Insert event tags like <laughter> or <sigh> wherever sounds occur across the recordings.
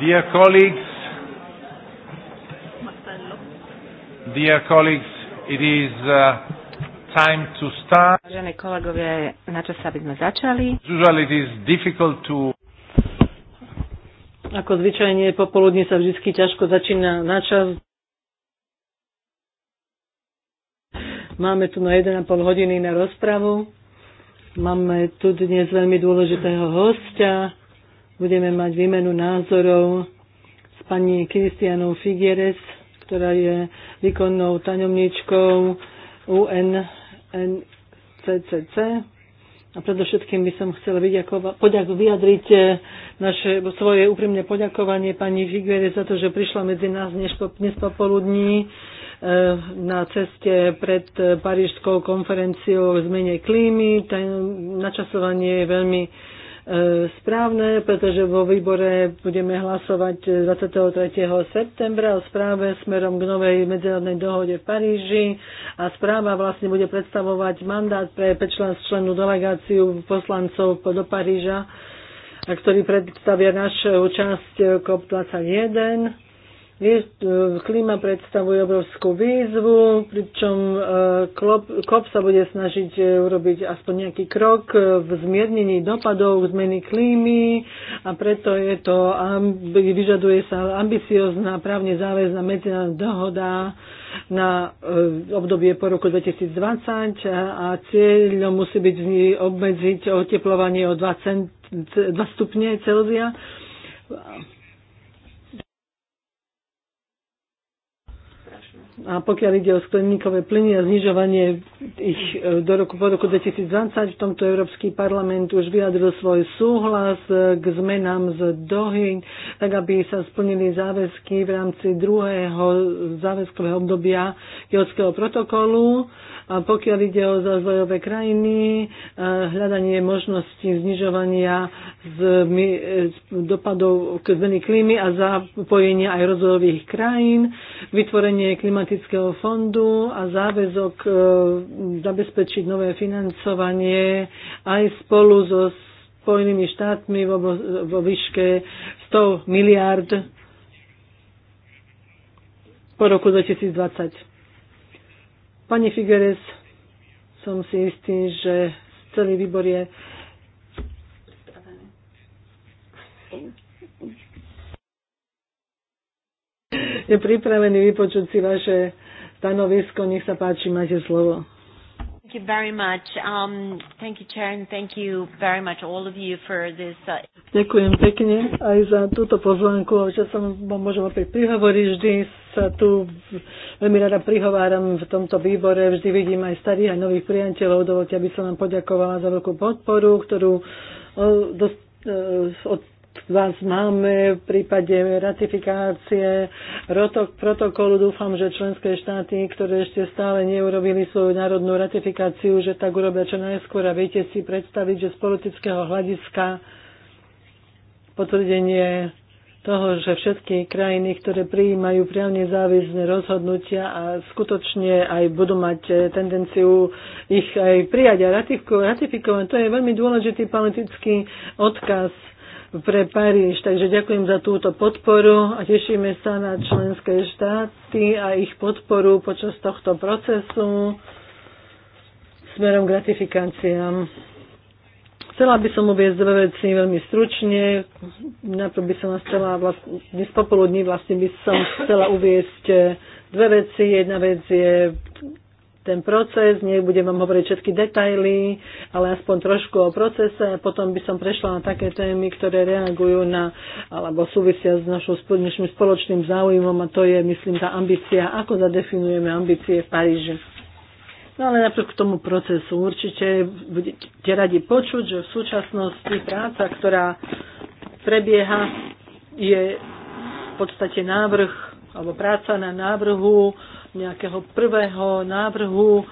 Dear colleagues, dear colleagues, it is uh, time to start. Vážení kolegovia, na čas, aby sme začali. Usually it is difficult to ako zvyčajne popoludne sa vždy ťažko začína na čas. Máme tu na 1,5 hodiny na rozpravu. Máme tu dnes veľmi dôležitého hostia budeme mať výmenu názorov s pani Kristianou Figueres, ktorá je výkonnou tajomničkou UNCCC. A predovšetkým by som chcela poďak, vyjadriť eh, naše, svoje úprimné poďakovanie pani Figueres za to, že prišla medzi nás dnes popoludní eh, na ceste pred Parížskou konferenciou o zmene klímy. Načasovanie je veľmi E, správne, pretože vo výbore budeme hlasovať 23. E, septembra o správe smerom k novej medzinárodnej dohode v Paríži a správa vlastne bude predstavovať mandát pre 5 delegáciu poslancov do Paríža, ktorý predstavia našu časť e, COP21 E, klíma predstavuje obrovskú výzvu, pričom COP e, sa bude snažiť e, urobiť aspoň nejaký krok v zmiernení dopadov zmeny klímy a preto je to, vyžaduje sa ambiciozná, právne záväzná medzinárodná dohoda na obdobie po roku 2020 a cieľom musí byť obmedziť oteplovanie o 2, 2 stupne Celzia A pokiaľ ide o skleníkové plyny a znižovanie ich e, do roku, po roku 2020, v tomto Európsky parlament už vyjadril svoj súhlas e, k zmenám z Dohy, tak aby sa splnili záväzky v rámci druhého záväzkového obdobia Jodského protokolu. A pokiaľ ide o rozvojové krajiny, hľadanie možností znižovania z, z dopadov k zmeny klímy a zapojenia aj rozvojových krajín, vytvorenie klimatického fondu a záväzok e, zabezpečiť nové financovanie aj spolu so Spojenými štátmi vo, vo výške 100 miliárd po roku 2020. Pani Figueres, som si istý, že celý výbor je je pripravený vypočuť si vaše stanovisko. Nech sa páči, máte slovo you very much. Um, thank you, Chair, and thank you very much all of you for this. Uh... Ďakujem pekne aj za túto pozvánku, že som vám môžem opäť prihovoriť. Vždy sa tu veľmi rada prihováram v tomto výbore. Vždy vidím aj starých, aj nových priateľov. Dovolte, aby som vám poďakovala za veľkú podporu, ktorú e, od, od vás máme v prípade ratifikácie protokolu. Dúfam, že členské štáty, ktoré ešte stále neurobili svoju národnú ratifikáciu, že tak urobia čo najskôr a viete si predstaviť, že z politického hľadiska potvrdenie toho, že všetky krajiny, ktoré prijímajú priamne záväzne rozhodnutia a skutočne aj budú mať e, tendenciu ich aj prijať a ratifikovať, to je veľmi dôležitý politický odkaz pre Paríž. Takže ďakujem za túto podporu a tešíme sa na členské štáty a ich podporu počas tohto procesu smerom k ratifikáciám. Chcela by som uviezť dve veci veľmi stručne. Najprv by som chcela, vlastne, dnes popoludní vlastne by som chcela uviezť dve veci. Jedna vec je ten proces, nebudem vám hovoriť všetky detaily, ale aspoň trošku o procese a potom by som prešla na také témy, ktoré reagujú na, alebo súvisia s našou, našim spoločným záujmom a to je, myslím, tá ambícia, ako zadefinujeme ambície v Paríži. No ale napriek tomu procesu určite budete radi počuť, že v súčasnosti práca, ktorá prebieha, je v podstate návrh alebo práca na návrhu nejakého prvého návrhu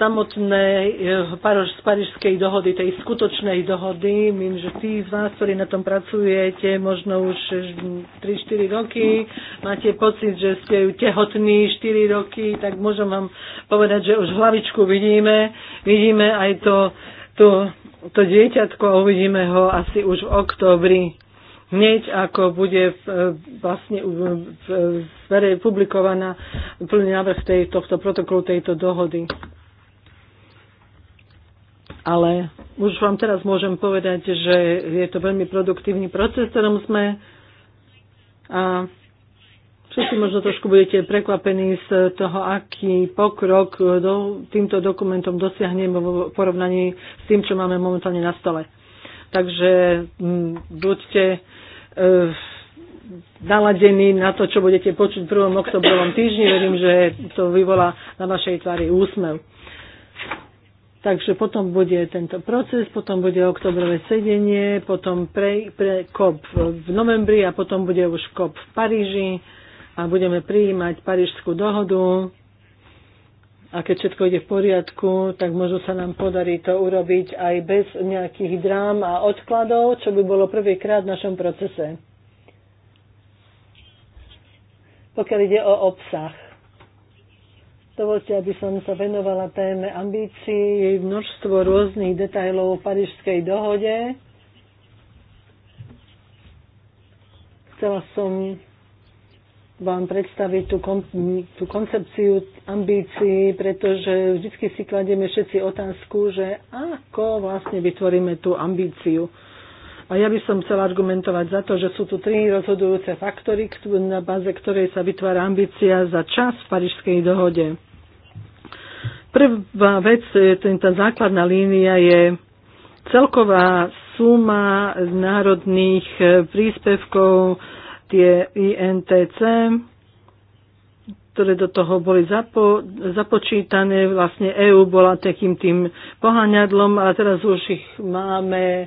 samotnej eh, z Parížskej dohody, tej skutočnej dohody. Viem, že tí z vás, ktorí na tom pracujete, možno už 3-4 eh, roky, máte pocit, že ste ju tehotní 4 roky, tak môžem vám povedať, že už hlavičku vidíme. Vidíme aj to, to, to dieťatko, uvidíme ho asi už v oktobri hneď ako bude eh, vlastne publikovaná plný návrh tohto protokolu, tejto dohody. Ale už vám teraz môžem povedať, že je to veľmi produktívny proces, ktorom sme a Všetci možno trošku budete prekvapení z toho, aký pokrok do, týmto dokumentom dosiahneme v porovnaní s tým, čo máme momentálne na stole. Takže m, mm, buďte E, naladení na to, čo budete počuť v 1. oktobrovom týždni. Verím, že to vyvolá na vašej tvári úsmev. Takže potom bude tento proces, potom bude oktobrové sedenie, potom pre, pre COP v novembri a potom bude už COP v Paríži a budeme prijímať Parížskú dohodu a keď všetko ide v poriadku, tak možno sa nám podarí to urobiť aj bez nejakých drám a odkladov, čo by bolo prvýkrát v našom procese. Pokiaľ ide o obsah. Dovolte, aby som sa venovala téme ambícií, množstvo rôznych detajlov o Parížskej dohode. Chcela som vám predstaviť tú, kon, tú koncepciu ambícií, pretože vždy si kladieme všetci otázku, že ako vlastne vytvoríme tú ambíciu. A ja by som chcela argumentovať za to, že sú tu tri rozhodujúce faktory, na báze ktorej sa vytvára ambícia za čas v Parížskej dohode. Prvá vec, e, tá základná línia je celková suma národných e, príspevkov tie INTC, ktoré do toho boli zapo- započítané. Vlastne EU bola takým tým poháňadlom, ale teraz už ich máme e,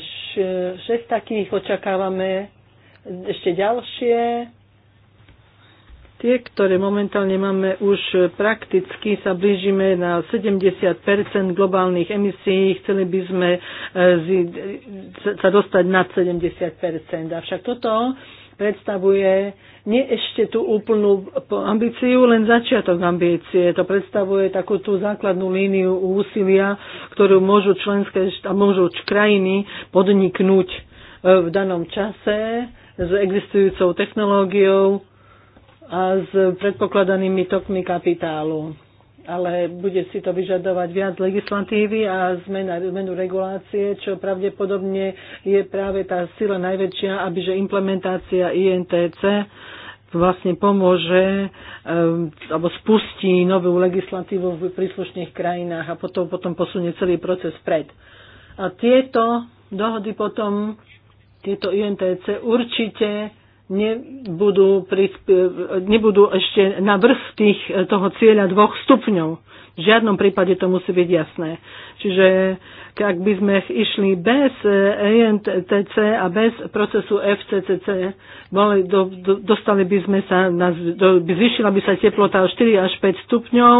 š- šest takých, očakávame ešte ďalšie. Tie, ktoré momentálne máme už prakticky, sa blížime na 70 globálnych emisí. Chceli by sme e, e, sa dostať nad 70 Avšak toto predstavuje nie ešte tú úplnú ambíciu, len začiatok ambície. To predstavuje takú tú základnú líniu úsilia, ktorú môžu členské môžu krajiny podniknúť e, v danom čase s existujúcou technológiou a s predpokladanými tokmi kapitálu ale bude si to vyžadovať viac legislatívy a zmena, zmenu regulácie, čo pravdepodobne je práve tá sila najväčšia, aby že implementácia INTC vlastne pomôže eh, alebo spustí novú legislatívu v príslušných krajinách a potom, potom posunie celý proces pred. A tieto dohody potom, tieto INTC určite nebudú, prispie, nebudú ešte na vrch tých, toho cieľa dvoch stupňov. V žiadnom prípade to musí byť jasné. Čiže ak by sme išli bez ENTC eh, e a bez procesu FCCC, boli, do, do, dostali by sme sa, na, do, zvyšila by sa teplota o 4 až 5 stupňov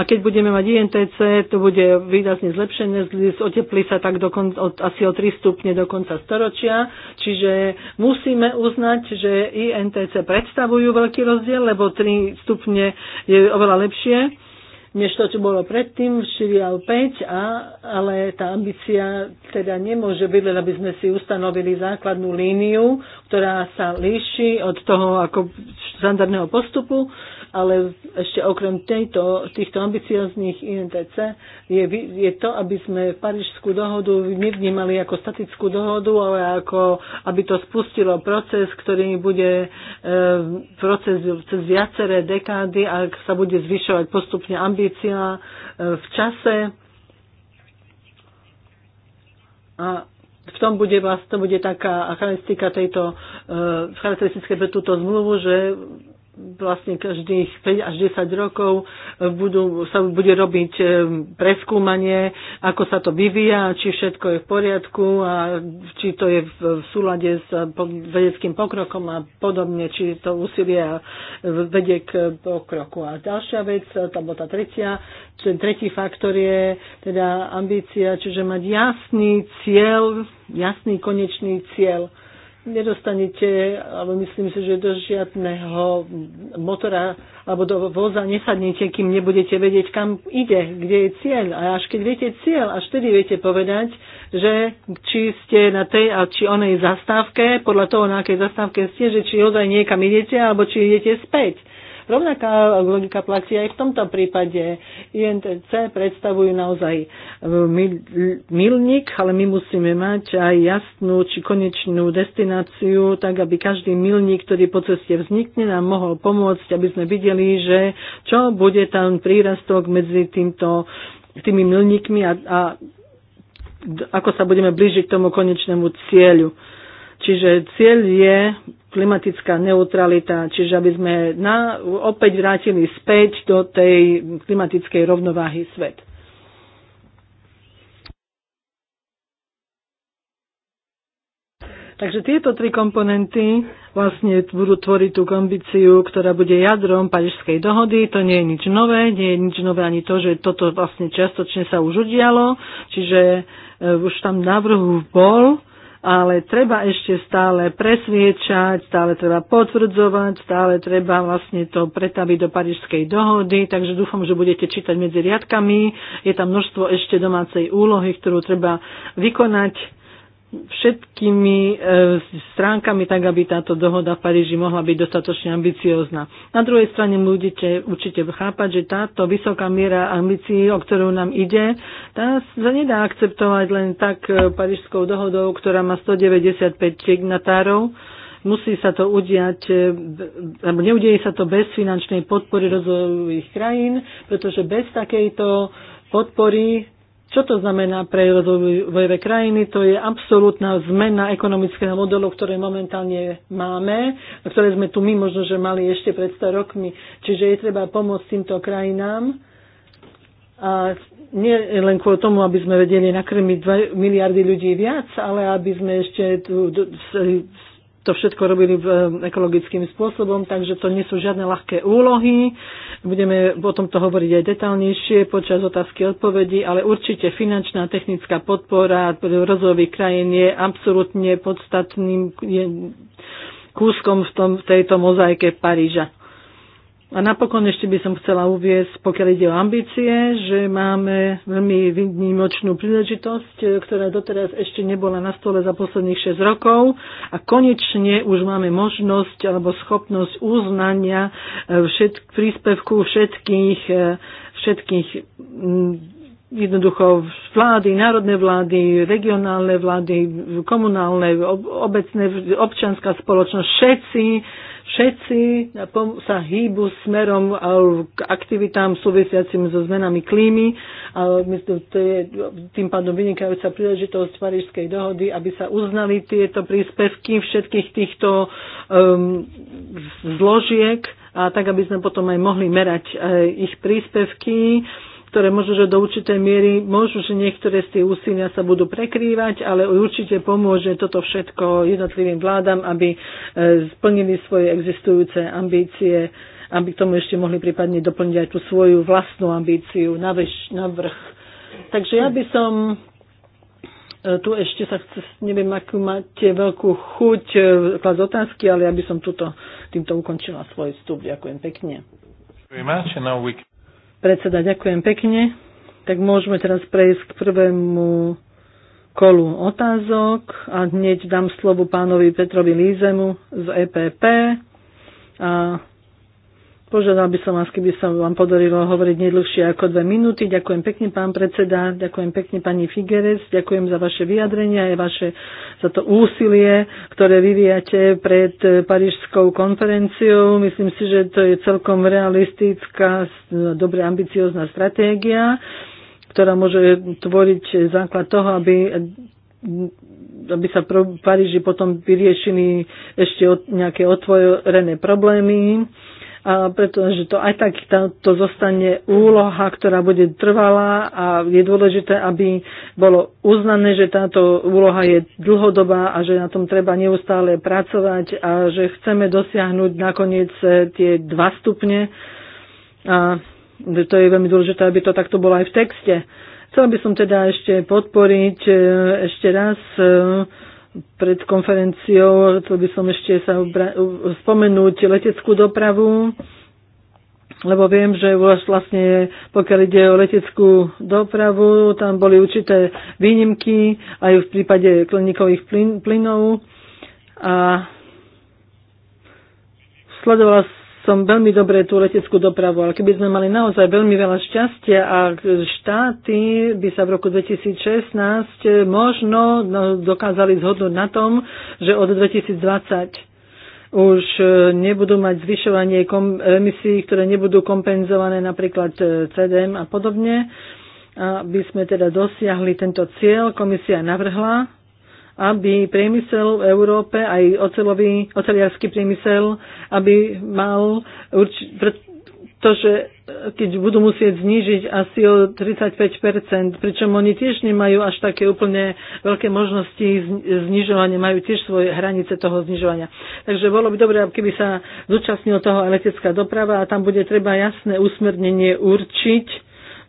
a keď budeme mať INTC, e to bude výrazne zlepšenie, oteplí sa tak dokon, od, asi o 3 stupne do konca storočia, čiže musíme uznať, že INTC predstavujú veľký rozdiel, lebo 3 stupne je oveľa lepšie než to, čo bolo predtým, 4 alebo 5, a, ale tá ambícia teda nemôže byť, len aby sme si ustanovili základnú líniu, ktorá sa líši od toho ako štandardného postupu, ale ešte okrem tejto, týchto ambiciozných INTC je, je to, aby sme Parížskú dohodu nevnímali ako statickú dohodu, ale ako aby to spustilo proces, ktorý bude e, proces cez viaceré dekády a sa bude zvyšovať postupne ambícia e, v čase. A v tom bude, vás, to bude taká charakteristika tejto, e, charakteristické pre túto zmluvu, že vlastne každých 5 až 10 rokov budú, sa bude robiť e, preskúmanie, ako sa to vyvíja, či všetko je v poriadku a či to je v súlade s e, vedeckým pokrokom a podobne, či to úsilie vedie k pokroku. A ďalšia vec, e, alebo tá tretia, ten tretí faktor je teda ambícia, čiže mať jasný cieľ, jasný konečný cieľ nedostanete, alebo myslím si, že do žiadneho motora alebo do voza nesadnete, kým nebudete vedieť, kam ide, kde je cieľ. A až keď viete cieľ, až vtedy viete povedať, že či ste na tej a či onej zastávke, podľa toho, na akej zastávke ste, že či ozaj niekam idete, alebo či idete späť. Rovnaká e, logika platí aj v tomto prípade. INTC predstavujú naozaj e, milník, ale my musíme mať aj jasnú či konečnú destináciu, tak aby každý milník, ktorý po ceste vznikne, nám mohol pomôcť, aby sme videli, že čo bude tam prírastok medzi týmto, tými milníkmi a, a ako sa budeme blížiť k tomu konečnému cieľu. Čiže cieľ je klimatická neutralita, čiže aby sme na, opäť vrátili späť do tej klimatickej rovnováhy svet. Takže tieto tri komponenty vlastne budú tvoriť tú kombíciu, ktorá bude jadrom Parížskej dohody. To nie je nič nové, nie je nič nové ani to, že toto vlastne čiastočne sa už udialo, čiže eh, už tam návrhu bol ale treba ešte stále presviečať, stále treba potvrdzovať, stále treba vlastne to pretaviť do Parížskej dohody, takže dúfam, že budete čítať medzi riadkami. Je tam množstvo ešte domácej úlohy, ktorú treba vykonať všetkými e, stránkami, tak aby táto dohoda v Paríži mohla byť dostatočne ambiciózna. Na druhej strane budete určite chápať, že táto vysoká miera ambícií, o ktorú nám ide, tá sa nedá akceptovať len tak e, Parížskou dohodou, ktorá má 195 signatárov. Musí sa to udiať, e, alebo neudeje sa to bez finančnej podpory rozvojových krajín, pretože bez takejto podpory čo to znamená pre rozvojové krajiny? To je absolútna zmena ekonomického modelu, ktoré momentálne máme, ktoré sme tu my možno, že mali ešte pred 100 rokmi. Čiže je treba pomôcť týmto krajinám. A nie len kvôli tomu, aby sme vedeli nakrmiť 2 miliardy ľudí viac, ale aby sme ešte tu to všetko robili v e, ekologickým spôsobom, takže to nie sú žiadne ľahké úlohy. Budeme o tomto hovoriť aj detálnejšie počas otázky odpovedí, ale určite finančná technická podpora rozvojových krajín je absolútne podstatným kúskom v, tom, v tejto mozaike Paríža. A napokon ešte by som chcela uviesť, pokiaľ ide o ambície, že máme veľmi výnimočnú príležitosť, e, ktorá doteraz ešte nebola na stole za posledných 6 rokov a konečne už máme možnosť alebo schopnosť uznania e, všetk, príspevku všetkých, e, všetkých jednoducho vlády, národné vlády, regionálne vlády, komunálne, obecné, občianská spoločnosť, všetci Všetci sa hýbu smerom k aktivitám súvisiacim so zmenami klímy to je tým pádom vynikajúca príležitosť Parížskej dohody, aby sa uznali tieto príspevky všetkých týchto um, zložiek a tak, aby sme potom aj mohli merať eh, ich príspevky. Um, ktoré možno, že do určitej miery, možno, že niektoré z tých úsilia sa budú prekrývať, ale určite pomôže toto všetko jednotlivým vládam, aby e, splnili svoje existujúce ambície aby k tomu ešte mohli prípadne doplniť aj tú svoju vlastnú ambíciu na, vrch. Takže ja by som e, tu ešte sa chce, neviem, akú máte veľkú chuť e, klas otázky, ale ja by som tuto, týmto ukončila svoj vstup. Ďakujem pekne. Predseda, ďakujem pekne. Tak môžeme teraz prejsť k prvému kolu otázok a hneď dám slovo pánovi Petrovi Lízemu z EPP a Požiadal by som vás, keby sa vám podarilo hovoriť nedlhšie ako dve minúty. Ďakujem pekne, pán predseda, ďakujem pekne, pani Figueres, ďakujem za vaše vyjadrenia a vaše, za to úsilie, ktoré vyvíjate pred Parížskou konferenciou. Myslím si, že to je celkom realistická, dobre ambiciozná stratégia, ktorá môže tvoriť základ toho, aby aby sa v Paríži potom vyriešili ešte nejaké otvorené problémy pretože to aj tak to zostane úloha, ktorá bude trvalá a je dôležité, aby bolo uznané, že táto úloha je dlhodobá a že na tom treba neustále pracovať a že chceme dosiahnuť nakoniec eh, tie dva stupne. A to je veľmi dôležité, aby to takto bolo aj v texte. Chcela by som teda ešte podporiť eh, ešte raz eh, pred konferenciou, chcel by som ešte sa spomenúť leteckú dopravu, lebo viem, že vlastne pokiaľ ide o leteckú dopravu, tam boli určité výnimky aj v prípade kliníkových plyn, plynov. A sledovala som veľmi dobre tú leteckú dopravu, ale keby sme mali naozaj veľmi veľa šťastia a štáty by sa v roku 2016 možno no, dokázali zhodnúť na tom, že od 2020 už e, nebudú mať zvyšovanie emisí, ktoré nebudú kompenzované napríklad e, CDM a podobne. Aby sme teda dosiahli tento cieľ, komisia navrhla aby priemysel v Európe, aj ocelový, oceliarský priemysel, aby mal to, pretože e, keď budú musieť znížiť asi o 35%, pričom oni tiež nemajú až také úplne veľké možnosti znižovania, majú tiež svoje hranice toho znižovania. Takže bolo by dobré, keby sa zúčastnil toho aj letecká doprava a tam bude treba jasné usmernenie určiť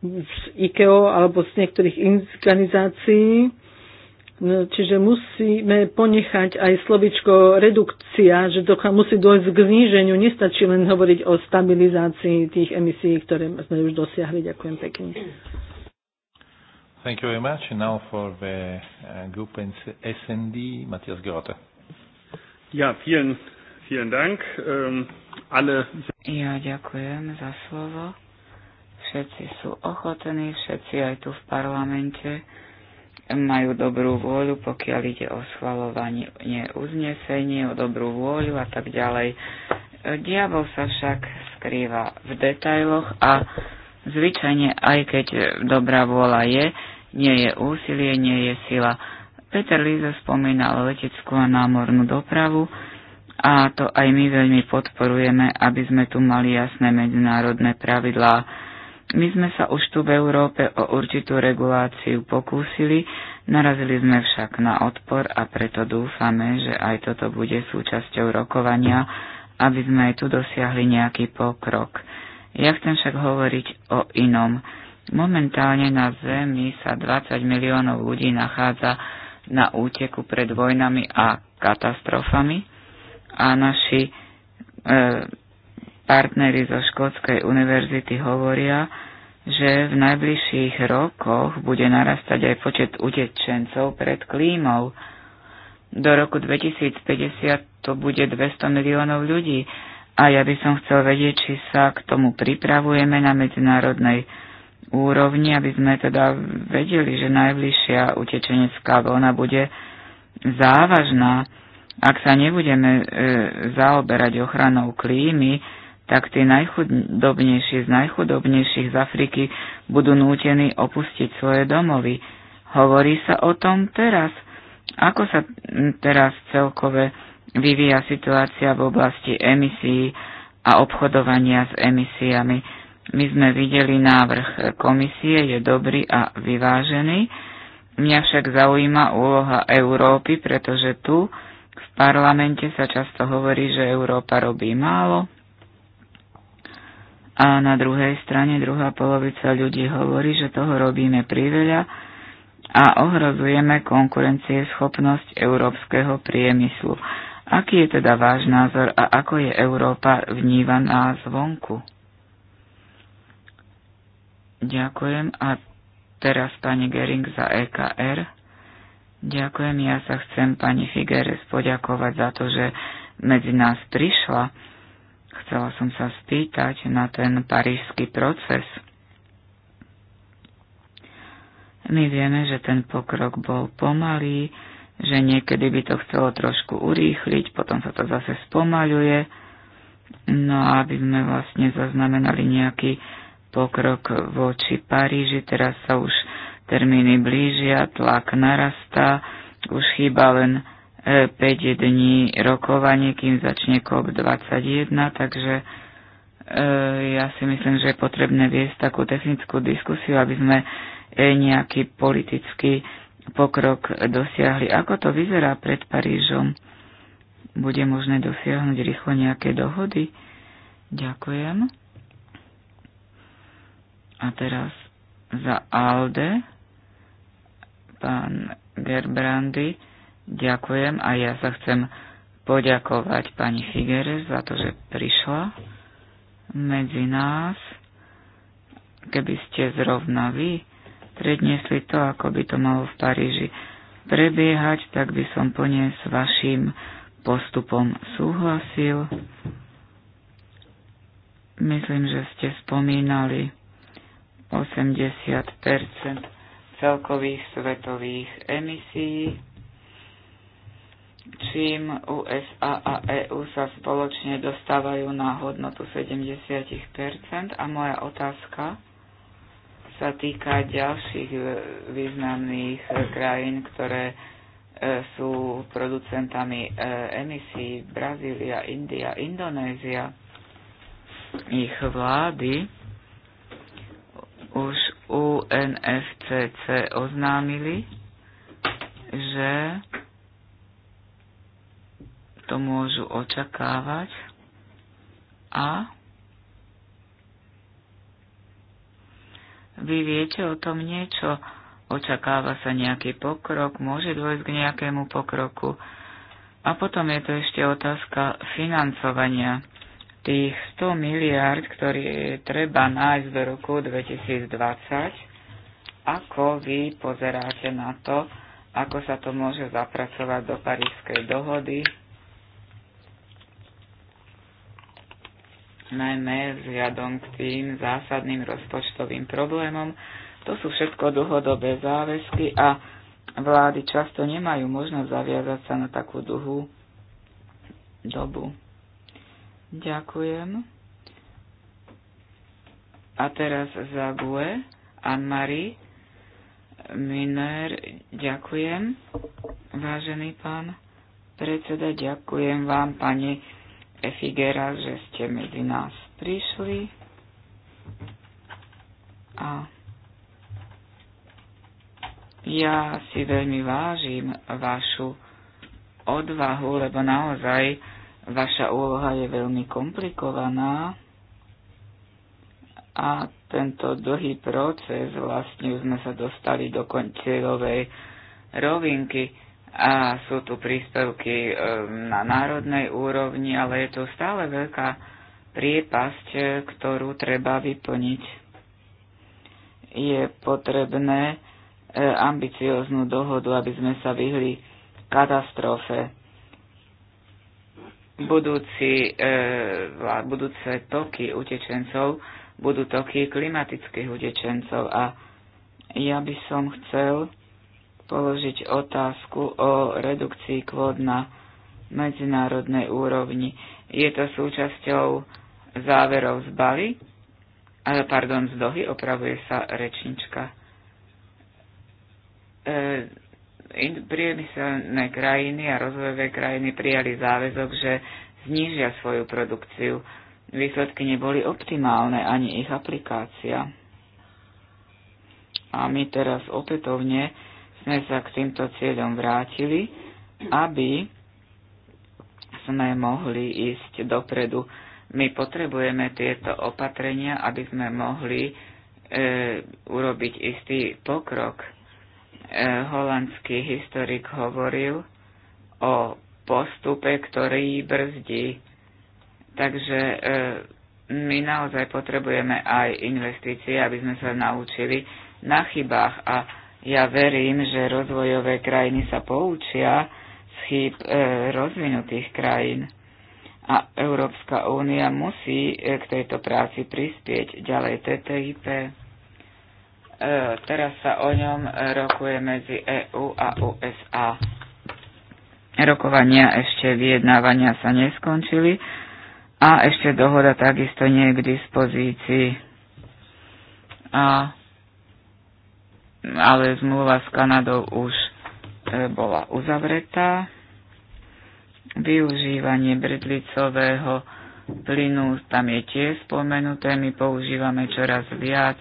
z IKEO alebo z niektorých organizácií, Čiže musíme ponechať aj slovičko redukcia, že to musí dôjsť k zníženiu. Nestačí len hovoriť o stabilizácii tých emisí, ktoré sme už dosiahli. Ďakujem pekne. Thank you very much. And now for the uh, group SND, Matthias Grote. Ja, vielen, vielen Dank. Um, alle... Ja ďakujem za slovo. Všetci sú ochotení, všetci aj tu v parlamente majú dobrú vôľu, pokiaľ ide o schvalovanie uznesenie, o dobrú vôľu a tak ďalej. Diabol sa však skrýva v detailoch a zvyčajne, aj keď dobrá vôľa je, nie je úsilie, nie je sila. Peter Líza spomínal leteckú a námornú dopravu a to aj my veľmi podporujeme, aby sme tu mali jasné medzinárodné pravidlá my sme sa už tu v Európe o určitú reguláciu pokúsili, narazili sme však na odpor a preto dúfame, že aj toto bude súčasťou rokovania, aby sme aj tu dosiahli nejaký pokrok. Ja chcem však hovoriť o inom. Momentálne na Zemi sa 20 miliónov ľudí nachádza na úteku pred vojnami a katastrofami a naši e, partneri zo Škótskej univerzity hovoria, že v najbližších rokoch bude narastať aj počet utečencov pred klímou. Do roku 2050 to bude 200 miliónov ľudí a ja by som chcel vedieť, či sa k tomu pripravujeme na medzinárodnej úrovni, aby sme teda vedeli, že najbližšia utečenecká vlna bude závažná. Ak sa nebudeme e, zaoberať ochranou klímy, tak tí najchudobnejší z najchudobnejších z Afriky budú nútení opustiť svoje domovy. Hovorí sa o tom teraz. Ako sa teraz celkové vyvíja situácia v oblasti emisí a obchodovania s emisiami? My sme videli návrh komisie, je dobrý a vyvážený. Mňa však zaujíma úloha Európy, pretože tu v parlamente sa často hovorí, že Európa robí málo, a na druhej strane druhá polovica ľudí hovorí, že toho robíme priveľa a ohrozujeme konkurencieschopnosť európskeho priemyslu. Aký je teda váš názor a ako je Európa vnívaná zvonku? Ďakujem a teraz pani Gering za EKR. Ďakujem, ja sa chcem pani Figueres poďakovať za to, že medzi nás prišla Chcela som sa spýtať na ten parížský proces. My vieme, že ten pokrok bol pomalý, že niekedy by to chcelo trošku urýchliť, potom sa to zase spomaľuje, no a aby sme vlastne zaznamenali nejaký pokrok voči Paríži, teraz sa už termíny blížia, tlak narastá, už chýba len 5 dní rokovanie, kým začne COP21, takže e, ja si myslím, že je potrebné viesť takú technickú diskusiu, aby sme e, nejaký politický pokrok dosiahli. Ako to vyzerá pred Parížom? Bude možné dosiahnuť rýchlo nejaké dohody? Ďakujem. A teraz za ALDE pán Gerbrandy. Ďakujem a ja sa chcem poďakovať pani Figueres za to, že prišla medzi nás. Keby ste zrovna vy predniesli to, ako by to malo v Paríži prebiehať, tak by som plne s vašim postupom súhlasil. Myslím, že ste spomínali 80 celkových svetových emisí čím USA a EU sa spoločne dostávajú na hodnotu 70 a moja otázka sa týka ďalších e, významných e, krajín, ktoré e, sú producentami emisí Brazília, India, Indonézia. Ich vlády už UNFCC oznámili, že to môžu očakávať a vy viete o tom niečo, očakáva sa nejaký pokrok, môže dôjsť k nejakému pokroku. A potom je to ešte otázka financovania. Tých 100 miliárd, ktoré treba nájsť do roku 2020, ako vy pozeráte na to, ako sa to môže zapracovať do Parískej dohody, najmä vzhľadom k tým zásadným rozpočtovým problémom. To sú všetko dlhodobé záväzky a vlády často nemajú možnosť zaviazať sa na takú dlhú dobu. Ďakujem. A teraz za GUE, Anne-Marie Miner, ďakujem. Vážený pán predseda, ďakujem vám, pani Efigera, že ste medzi nás prišli. A ja si veľmi vážim vašu odvahu, lebo naozaj vaša úloha je veľmi komplikovaná a tento dlhý proces vlastne už sme sa dostali do koncielovej rovinky a sú tu príspevky e, na národnej úrovni, ale je to stále veľká priepasť, e, ktorú treba vyplniť. Je potrebné e, ambicióznu dohodu, aby sme sa vyhli katastrofe. Budúci, budúce toky utečencov budú toky klimatických utečencov a ja by som chcel, položiť otázku o redukcii kvót na medzinárodnej úrovni. Je to súčasťou záverov z Bali, pardon, z Dohy, opravuje sa rečnička. E, priemyselné krajiny a rozvojové krajiny prijali záväzok, že znížia svoju produkciu. Výsledky neboli optimálne, ani ich aplikácia. A my teraz opätovne sme sa k týmto cieľom vrátili, aby sme mohli ísť dopredu. My potrebujeme tieto opatrenia, aby sme mohli e, urobiť istý pokrok. E, holandský historik hovoril o postupe, ktorý brzdí. Takže e, my naozaj potrebujeme aj investície, aby sme sa naučili na chybách a ja verím, že rozvojové krajiny sa poučia z chýb e, rozvinutých krajín. A Európska únia musí e, k tejto práci prispieť ďalej TTIP. E, teraz sa o ňom rokuje medzi EÚ a USA. Rokovania ešte vyjednávania sa neskončili a ešte dohoda takisto nie je k dispozícii. A ale zmluva s Kanadou už e, bola uzavretá. Využívanie bridlicového plynu tam je tiež spomenuté, my používame čoraz viac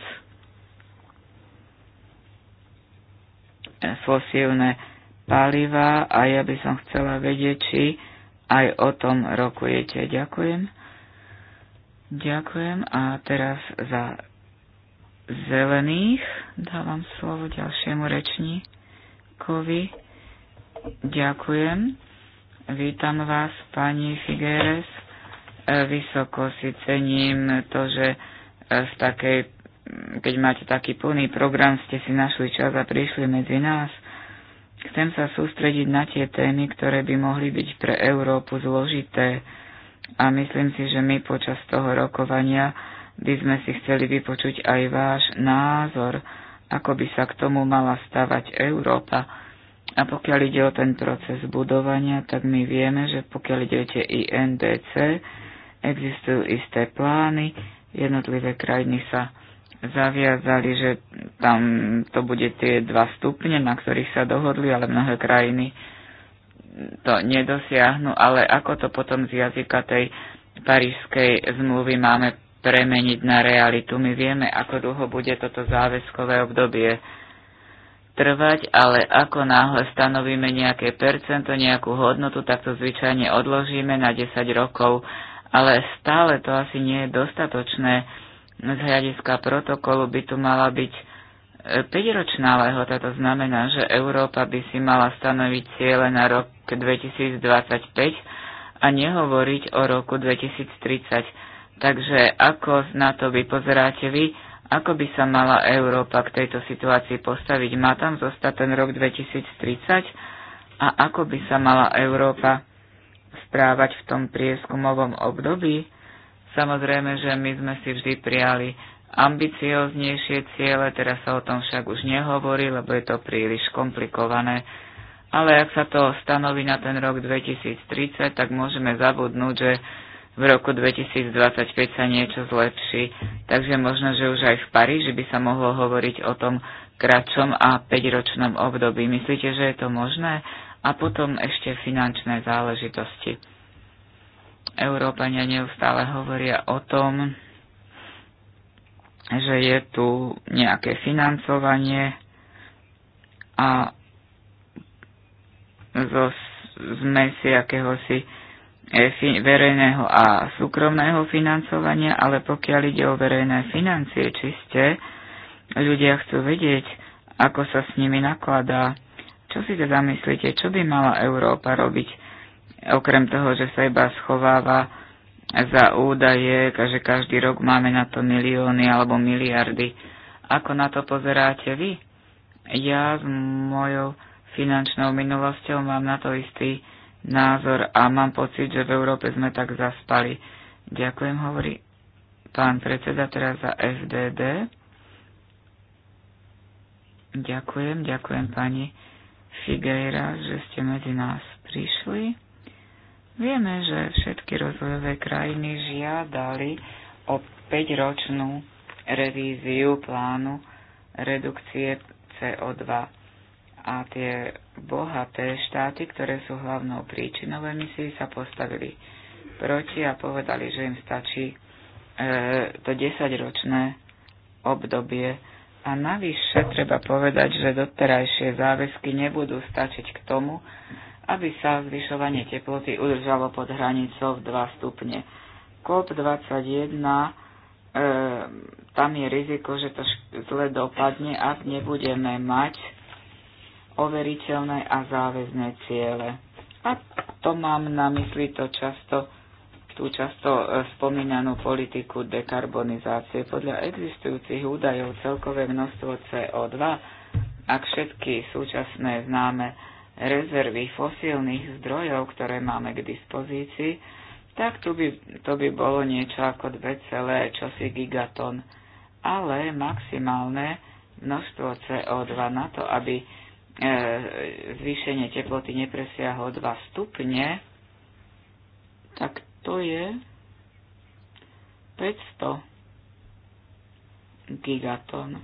e, fosívne paliva a ja by som chcela vedieť, či aj o tom rokujete. Ďakujem. Ďakujem a teraz za zelených. Dávam slovo ďalšiemu rečníkovi. Ďakujem. Vítam vás, pani Figueres. E, vysoko si cením to, že z e, takej, keď máte taký plný program, ste si našli čas a prišli medzi nás. Chcem sa sústrediť na tie témy, ktoré by mohli byť pre Európu zložité a myslím si, že my počas toho rokovania by sme si chceli vypočuť aj váš názor, ako by sa k tomu mala stavať Európa. A pokiaľ ide o ten proces budovania, tak my vieme, že pokiaľ ide o NDC, INDC, existujú isté plány, jednotlivé krajiny sa zaviazali, že tam to bude tie dva stupne, na ktorých sa dohodli, ale mnohé krajiny to nedosiahnu, ale ako to potom z jazyka tej parížskej zmluvy máme premeniť na realitu. My vieme, ako dlho bude toto záväzkové obdobie trvať, ale ako náhle stanovíme nejaké percento, nejakú hodnotu, tak to zvyčajne odložíme na 10 rokov. Ale stále to asi nie je dostatočné. Z hľadiska protokolu by tu mala byť 5-ročná e, lehota, to znamená, že Európa by si mala stanoviť ciele na rok 2025 a nehovoriť o roku 2030 Takže ako na to vy pozeráte vy, ako by sa mala Európa k tejto situácii postaviť? Má tam zostať ten rok 2030? A ako by sa mala Európa správať v tom prieskumovom období? Samozrejme, že my sme si vždy prijali ambicioznejšie ciele, teraz sa o tom však už nehovorí, lebo je to príliš komplikované. Ale ak sa to stanoví na ten rok 2030, tak môžeme zabudnúť, že v roku 2025 sa niečo zlepší. Takže možno, že už aj v Paríži by sa mohlo hovoriť o tom kratšom a 5-ročnom období. Myslíte, že je to možné? A potom ešte finančné záležitosti. Európania neustále hovoria o tom, že je tu nejaké financovanie a zo, zmes jakéhosi verejného a súkromného financovania, ale pokiaľ ide o verejné financie čiste, ľudia chcú vedieť, ako sa s nimi nakladá. Čo si teda myslíte, čo by mala Európa robiť, okrem toho, že sa iba schováva za údaje, že každý rok máme na to milióny alebo miliardy. Ako na to pozeráte vy? Ja s mojou finančnou minulosťou mám na to istý názor a mám pocit, že v Európe sme tak zaspali. Ďakujem, hovorí pán predseda teraz za FDD. Ďakujem, ďakujem pani Figueira, že ste medzi nás prišli. Vieme, že všetky rozvojové krajiny žiadali o 5-ročnú revíziu plánu redukcie CO2 a tie bohaté štáty, ktoré sú hlavnou príčinou emisí, sa postavili proti a povedali, že im stačí e, to desaťročné obdobie. A navyše treba povedať, že doterajšie záväzky nebudú stačiť k tomu, aby sa zvyšovanie teploty udržalo pod hranicou 2 stupne. COP21 e, tam je riziko, že to zle dopadne, ak nebudeme mať overiteľné a záväzné ciele. A to mám na mysli to často, tú často e, spomínanú politiku dekarbonizácie. Podľa existujúcich údajov celkové množstvo CO2, ak všetky súčasné známe rezervy fosílnych zdrojov, ktoré máme k dispozícii, tak tu by, to by bolo niečo ako 2, čosi gigaton. Ale maximálne množstvo CO2 na to, aby E, zvýšenie teploty nepresiahlo 2 stupne, tak to je 500 gigaton.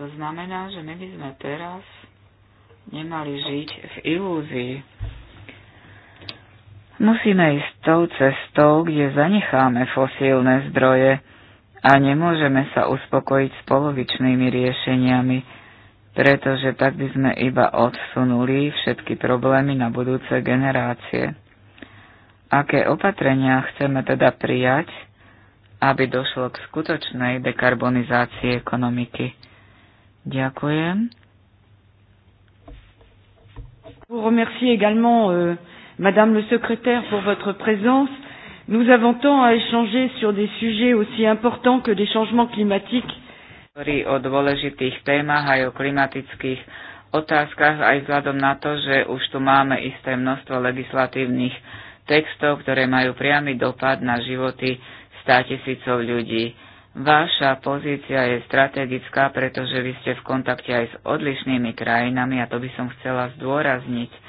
To znamená, že my by sme teraz nemali žiť v ilúzii. Musíme ísť tou cestou, kde zanecháme fosílne zdroje, a nemôžeme sa uspokojiť s polovičnými riešeniami, pretože tak by sme iba odsunuli všetky problémy na budúce generácie. Aké opatrenia chceme teda prijať, aby došlo k skutočnej dekarbonizácii ekonomiky? Ďakujem. Vous remercie également, euh, Madame le Secrétaire, pour votre présence. Nous avons tant à échanger sur des sujets aussi importants que des changements climatiques. o dôležitých témach aj o klimatických otázkach aj vzhľadom na to, že už tu máme isté množstvo legislatívnych textov, ktoré majú priamy dopad na životy státisícov ľudí. Váša pozícia je strategická, pretože vy ste v kontakte aj s odlišnými krajinami a to by som chcela zdôrazniť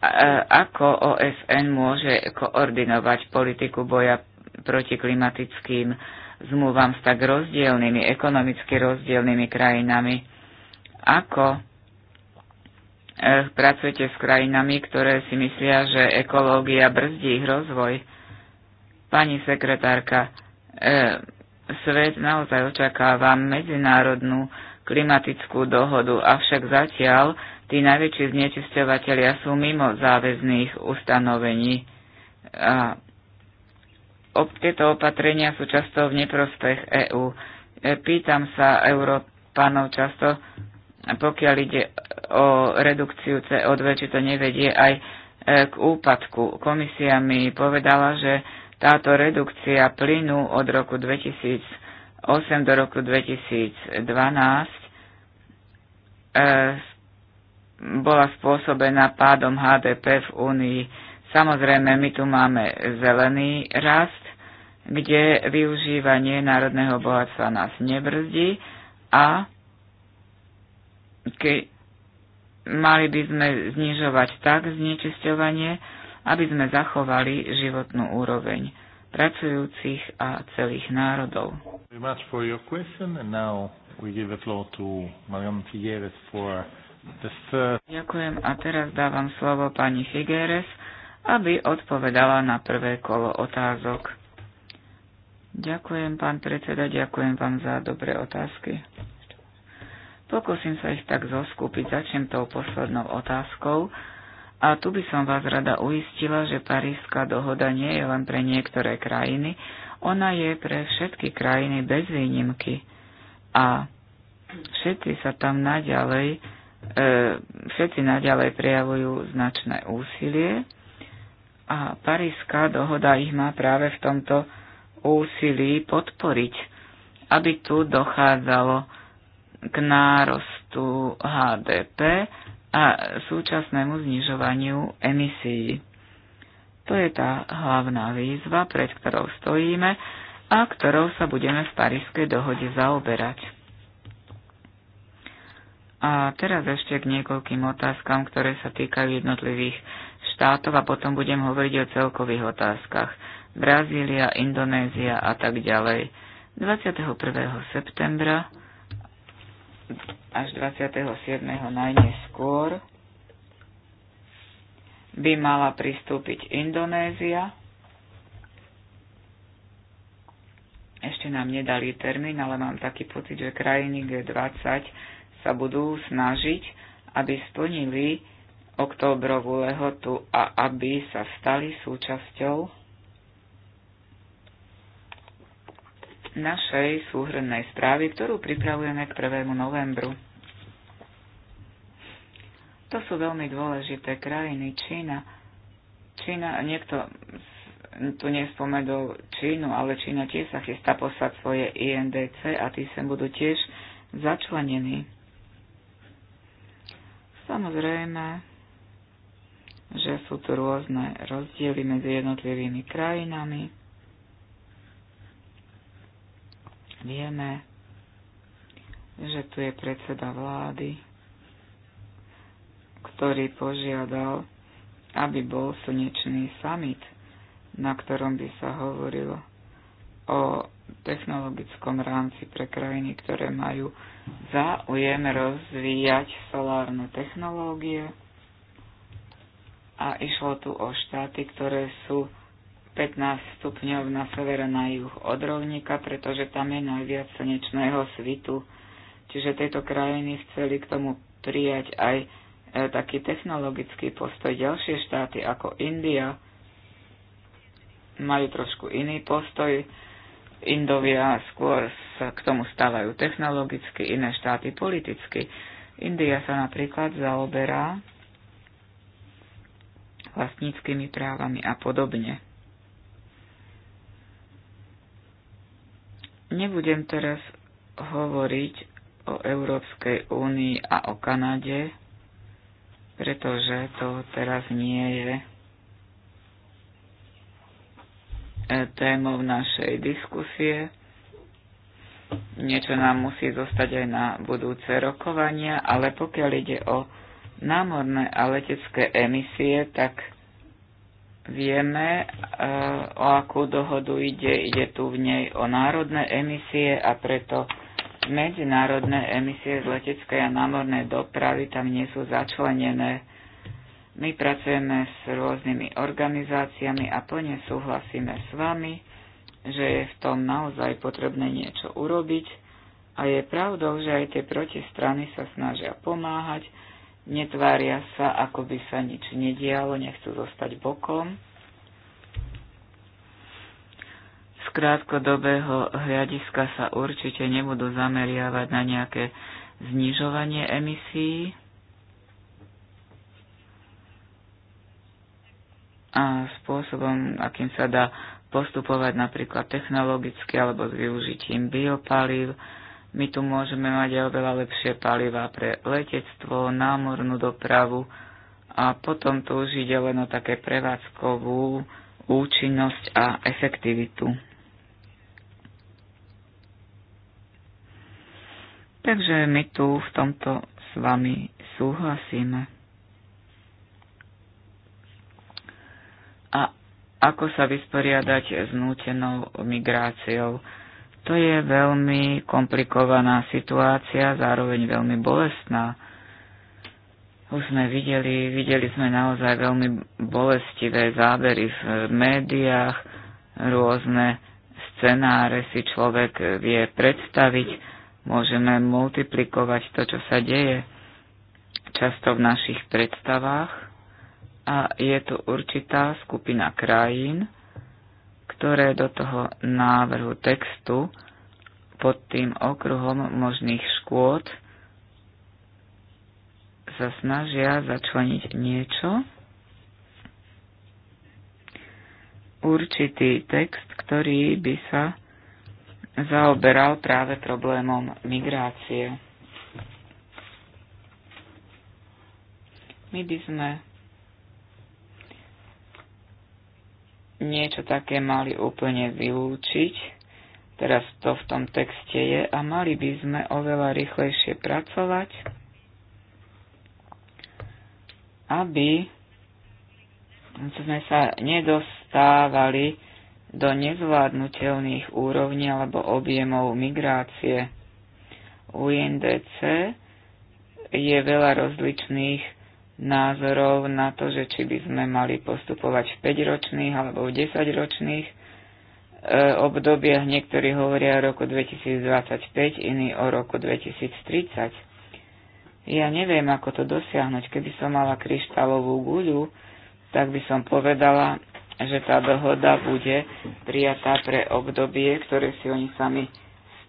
ako OSN môže koordinovať politiku boja proti klimatickým zmluvám s tak rozdielnymi, ekonomicky rozdielnymi krajinami. Ako e, pracujete s krajinami, ktoré si myslia, že ekológia brzdí ich rozvoj? Pani sekretárka, e, svet naozaj očakáva medzinárodnú klimatickú dohodu, avšak zatiaľ Tí najväčší znečisťovateľia sú mimo záväzných ustanovení. A ob tieto opatrenia sú často v neprospech EÚ. E, pýtam sa Európanov často, pokiaľ ide o redukciu CO2, či to nevedie aj e, k úpadku. Komisia mi povedala, že táto redukcia plynu od roku 2008 do roku 2012 bola spôsobená pádom HDP v Únii. Samozrejme, my tu máme zelený rast, kde využívanie národného bohatstva nás nebrzdí a ke, mali by sme znižovať tak znečisťovanie, aby sme zachovali životnú úroveň pracujúcich a celých národov. Very much for your question and now we give the floor to Figueres for Ďakujem a teraz dávam slovo pani Figueres, aby odpovedala na prvé kolo otázok. Ďakujem, pán predseda, ďakujem vám za dobré otázky. Pokúsim sa ich tak zoskúpiť, začnem tou poslednou otázkou. A tu by som vás rada uistila, že Parížská dohoda nie je len pre niektoré krajiny, ona je pre všetky krajiny bez výnimky. A všetci sa tam naďalej E, všetci naďalej prejavujú značné úsilie a Paríska dohoda ich má práve v tomto úsilí podporiť, aby tu dochádzalo k nárostu HDP a súčasnému znižovaniu emisií. To je tá hlavná výzva, pred ktorou stojíme a ktorou sa budeme v Parískej dohode zaoberať. A teraz ešte k niekoľkým otázkam, ktoré sa týkajú jednotlivých štátov a potom budem hovoriť o celkových otázkach. Brazília, Indonézia a tak ďalej. 21. septembra až 27. najneskôr by mala pristúpiť Indonézia. Ešte nám nedali termín, ale mám taký pocit, že krajiny G20 sa budú snažiť, aby splnili oktobrovú lehotu a aby sa stali súčasťou našej súhrnej správy, ktorú pripravujeme k 1. novembru. To sú veľmi dôležité krajiny. Čína, Čína, niekto tu nespomenul Čínu, ale Čína tiež sa chystá poslať svoje INDC a tí sem budú tiež začlenení. Samozrejme, že sú tu rôzne rozdiely medzi jednotlivými krajinami. Vieme, že tu je predseda vlády, ktorý požiadal, aby bol slnečný summit, na ktorom by sa hovorilo o technologickom rámci pre krajiny, ktoré majú záujem rozvíjať solárne technológie. A išlo tu o štáty, ktoré sú 15 stupňov na severe na juh od rovníka, pretože tam je najviac slnečného svitu. Čiže tieto krajiny chceli k tomu prijať aj e, taký technologický postoj. Ďalšie štáty ako India majú trošku iný postoj Indovia skôr sa k tomu stávajú technologicky, iné štáty politicky. India sa napríklad zaoberá vlastníckými právami a podobne. Nebudem teraz hovoriť o Európskej únii a o Kanade, pretože to teraz nie je témou našej diskusie. Niečo nám musí zostať aj na budúce rokovania, ale pokiaľ ide o námorné a letecké emisie, tak vieme, eh, o akú dohodu ide. Ide tu v nej o národné emisie a preto medzinárodné emisie z leteckej a námornej dopravy tam nie sú začlenené my pracujeme s rôznymi organizáciami a plne súhlasíme s vami, že je v tom naozaj potrebné niečo urobiť a je pravdou, že aj tie protistrany sa snažia pomáhať, netvária sa, ako by sa nič nedialo, nechcú zostať bokom. Z krátkodobého hľadiska sa určite nebudú zameriavať na nejaké znižovanie emisí, a spôsobom, akým sa dá postupovať napríklad technologicky alebo s využitím biopalív. My tu môžeme mať aj oveľa lepšie palivá pre letectvo, námornú dopravu a potom tu už ide len o také prevádzkovú účinnosť a efektivitu. Takže my tu v tomto s vami súhlasíme. ako sa vysporiadať s nútenou migráciou. To je veľmi komplikovaná situácia, zároveň veľmi bolestná. Už sme videli, videli sme naozaj veľmi bolestivé zábery v médiách, rôzne scenáre si človek vie predstaviť, môžeme multiplikovať to, čo sa deje. Často v našich predstavách a je tu určitá skupina krajín, ktoré do toho návrhu textu pod tým okruhom možných škôd sa snažia začleniť niečo, určitý text, ktorý by sa zaoberal práve problémom migrácie. My by sme niečo také mali úplne vylúčiť. Teraz to v tom texte je a mali by sme oveľa rýchlejšie pracovať, aby sme sa nedostávali do nezvládnutelných úrovní alebo objemov migrácie. U INDC je veľa rozličných názorov na to, že či by sme mali postupovať v 5-ročných alebo v 10-ročných e, obdobiach. Niektorí hovoria o roku 2025, iní o roku 2030. Ja neviem, ako to dosiahnuť. Keby som mala kryštálovú guľu, tak by som povedala, že tá dohoda bude prijatá pre obdobie, ktoré si oni sami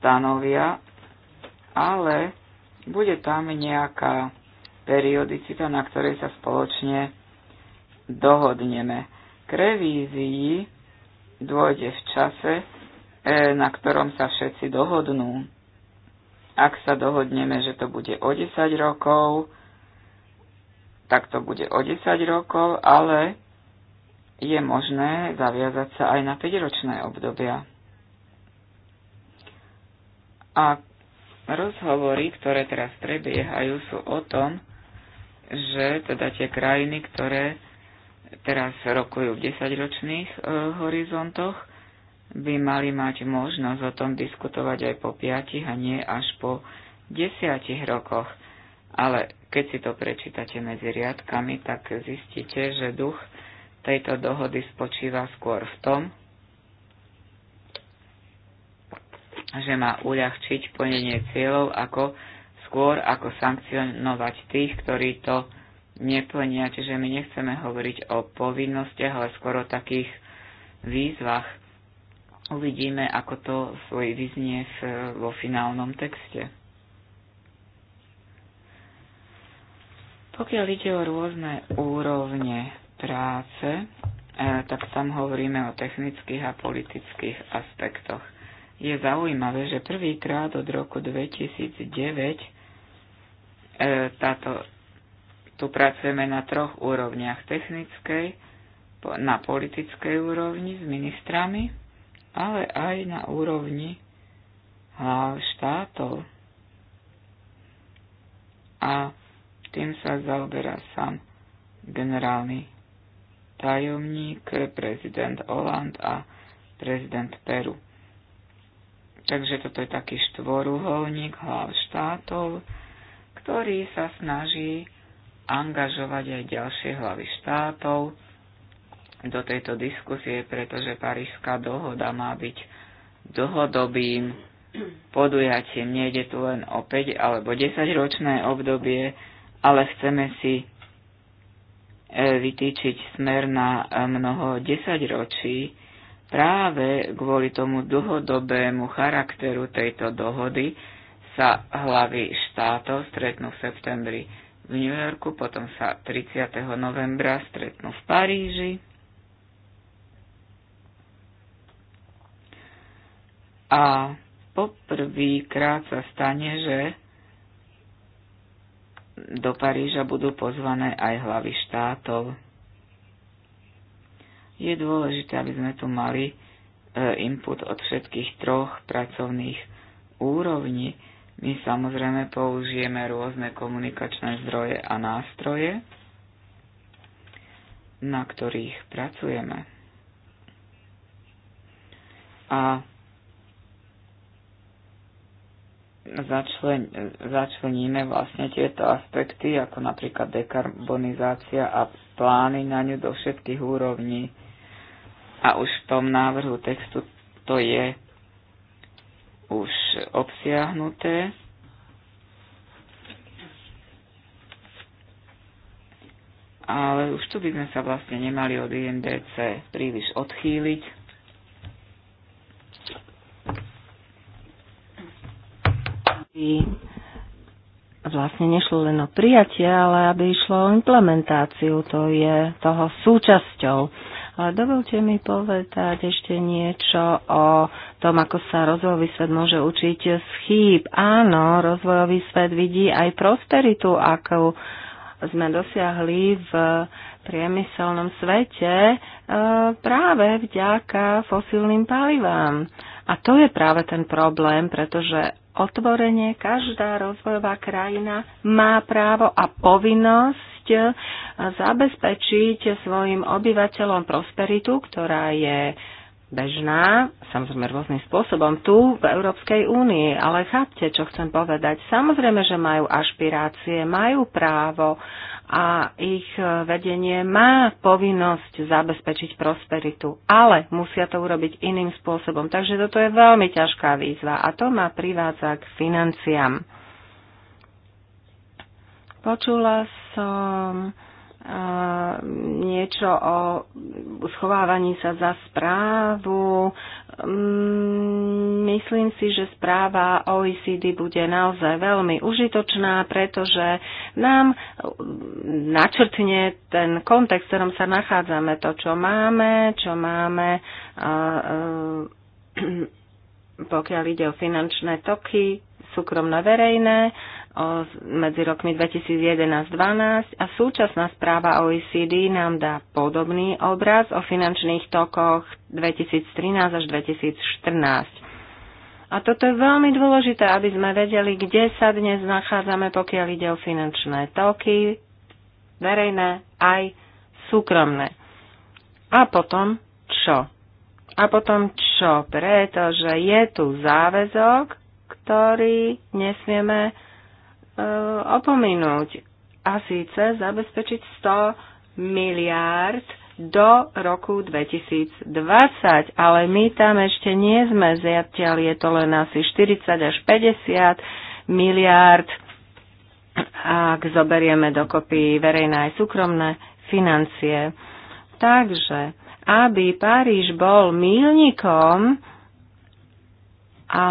stanovia, ale bude tam nejaká periodicita, na ktorej sa spoločne dohodneme. K revízii dôjde v čase, e, na ktorom sa všetci dohodnú. Ak sa dohodneme, že to bude o 10 rokov, tak to bude o 10 rokov, ale je možné zaviazať sa aj na 5-ročné obdobia. A rozhovory, ktoré teraz prebiehajú, sú o tom, že teda tie krajiny, ktoré teraz rokujú v desaťročných e, horizontoch, by mali mať možnosť o tom diskutovať aj po piatich a nie až po desiatich rokoch. Ale keď si to prečítate medzi riadkami, tak zistíte, že duch tejto dohody spočíva skôr v tom, že má uľahčiť plnenie cieľov ako skôr ako sankcionovať tých, ktorí to neplnia. Čiže my nechceme hovoriť o povinnostiach, ale skôr o takých výzvach. Uvidíme, ako to svoj vyznie vo finálnom texte. Pokiaľ ide o rôzne úrovne práce, e, tak tam hovoríme o technických a politických aspektoch. Je zaujímavé, že prvýkrát od roku 2009 E, táto, tu pracujeme na troch úrovniach technickej, na politickej úrovni s ministrami, ale aj na úrovni hlav štátov. A tým sa zaoberá sám generálny tajomník, prezident Holland a prezident Peru. Takže toto je taký štvoruholník hlav štátov, ktorý sa snaží angažovať aj ďalšie hlavy štátov do tejto diskusie, pretože Parížská dohoda má byť dlhodobým podujatím. Nejde tu len o 5 alebo 10 ročné obdobie, ale chceme si e, vytýčiť smer na e, mnoho 10 ročí, práve kvôli tomu dlhodobému charakteru tejto dohody, sa hlavy štátov stretnú v septembri v New Yorku, potom sa 30. novembra stretnú v Paríži. A poprvýkrát sa stane, že do Paríža budú pozvané aj hlavy štátov. Je dôležité, aby sme tu mali e, input od všetkých troch pracovných úrovní. My samozrejme použijeme rôzne komunikačné zdroje a nástroje, na ktorých pracujeme. A začlen, začleníme vlastne tieto aspekty, ako napríklad dekarbonizácia a plány na ňu do všetkých úrovní. A už v tom návrhu textu to je už obsiahnuté. Ale už tu by sme sa vlastne nemali od INDC príliš odchýliť. Aby vlastne nešlo len o prijatie, ale aby išlo o implementáciu. To je toho súčasťou Dovolte mi povedať ešte niečo o tom, ako sa rozvojový svet môže učiť z chýb. Áno, rozvojový svet vidí aj prosperitu, akú sme dosiahli v priemyselnom svete e, práve vďaka fosílnym palivám. A to je práve ten problém, pretože otvorene každá rozvojová krajina má právo a povinnosť zabezpečiť svojim obyvateľom prosperitu, ktorá je bežná, samozrejme rôznym spôsobom, tu v Európskej únii. Ale chápte, čo chcem povedať. Samozrejme, že majú ašpirácie, majú právo a ich e, vedenie má povinnosť zabezpečiť prosperitu, ale musia to urobiť iným spôsobom. Takže toto je veľmi ťažká výzva a to ma privádza k financiám. Počula som Eh, niečo o schovávaní sa za správu. Mm, myslím si, že správa OECD bude naozaj veľmi užitočná, pretože nám načrtne ten kontext, v ktorom sa nachádzame, to, čo máme, čo máme, eh, eh, <clears throat> pokiaľ ide o finančné toky, súkromné verejné medzi rokmi 2011-2012 a súčasná správa OECD nám dá podobný obraz o finančných tokoch 2013 až 2014. A toto je veľmi dôležité, aby sme vedeli, kde sa dnes nachádzame, pokiaľ ide o finančné toky, verejné aj súkromné. A potom čo? A potom čo? Pretože je tu záväzok, ktorý nesmieme Eh, opominúť. A síce zabezpečiť 100 miliárd do roku 2020, ale my tam ešte nie sme, zatiaľ je to len asi 40 až 50 miliárd, ak zoberieme dokopy verejné aj súkromné financie. Takže, aby Paríž bol mílnikom a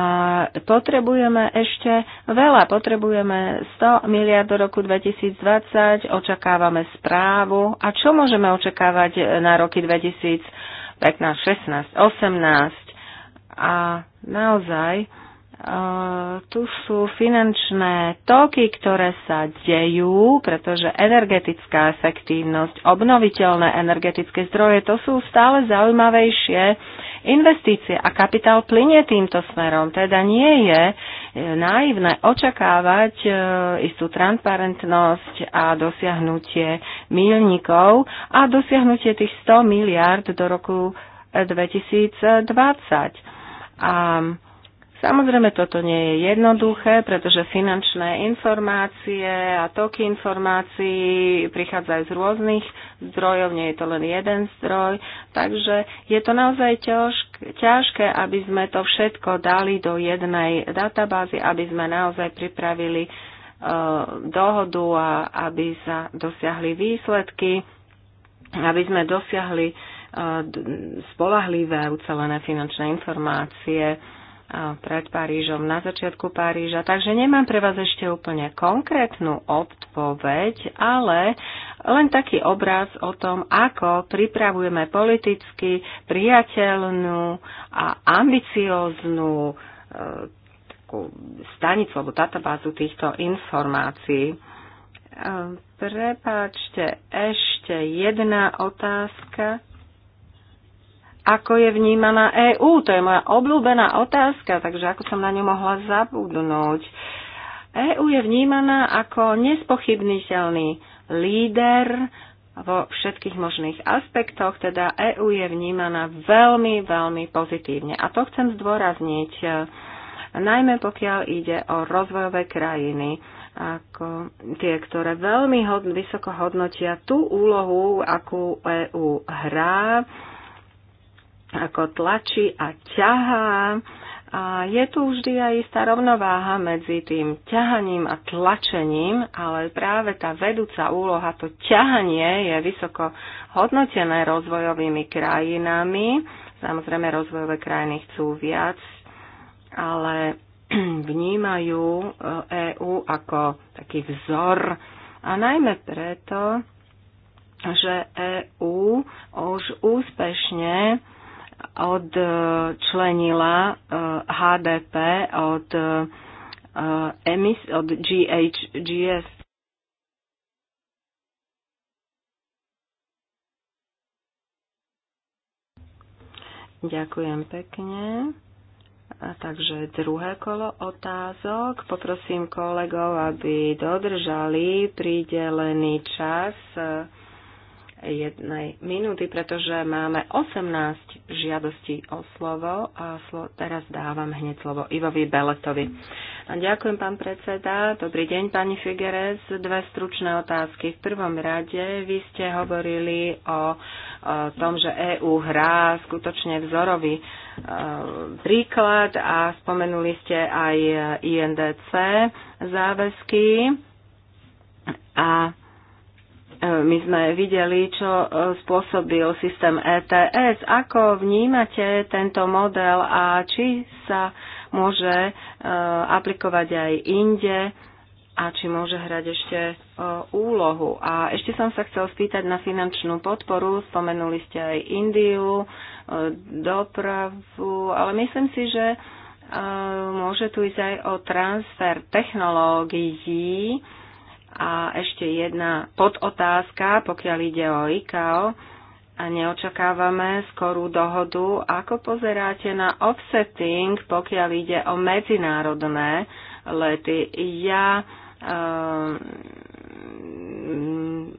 potrebujeme ešte veľa. Potrebujeme 100 miliard do roku 2020, očakávame správu. A čo môžeme očakávať e, na roky 2015, 16, 18? A naozaj Eh, tu sú finančné toky, ktoré sa dejú, pretože energetická efektívnosť, obnoviteľné energetické zdroje, to sú stále zaujímavejšie investície a kapitál plinie týmto smerom. Teda nie je eh, naivné očakávať eh, istú transparentnosť a dosiahnutie milníkov a dosiahnutie tých 100 miliard do roku 2020. A Samozrejme, toto nie je jednoduché, pretože finančné informácie a toky informácií prichádzajú z rôznych zdrojov, nie je to len jeden zdroj, takže je to naozaj ťažké, aby sme to všetko dali do jednej databázy, aby sme naozaj pripravili e, dohodu a aby sa dosiahli výsledky, aby sme dosiahli e, spolahlivé ucelené finančné informácie pred Parížom, na začiatku Paríža. Takže nemám pre vás ešte úplne konkrétnu odpoveď, ale len taký obraz o tom, ako pripravujeme politicky priateľnú a ambicióznu e, takú stanicu alebo databázu týchto informácií. E, prepáčte, ešte jedna otázka ako je vnímaná EÚ. To je moja obľúbená otázka, takže ako som na ňu mohla zabudnúť. EÚ je vnímaná ako nespochybniteľný líder vo všetkých možných aspektoch, teda EÚ je vnímaná veľmi, veľmi pozitívne. A to chcem zdôrazniť, e, najmä pokiaľ ide o rozvojové krajiny ako tie, ktoré veľmi hod, vysoko hodnotia tú úlohu, akú EÚ hrá ako tlačí a ťahá. A je tu vždy aj istá rovnováha medzi tým ťahaním a tlačením, ale práve tá vedúca úloha, to ťahanie je vysoko hodnotené rozvojovými krajinami. Samozrejme, rozvojové krajiny chcú viac, ale <clears throat> vnímajú EÚ e ako taký vzor a najmä preto, že EÚ už úspešne odčlenila HDP eh, od, eh, emis, od GHGS. Ďakujem pekne. A takže druhé kolo otázok. Poprosím kolegov, aby dodržali pridelený čas jednej minúty, pretože máme 18 žiadostí o slovo a slo- teraz dávam hneď slovo Ivovi Beletovi. A ďakujem, pán predseda. Dobrý deň, pani Figueres. Dve stručné otázky. V prvom rade vy ste hovorili o, o tom, že EÚ hrá skutočne vzorový e, príklad a spomenuli ste aj INDC záväzky a E, my sme videli, čo e, spôsobil systém ETS. Ako vnímate tento model a či sa môže e, aplikovať aj inde a či môže hrať ešte úlohu. A ešte som sa chcel spýtať na finančnú podporu. Spomenuli ste aj Indiu, dopravu, ale myslím si, že môže tu ísť aj o transfer technológií, a ešte jedna podotázka, pokiaľ ide o ICAO a neočakávame skorú dohodu. Ako pozeráte na offsetting, pokiaľ ide o medzinárodné lety? Ja um, ehm,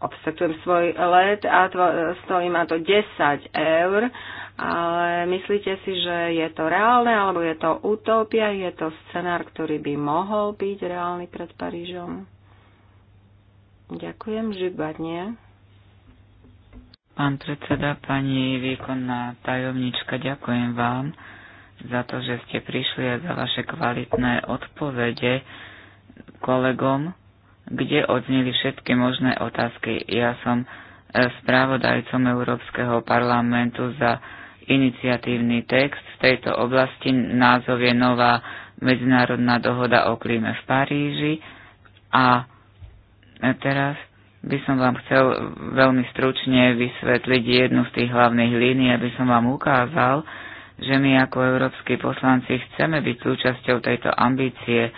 obsetujem svoj let a tvo, stojí ma to 10 eur, ale myslíte si, že je to reálne, alebo je to utopia, je to scenár, ktorý by mohol byť reálny pred Parížom? Ďakujem, Žibadne. Pán predseda, pani výkonná tajomnička, ďakujem vám za to, že ste prišli a za vaše kvalitné odpovede kolegom, kde odznili všetky možné otázky. Ja som e, správodajcom Európskeho parlamentu za iniciatívny text. V tejto oblasti názov je Nová medzinárodná dohoda o klíme v Paríži a a teraz by som vám chcel veľmi stručne vysvetliť jednu z tých hlavných línií, aby som vám ukázal, že my ako európsky poslanci chceme byť súčasťou tejto ambície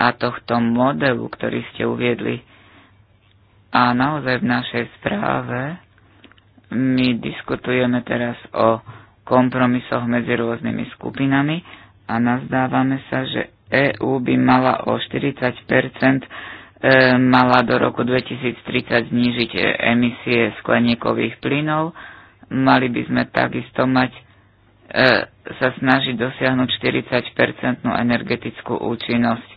a tohto modelu, ktorý ste uviedli. A naozaj v našej správe my diskutujeme teraz o kompromisoch medzi rôznymi skupinami a nazdávame sa, že EÚ by mala o 40 E, mala do roku 2030 znížiť e, emisie skleníkových plynov. Mali by sme takisto mať e, sa snažiť dosiahnuť 40-percentnú energetickú účinnosť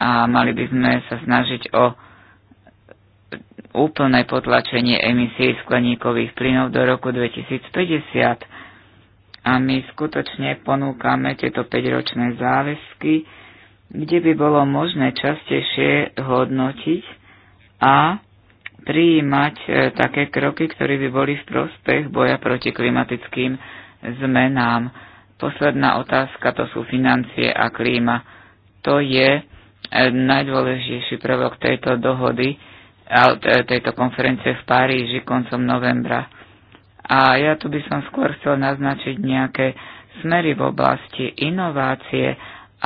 a mali by sme sa snažiť o úplné potlačenie emisí skleníkových plynov do roku 2050. A my skutočne ponúkame tieto 5-ročné záväzky, kde by bolo možné častejšie hodnotiť a prijímať e, také kroky, ktoré by boli v prospech boja proti klimatickým zmenám. Posledná otázka to sú financie a klíma. To je e, najdôležitejší prvok tejto dohody, tejto konferencie v Paríži koncom novembra. A ja tu by som skôr chcel naznačiť nejaké smery v oblasti inovácie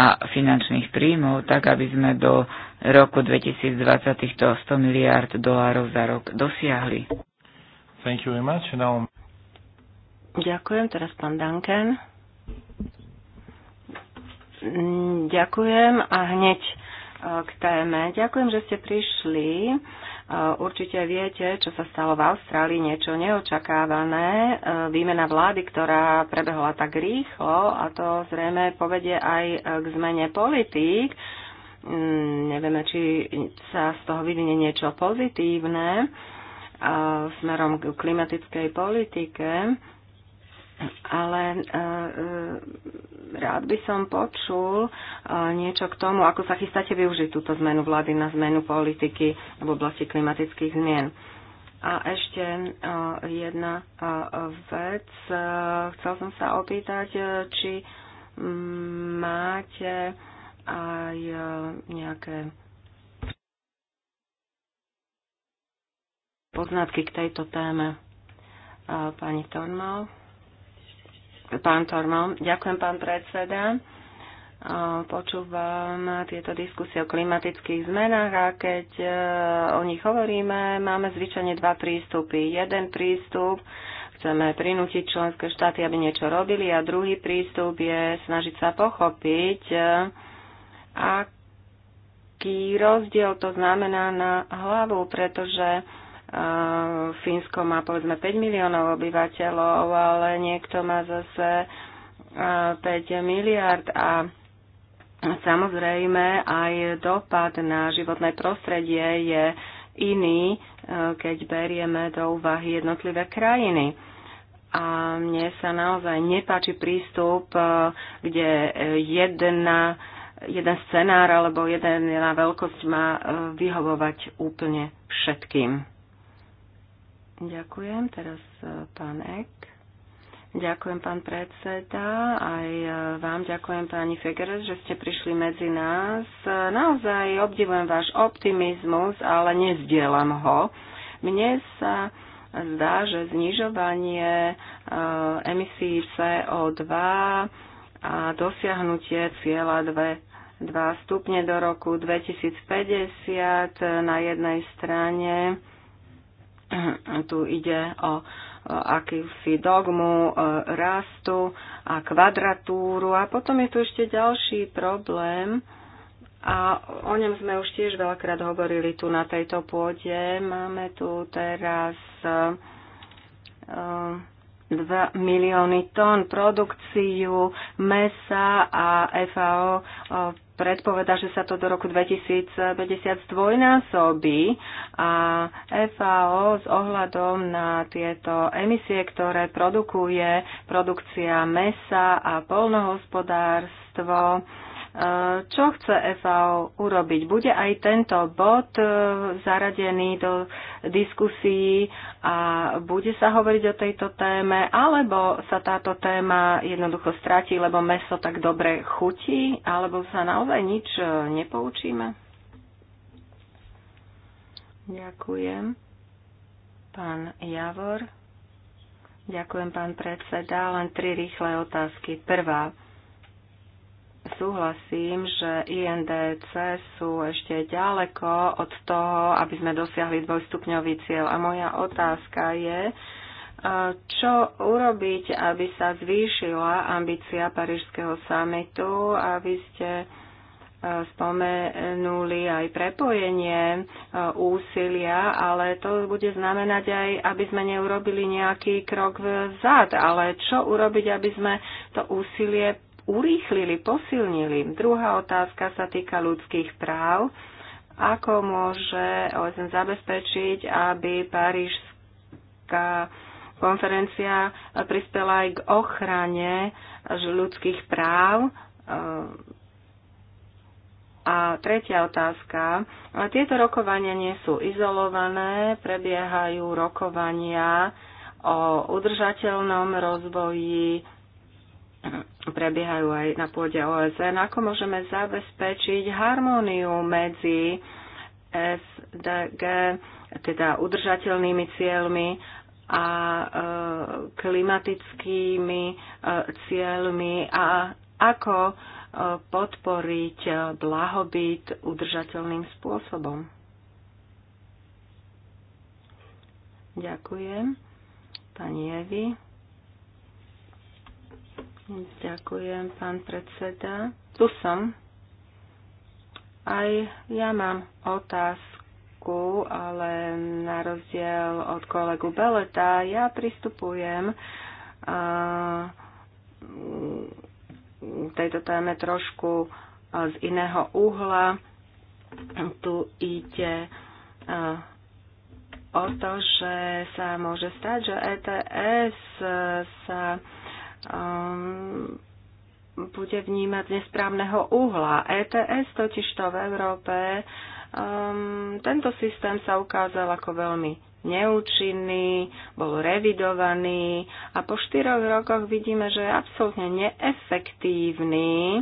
a finančných príjmov, tak aby sme do roku 2020 týchto 100 miliárd dolárov za rok dosiahli. Thank you very much. Now... Ďakujem, teraz pán Duncan. Mm, ďakujem a hneď e, k téme. Ďakujem, že ste prišli. Eh, určite viete, čo sa stalo v Austrálii, niečo neočakávané. Eh, výmena vlády, ktorá prebehla tak rýchlo a to zrejme povedie aj eh, k zmene politík. Mm, nevieme, či sa z toho vyvinie niečo pozitívne smerom k klimatickej politike ale e, e, rád by som počul e, niečo k tomu, ako sa chystáte využiť túto zmenu vlády na zmenu politiky v oblasti klimatických zmien. A ešte jedna vec. Chcel som sa opýtať, či mm, máte aj nejaké poznatky k tejto téme. Pani Tormal. Pán Tormo, ďakujem, pán predseda. Počúvam tieto diskusie o klimatických zmenách a keď e, o nich hovoríme, máme zvyčajne dva prístupy. Jeden prístup chceme prinútiť členské štáty, aby niečo robili a druhý prístup je snažiť sa pochopiť, e, aký rozdiel to znamená na hlavu, pretože Eh, Fínsko má povedzme 5 miliónov obyvateľov, ale niekto má zase 5 eh, miliard a samozrejme aj dopad na životné prostredie je iný, eh, keď berieme do úvahy jednotlivé krajiny. A mne sa naozaj nepáči prístup, kde jedna, jeden scenár alebo jedna veľkosť má vyhovovať úplne všetkým. Ďakujem. Teraz e, pán Ek. Ďakujem, pán predseda. Aj e, vám ďakujem, pani Fegeres, že ste prišli medzi nás. E, naozaj obdivujem váš optimizmus, ale nezdielam ho. Mne sa zdá, že znižovanie emisí CO2 a dosiahnutie cieľa 2, 2 stupne do roku 2050 na jednej strane tu ide o akýsi dogmu rastu a kvadratúru. A potom je tu ešte ďalší problém, a o ňom sme už tiež veľakrát hovorili tu na tejto pôde. Máme tu teraz uh, 2 milióny tón produkciu mesa a FAO predpoveda, že sa to do roku 2050 zdvojnásobí a FAO s ohľadom na tieto emisie, ktoré produkuje produkcia mesa a polnohospodárstvo, čo chce FAO urobiť? Bude aj tento bod e, zaradený do diskusí a bude sa hovoriť o tejto téme, alebo sa táto téma jednoducho stratí, lebo meso tak dobre chutí, alebo sa naozaj nič e, nepoučíme? Ďakujem. Pán Javor. Ďakujem, pán predseda. Len tri rýchle otázky. Prvá súhlasím, že INDC sú ešte ďaleko od toho, aby sme dosiahli dvojstupňový cieľ. A moja otázka je, e, čo urobiť, aby sa zvýšila ambícia Parížského samitu, aby ste e, spomenuli aj prepojenie e, úsilia, ale to bude znamenať aj, aby sme neurobili nejaký krok vzad, ale čo urobiť, aby sme to úsilie urýchlili, posilnili. Druhá otázka sa týka ľudských práv. Ako môže OSN zabezpečiť, aby parížská konferencia prispela aj k ochrane ľudských práv a tretia otázka. Tieto rokovania nie sú izolované, prebiehajú rokovania o udržateľnom rozvoji prebiehajú aj na pôde OSN. Ako môžeme zabezpečiť harmóniu medzi SDG, teda udržateľnými cieľmi a e, klimatickými e, cieľmi a ako e, podporiť blahobyt udržateľným spôsobom. Ďakujem. Pani Evi. Ďakujem, pán predseda. Tu som. Aj ja mám otázku, ale na rozdiel od kolegu Beleta, ja pristupujem mm, tejto téme trošku z iného uhla. Tu ide o to, že sa môže stať, že ETS sa um, bude vnímať z nesprávneho uhla. ETS totižto v Európe, um, tento systém sa ukázal ako veľmi neúčinný, bol revidovaný a po štyroch rokoch vidíme, že je absolútne neefektívny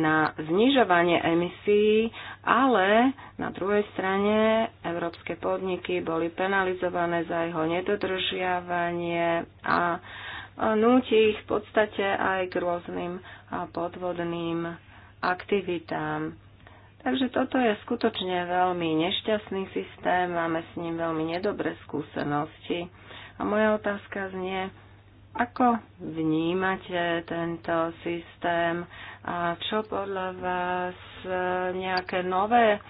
na znižovanie emisí, ale na druhej strane európske podniky boli penalizované za jeho nedodržiavanie a núti ich v podstate aj k rôznym podvodným aktivitám. Takže toto je skutočne veľmi nešťastný systém, máme s ním veľmi nedobré skúsenosti. A moja otázka znie, ako vnímate tento systém a čo podľa vás nejaké nové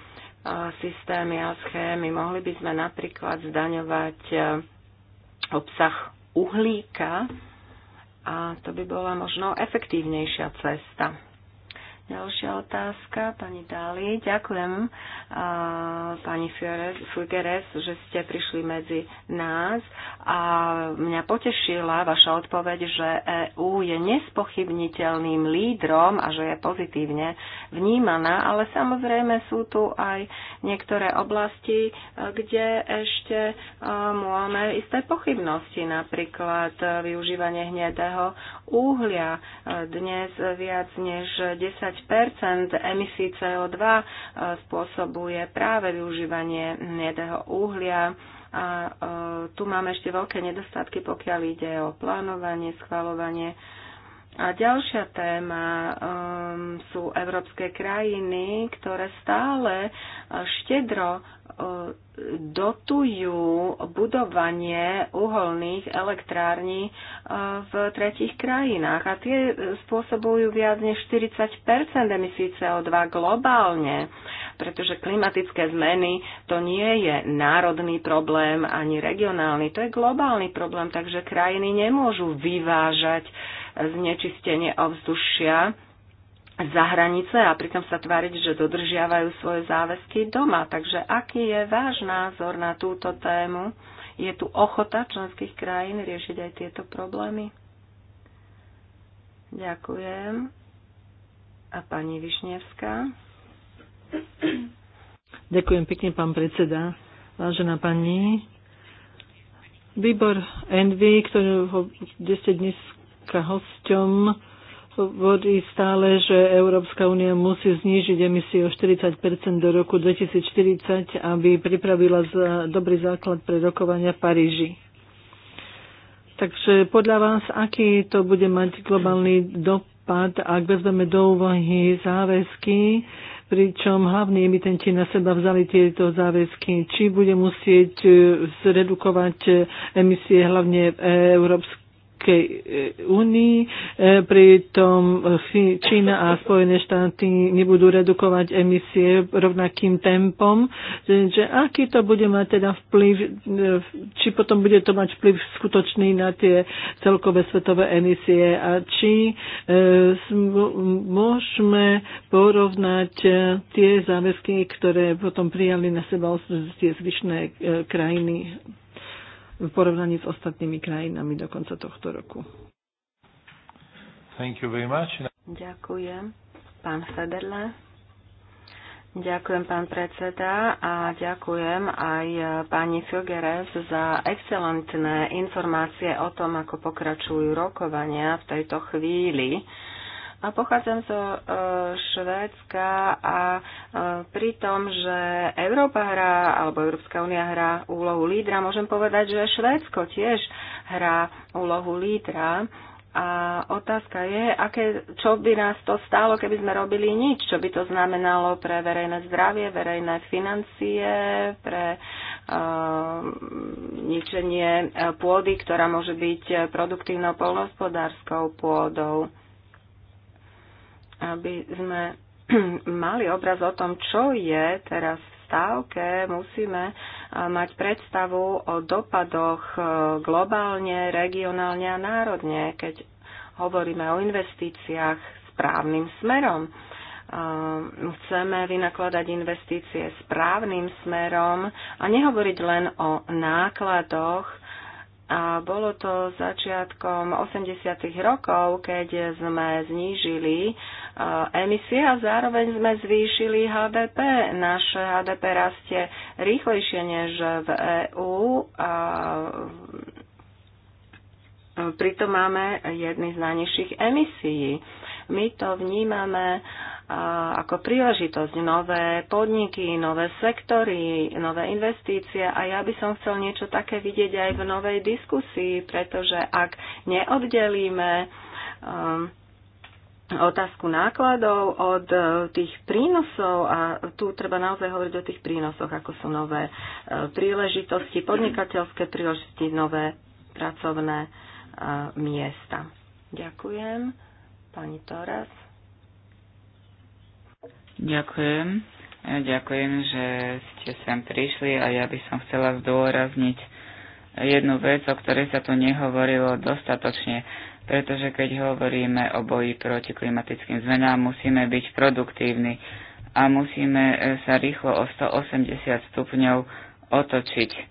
systémy a schémy? Mohli by sme napríklad zdaňovať obsah uhlíka a to by bola možno efektívnejšia cesta. Ďalšia otázka, pani Dali. Ďakujem, pani Fugeres, že ste prišli medzi nás a mňa potešila vaša odpoveď, že EÚ je nespochybniteľným lídrom a že je pozitívne vnímaná, ale samozrejme sú tu aj niektoré oblasti, e, kde ešte e, máme isté pochybnosti, napríklad e, využívanie hnedého uhlia. Dnes viac než 10 emisí CO2 e, spôsobuje práve využívanie hnedého uhlia. A e, tu máme ešte veľké nedostatky, pokiaľ ide o plánovanie, schvalovanie a ďalšia téma um, sú európske krajiny, ktoré stále eh, štedro eh, dotujú budovanie uholných elektrární eh, v tretich krajinách a tie spôsobujú viac než 40 emisí CO2 globálne, pretože klimatické zmeny to nie je národný problém ani regionálny, to je globálny problém, takže krajiny nemôžu vyvážať znečistenie ovzdušia za hranice a pritom sa tváriť, že dodržiavajú svoje záväzky doma. Takže aký je váš názor na túto tému? Je tu ochota členských krajín riešiť aj tieto problémy? Ďakujem. A pani Višnevská. Ďakujem pekne, pán predseda. Vážená pani, Výbor Envy, ktorý ho 10 dní hosťom hovorí stále, že Európska únia musí znížiť emisie o 40 do roku 2040, aby pripravila za dobrý základ pre rokovania v Paríži. Takže podľa vás, aký to bude mať globálny dopad, ak vezmeme do úvahy záväzky, pričom hlavní emitenti na seba vzali tieto záväzky, či bude musieť zredukovať emisie hlavne európske Európskej eh, únii, eh, pritom eh, Čína a Spojené štáty nebudú redukovať emisie rovnakým tempom. Že aký to bude mať teda vplyv, či potom bude to mať vplyv skutočný na tie celkové svetové emisie a či môžeme porovnať tie záväzky, ktoré potom prijali na seba tie zvyšné krajiny v porovnaní s ostatnými krajinami do konca tohto roku. Thank you very much. Ďakujem. Pán Federle. Ďakujem, pán predseda, a ďakujem aj e, pani Fjogeres za excelentné informácie o tom, ako pokračujú rokovania v tejto chvíli. A Pochádzam zo e, Švédska a e, pri tom, že Európa hrá, alebo Európska únia hrá úlohu lídra, môžem povedať, že Švédsko tiež hrá úlohu lídra. A otázka je, aké, čo by nás to stálo, keby sme robili nič, čo by to znamenalo pre verejné zdravie, verejné financie, pre uh, ničenie pôdy, ktorá môže byť produktívnou polnohospodárskou pôdou aby sme <clears throat> mali obraz o tom, čo je teraz v stávke, musíme eh, mať predstavu o dopadoch eh, globálne, regionálne a národne, keď hovoríme o investíciách správnym smerom. Eh, chceme vynakladať investície správnym smerom a nehovoriť len o nákladoch, a bolo to začiatkom 80. rokov, keď sme znížili eh, emisie a zároveň sme zvýšili HDP. Naše HDP rastie rýchlejšie než v EÚ. Pritom máme jedny z najnižších emisií. My to vnímame ako príležitosť, nové podniky, nové sektory, nové investície a ja by som chcel niečo také vidieť aj v novej diskusii, pretože ak neoddelíme um, otázku nákladov od e, tých prínosov a tu treba naozaj hovoriť o tých prínosoch, ako sú nové e, príležitosti, podnikateľské príležitosti, nové pracovné e, miesta. Ďakujem. Pani Toras. Ďakujem. Ďakujem, že ste sem prišli a ja by som chcela zdôrazniť jednu vec, o ktorej sa tu nehovorilo dostatočne, pretože keď hovoríme o boji proti klimatickým zmenám, musíme byť produktívni a musíme sa rýchlo o 180 stupňov otočiť. E,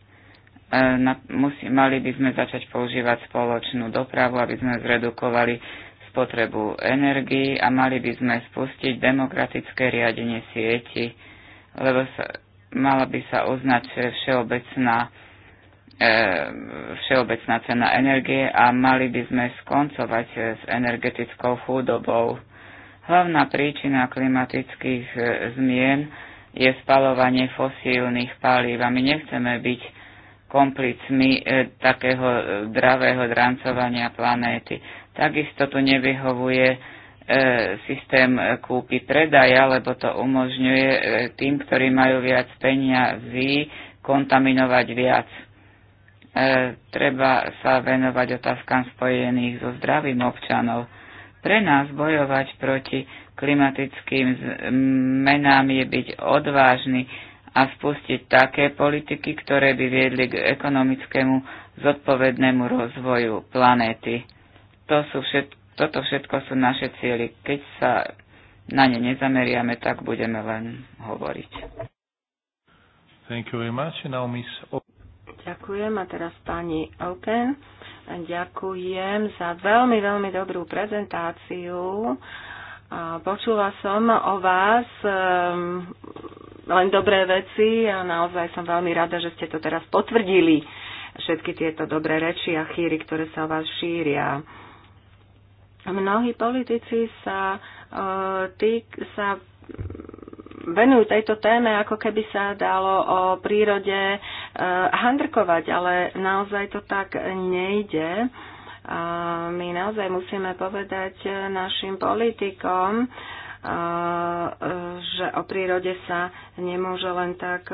mali by sme začať používať spoločnú dopravu, aby sme zredukovali spotrebu energii a mali by sme spustiť demokratické riadenie sieti, lebo sa, mala by sa uznať všeobecná, e, všeobecná cena energie a mali by sme skoncovať e, s energetickou chudobou. Hlavná príčina klimatických e, zmien je spalovanie fosílnych palív a my nechceme byť komplicmi e, takého e, dravého drancovania planéty. Takisto tu nevyhovuje e, systém kúpy predaja, lebo to umožňuje e, tým, ktorí majú viac peniazy, kontaminovať viac. E, treba sa venovať otázkam spojených so zdravím občanov. Pre nás bojovať proti klimatickým zmenám je byť odvážny a spustiť také politiky, ktoré by viedli k ekonomickému zodpovednému rozvoju planéty. To sú všet, toto všetko sú naše cieľy. Keď sa na ne nezameriame, tak budeme len hovoriť. Thank you very much. Now, Miss Ďakujem a teraz pani Open. Ďakujem za veľmi, veľmi dobrú prezentáciu. Počula som o vás ehm, len dobré veci a naozaj som veľmi rada, že ste to teraz potvrdili, všetky tieto dobré reči a chýry, ktoré sa o vás šíria mnohí politici sa, e, tí, sa venujú tejto téme, ako keby sa dalo o prírode e, handrkovať, ale naozaj to tak nejde. My naozaj musíme povedať našim politikom, e, že o prírode sa nemôže len tak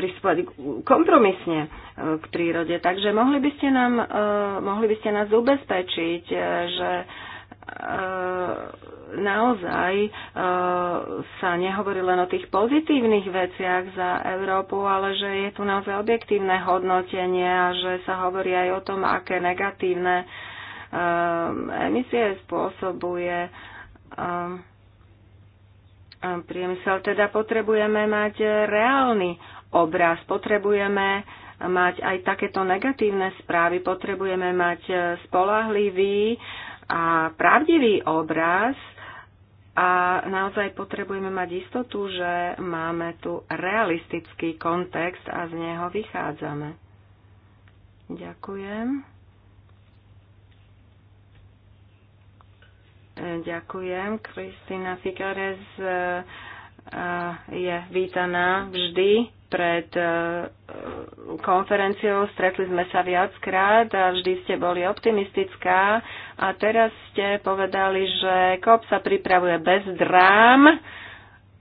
pristupovať kompromisne e, k prírode. Takže mohli by ste, nám, e, mohli by ste nás ubezpečiť, e, že naozaj sa nehovorí len o tých pozitívnych veciach za Európu, ale že je tu naozaj objektívne hodnotenie a že sa hovorí aj o tom, aké negatívne emisie spôsobuje priemysel. Teda potrebujeme mať reálny obraz. Potrebujeme mať aj takéto negatívne správy, potrebujeme mať e, spolahlivý a pravdivý obraz a naozaj potrebujeme mať istotu, že máme tu realistický kontext a z neho vychádzame. Ďakujem. E, ďakujem. Kristina Figueres e, je vítaná vždy pred e, konferenciou, stretli sme sa viackrát a vždy ste boli optimistická a teraz ste povedali, že COP sa pripravuje bez drám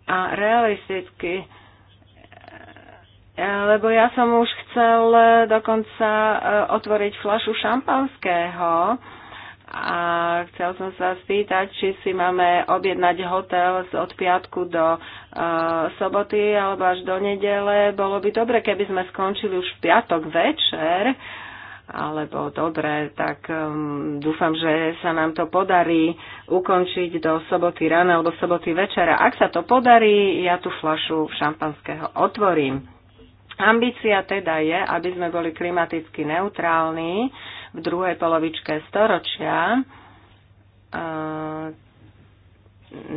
a realisticky. E, lebo ja som už chcel dokonca e, otvoriť flašu šampanského, a chcel som sa spýtať, či si máme objednať hotel od piatku do uh, soboty alebo až do nedele. Bolo by dobre, keby sme skončili už v piatok večer, alebo dobre, tak um, dúfam, že sa nám to podarí ukončiť do soboty rána alebo soboty večera. Ak sa to podarí, ja tú flašu šampanského otvorím. Ambícia teda je, aby sme boli klimaticky neutrálni v druhej polovičke storočia,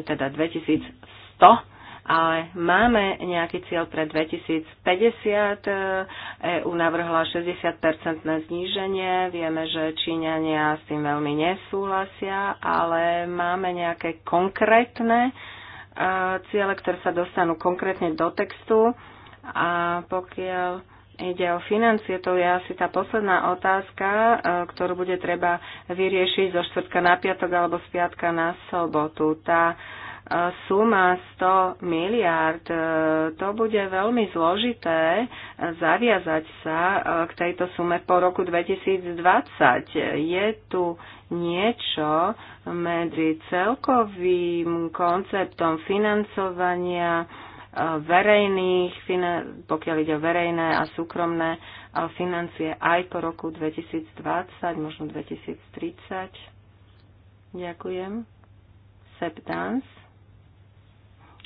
teda 2100, ale máme nejaký cieľ pre 2050. EU e navrhla 60-percentné zníženie. Vieme, že Číňania s tým veľmi nesúhlasia, ale máme nejaké konkrétne e, ciele, ktoré sa dostanú konkrétne do textu. A pokiaľ ide o financie, to je asi tá posledná otázka, e, ktorú bude treba vyriešiť zo štvrtka na piatok alebo z piatka na sobotu. Tá e, suma 100 miliard, e, to bude veľmi zložité zaviazať sa k tejto sume po roku 2020. Je tu niečo medzi celkovým konceptom financovania verejných, pokiaľ ide o verejné a súkromné financie aj po roku 2020, možno 2030. Ďakujem. Seb Dance.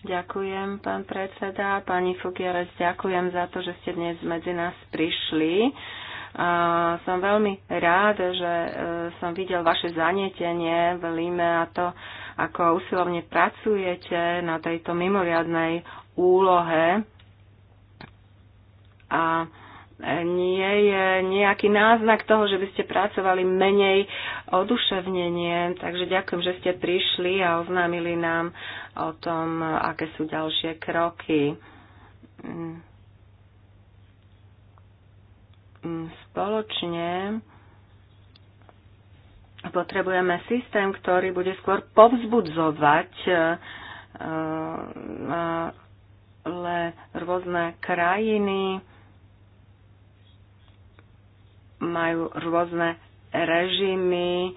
Ďakujem, pán predseda. Pani Fugierec, ďakujem za to, že ste dnes medzi nás prišli. A som veľmi rád, že e, som videl vaše zanietenie v Líme a to ako usilovne pracujete na tejto mimoriadnej úlohe a nie je nejaký náznak toho, že by ste pracovali menej oduševnenie. Takže ďakujem, že ste prišli a oznámili nám o tom, aké sú ďalšie kroky. Mm. Mm, spoločne Potrebujeme systém, ktorý bude skôr povzbudzovať e, e, ale rôzne krajiny majú rôzne režimy,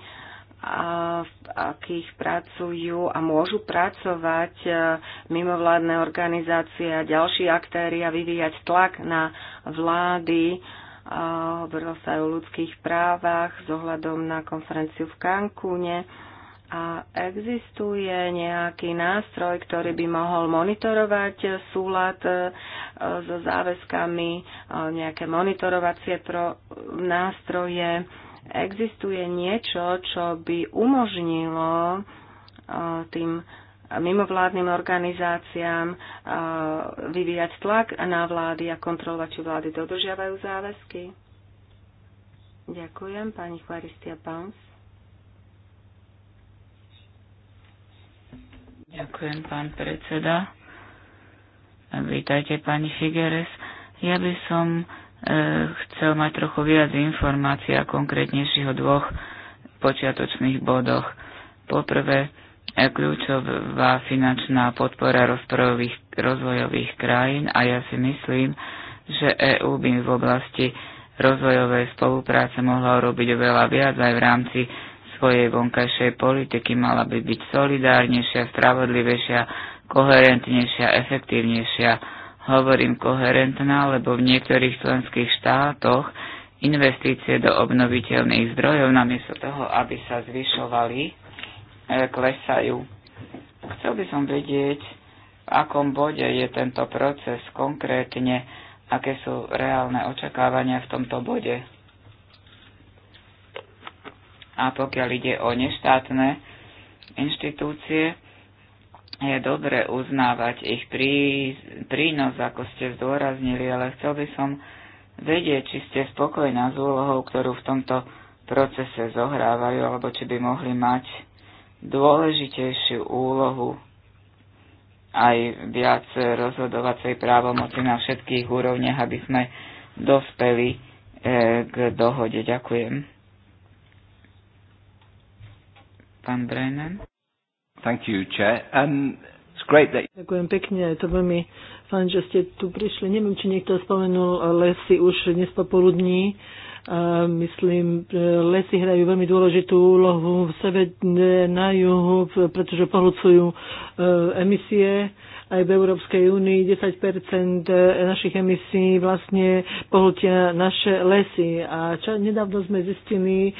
v akých pracujú a môžu pracovať e, mimovládne organizácie a ďalší aktéry a vyvíjať tlak na vlády a hovorilo sa aj o ľudských právach s ohľadom na konferenciu v Cancúne. A existuje nejaký nástroj, ktorý by mohol monitorovať súlad e, so záväzkami, e, nejaké monitorovacie pro nástroje. Existuje niečo, čo by umožnilo e, tým mimovládnym organizáciám vyvíjať tlak na vlády a kontrolovať, či vlády dodržiavajú záväzky. Ďakujem, pani Charistia Pans. Ďakujem, pán predseda. Vítajte, pani Figueres. Ja by som e, chcel mať trochu viac informácií a konkrétnejších o dvoch počiatočných bodoch. Poprvé, kľúčová finančná podpora rozprojových rozvojových krajín a ja si myslím, že EÚ by v oblasti rozvojovej spolupráce mohla urobiť veľa viac aj v rámci svojej vonkajšej politiky. Mala by byť solidárnejšia, spravodlivejšia, koherentnejšia, efektívnejšia. Hovorím koherentná, lebo v niektorých členských štátoch investície do obnoviteľných zdrojov namiesto toho, aby sa zvyšovali, E, klesajú. Chcel by som vedieť, v akom bode je tento proces konkrétne, aké sú reálne očakávania v tomto bode. A pokiaľ ide o neštátne inštitúcie, je dobre uznávať ich prí, prínos, ako ste zdôraznili, ale chcel by som vedieť, či ste spokojná s úlohou, ktorú v tomto procese zohrávajú, alebo či by mohli mať dôležitejšiu úlohu aj viac rozhodovacej právomoci na všetkých úrovniach, aby sme dospeli e, k dohode. Ďakujem. Pán Brennan. Thank you, Chair. Um, it's great that... Ďakujem pekne, je to veľmi fajn, že ste tu prišli. Neviem, či niekto spomenul lesy už dnes popoludní. Uh, Myslím, lesy hrajú veľmi dôležitú úlohu v sebe e, na juhu, pretože pohľucujú e, emisie aj v Európskej únii 10 e, našich emisí vlastne pohltia naše lesy. A čo, nedávno sme zistili,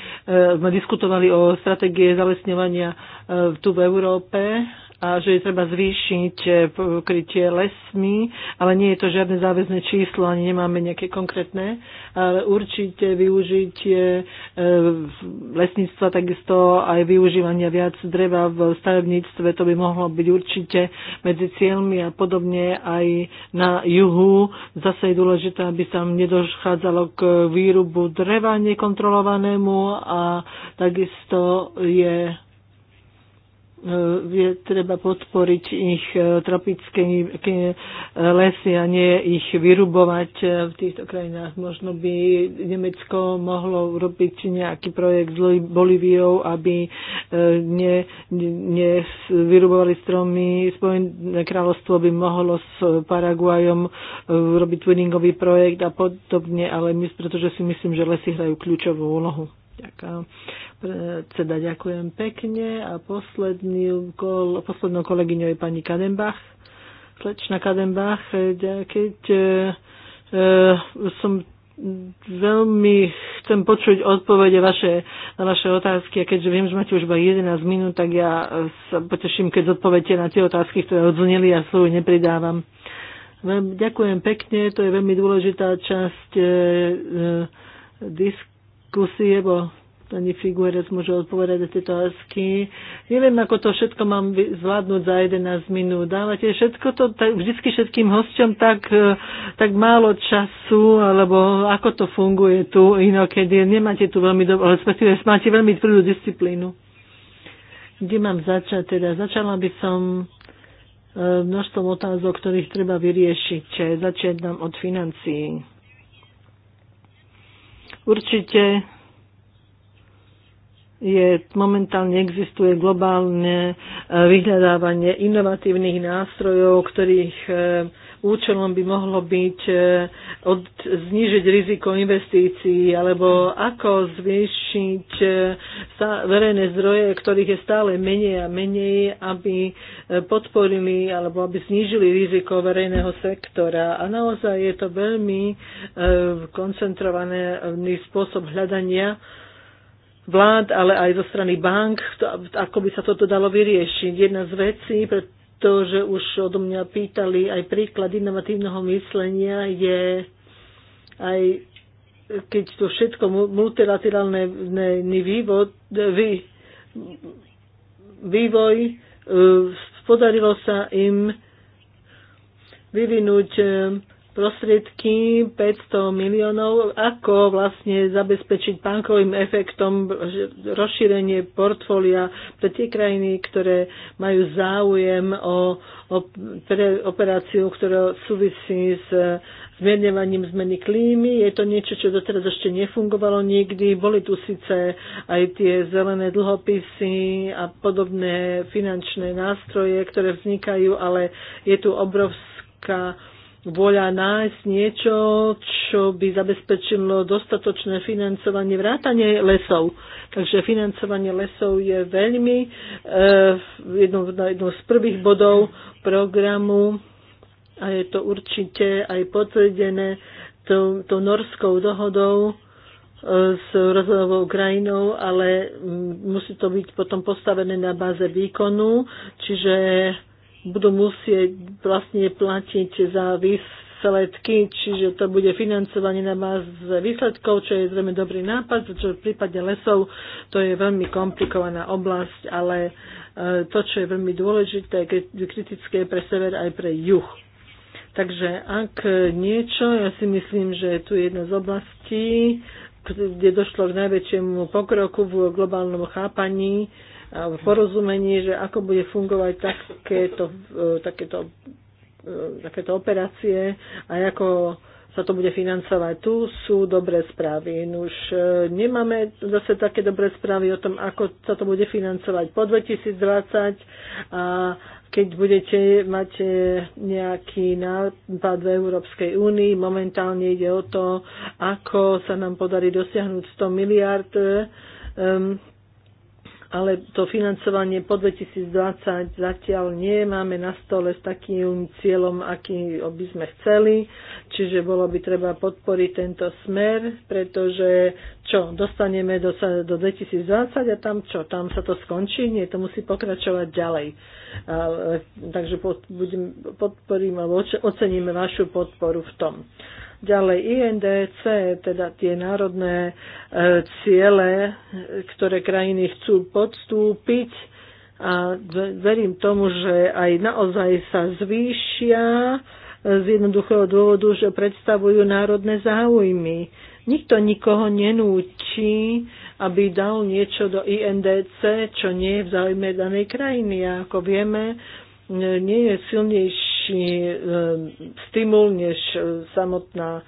sme diskutovali o stratégie zalesňovania tu v Európe a že je treba zvýšiť e, krytie lesmi, ale nie je to žiadne záväzne číslo, ani nemáme nejaké konkrétne, ale určite využitie e, lesníctva, takisto aj využívania viac dreva v stavebníctve, to by mohlo byť určite medzi cieľmi a podobne aj na juhu. Zase je dôležité, aby sa nedochádzalo k výrubu dreva nekontrolovanému a takisto je E, je treba podporiť ich e, tropické lesy a nie ich vyrubovať e, v týchto krajinách. Možno by Nemecko mohlo urobiť nejaký projekt s Bolíviou, aby ne, ne vyrubovali stromy. Spojené kráľovstvo by mohlo s Paraguajom robiť twinningový projekt a podobne, ale my, pretože si myslím, že lesy hrajú kľúčovú úlohu. Ďakujem. teda ďakujem pekne. A posledný, kol, poslednou kolegyňou je pani Kadenbach. Slečna Kadenbach, e, keď e, e, som veľmi chcem počuť odpovede vaše, na vaše otázky a keďže viem, že máte už iba 11 minút, tak ja sa poteším, keď zodpoviete na tie otázky, ktoré odzneli a ja svoju nepridávam. Ďakujem pekne, to je veľmi dôležitá časť e, e, disk diskusie, bo ani Figueres môže odpovedať na tieto otázky. Neviem, ako to všetko mám zvládnuť za 11 minút. Dávate všetko to, tak, vždycky všetkým hosťom tak, e, tak málo času, alebo ako to funguje tu inokedy. Nemáte tu veľmi dobrú, respektíve máte veľmi tvrdú disciplínu. Kde mám začať teda? Začala by som e, množstvom otázok, ktorých treba vyriešiť. Začať nám od financií Určite je, momentálne existuje globálne eh, vyhľadávanie inovatívnych nástrojov, ktorých eh, účelom by mohlo byť e, od, znižiť riziko investícií alebo ako zvýšiť e, verejné zdroje, ktorých je stále menej a menej, aby e, podporili alebo aby znížili riziko verejného sektora. A naozaj je to veľmi koncentrovaný spôsob hľadania vlád, ale aj zo strany bank, to, ako by sa toto dalo vyriešiť. Jedna z vecí, pre to, že už odo mňa pýtali aj príklad inovatívneho myslenia, je aj keď to všetko multilaterálne vývod, vý, vývoj, e, podarilo sa im vyvinúť e, prostriedky 500 miliónov, ako vlastne zabezpečiť bankovým efektom rozšírenie portfólia pre tie krajiny, ktoré majú záujem o, o pre, operáciu, ktorá súvisí s e, zmierňovaním zmeny klímy. Je to niečo, čo doteraz ešte nefungovalo nikdy. Boli tu síce aj tie zelené dlhopisy a podobné finančné nástroje, ktoré vznikajú, ale je tu obrovská voľa nájsť niečo, čo by zabezpečilo dostatočné financovanie vrátanie lesov. Takže financovanie lesov je veľmi eh, jednou, jedno z prvých bodov programu a je to určite aj potvrdené tou, tou norskou dohodou e, s rozvojovou krajinou, ale musí to byť potom postavené na báze výkonu, čiže budú musieť vlastne platiť za výsledky, čiže to bude financovanie na báze výsledkov, čo je zrejme dobrý nápad, pretože v prípade lesov to je veľmi komplikovaná oblasť, ale e, to, čo je veľmi dôležité, je kritické pre sever aj pre juh. Takže ak niečo, ja si myslím, že tu je jedna z oblastí, kde došlo k najväčšiemu pokroku v globálnom chápaní v porozumenie, že ako bude fungovať takéto, e, takéto, e, takéto operácie a ako sa to bude financovať. Tu sú dobré správy. Už e, nemáme zase také dobré správy o tom, ako sa to bude financovať po 2020 a keď budete mať nejaký nápad v Európskej únii, momentálne ide o to, ako sa nám podarí dosiahnuť 100 miliard um, ale to financovanie po 2020 zatiaľ nie máme na stole s takým cieľom, aký by sme chceli, čiže bolo by treba podporiť tento smer, pretože čo, dostaneme do, do 2020 a tam čo, tam sa to skončí, nie, to musí pokračovať ďalej. A, e, takže pod, budem, podporím alebo oceníme vašu podporu v tom. Ďalej INDC, teda tie národné e, ciele, ktoré krajiny chcú podstúpiť a verím tomu, že aj naozaj sa zvýšia e, z jednoduchého dôvodu, že predstavujú národné záujmy. Nikto nikoho nenúči, aby dal niečo do INDC, čo nie je v záujme danej krajiny. A ako vieme, e, nie je silnejší väčší e, stimul než e, samotná e,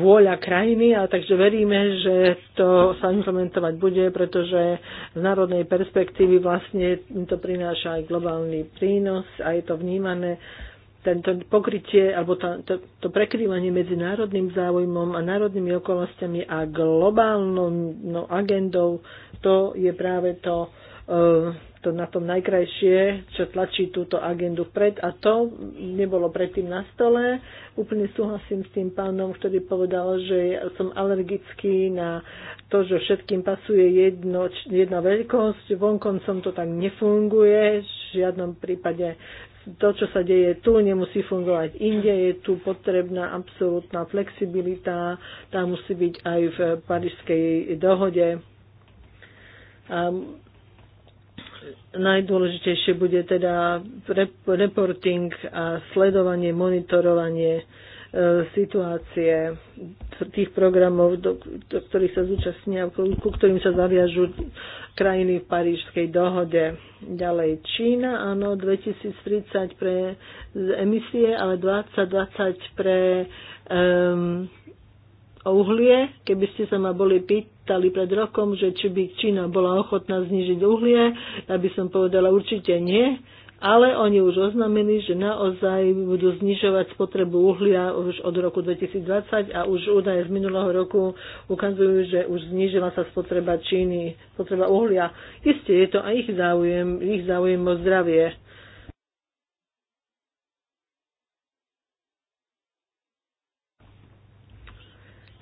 vôľa krajiny a takže veríme, že to sa implementovať bude, pretože z národnej perspektívy vlastne to prináša aj globálny prínos a je to vnímané tento pokrytie alebo to, to, to prekrývanie medzi národným záujmom a národnými okolnostiami a globálnou no, agendou, to je práve to, uh, to na tom najkrajšie, čo tlačí túto agendu vpred a to nebolo predtým na stole. Úplne súhlasím s tým pánom, ktorý povedal, že som alergický na to, že všetkým pasuje jedno, jedna veľkosť, vonkoncom to tak nefunguje, v žiadnom prípade to, čo sa deje tu, nemusí fungovať inde, je tu potrebná absolútna flexibilita, tá musí byť aj v Parížskej dohode najdôležitejšie bude teda reporting a sledovanie, monitorovanie e, situácie tých programov, do, do ktorých sa zúčastnia, ku ktorým sa zaviažú krajiny v Parížskej dohode. Ďalej Čína, áno, 2030 pre emisie, ale 2020 pre um, uhlie. Keby ste sa ma boli pýtali pred rokom, že či by Čína bola ochotná znižiť uhlie, aby som povedala určite nie. Ale oni už oznámili, že naozaj budú znižovať spotrebu uhlia už od roku 2020 a už údaje z minulého roku ukazujú, že už znižila sa spotreba Číny, spotreba uhlia. Isté je to aj ich záujem, ich záujem o zdravie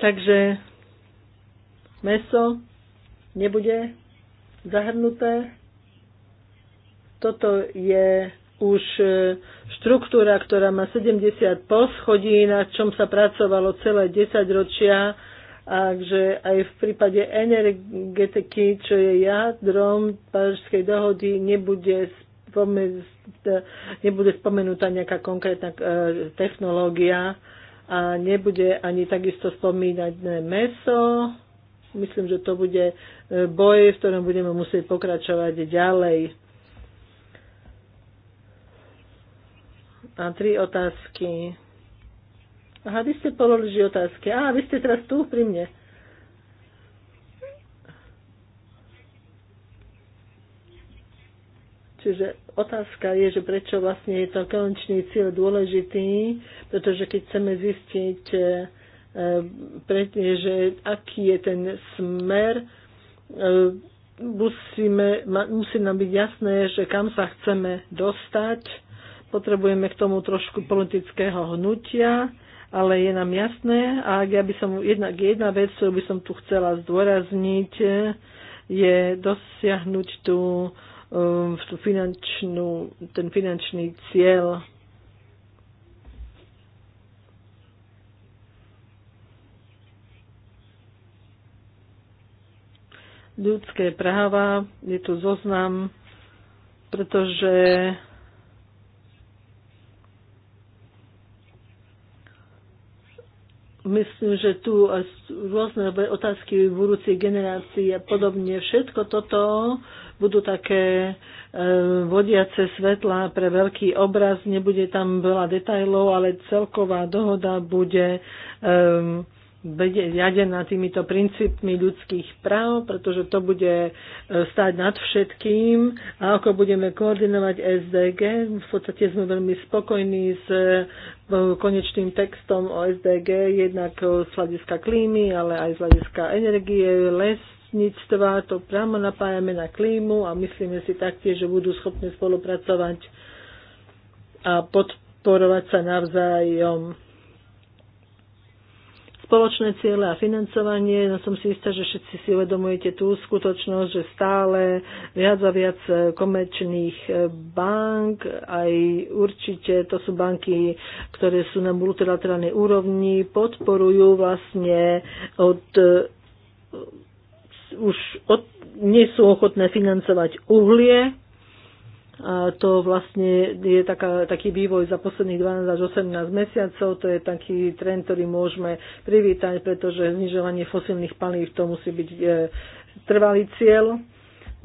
Takže meso nebude zahrnuté. Toto je už e, štruktúra, ktorá má 70 poschodí, na čom sa pracovalo celé 10 ročia, takže aj v prípade energetiky, čo je jadrom Pážskej dohody, nebude, spomenutá, e, nebude spomenutá nejaká konkrétna e, technológia, a nebude ani takisto spomínať meso. Myslím, že to bude e, boj, v ktorom budeme musieť pokračovať ďalej. A tri otázky. Aha, vy ste položili otázky. A vy ste teraz tu pri mne. Čiže otázka je, že prečo vlastne je to konečný cieľ dôležitý, pretože keď chceme zistiť, e, e, že aký je ten smer, e, musíme, musí nám byť jasné, že kam sa chceme dostať. Potrebujeme k tomu trošku politického hnutia, ale je nám jasné. A ak ja by som, jedna, jedna vec, ktorú by som tu chcela zdôrazniť, je dosiahnuť tú Um, v tú finančnú, ten finančný cieľ ľudské práva, je tu zoznam, pretože myslím, že tu rôzne otázky v budúcich generácií a podobne, všetko toto budú také e, vodiace svetla pre veľký obraz, nebude tam veľa detajlov, ale celková dohoda bude riadená týmito princípmi ľudských práv, pretože to bude e, stáť nad všetkým. A ako budeme koordinovať SDG, v podstate sme veľmi spokojní s e, konečným textom o SDG, jednak z hľadiska klímy, ale aj z hľadiska energie, les, vlastníctva, to priamo napájame na klímu a myslíme si taktiež, že budú schopní spolupracovať a podporovať sa navzájom. Spoločné ciele a financovanie, no som si istá, že všetci si uvedomujete tú skutočnosť, že stále viac a viac komerčných bank, aj určite to sú banky, ktoré sú na multilaterálnej úrovni, podporujú vlastne od už od, nie sú ochotné financovať uhlie. A to vlastne je taká, taký vývoj za posledných 12 až 18 mesiacov. To je taký trend, ktorý môžeme privítať, pretože znižovanie fosilných palív to musí byť e, trvalý cieľ.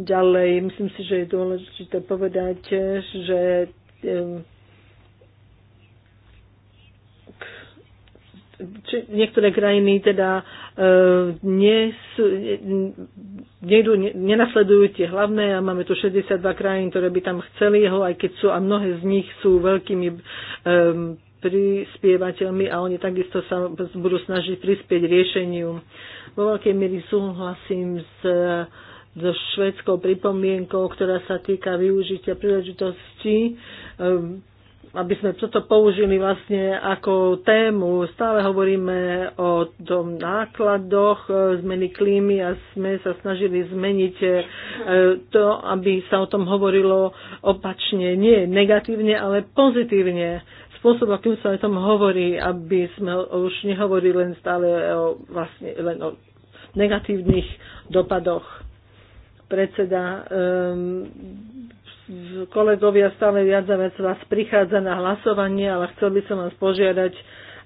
Ďalej, myslím si, že je dôležité povedať, že e, či niektoré krajiny teda e, nie sú, ne, nenasledujú tie hlavné a máme tu 62 krajín, ktoré by tam chceli ho, aj keď sú a mnohé z nich sú veľkými e, prispievateľmi a oni takisto sa budú snažiť prispieť riešeniu. Vo veľkej miery súhlasím s so švedskou pripomienkou, ktorá sa týka využitia príležitosti. E, aby sme toto použili vlastne ako tému. Stále hovoríme o tom nákladoch e, zmeny klímy a sme sa snažili zmeniť e, to, aby sa o tom hovorilo opačne. Nie negatívne, ale pozitívne spôsob, akým sa o tom hovorí, aby sme už nehovorili len stále o, vlastne, len o negatívnych dopadoch. Predseda, um, kolegovia, stále viac a viac vás prichádza na hlasovanie, ale chcel by som vás požiadať,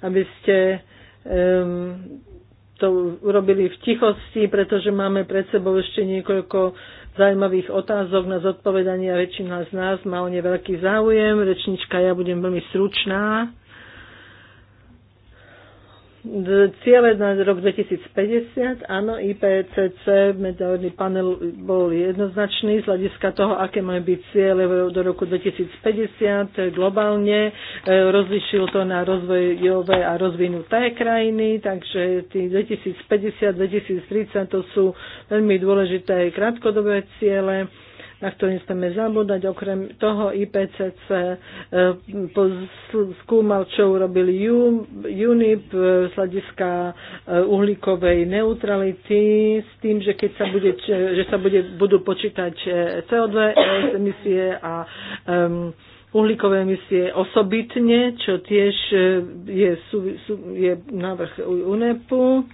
aby ste um, to urobili v tichosti, pretože máme pred sebou ešte niekoľko zaujímavých otázok na zodpovedanie a väčšina z nás má o ne veľký záujem. Rečnička, ja budem veľmi stručná. Ciele na rok 2050, áno, IPCC, medzinárodný panel bol jednoznačný z hľadiska toho, aké majú byť ciele do roku 2050 globálne. E, rozlišil to na rozvojové a rozvinuté krajiny, takže tí 2050, 2030 to sú veľmi dôležité krátkodobé ciele na ktorý chceme zabúdať. Okrem toho IPCC e, skúmal, čo urobili UNIP e, z hľadiska e, uhlíkovej neutrality s tým, že keď sa, bude, že sa bude, budú počítať CO2 emisie a um, uhlíkové emisie osobitne, čo tiež je, sú, sú, je návrh UNEPu.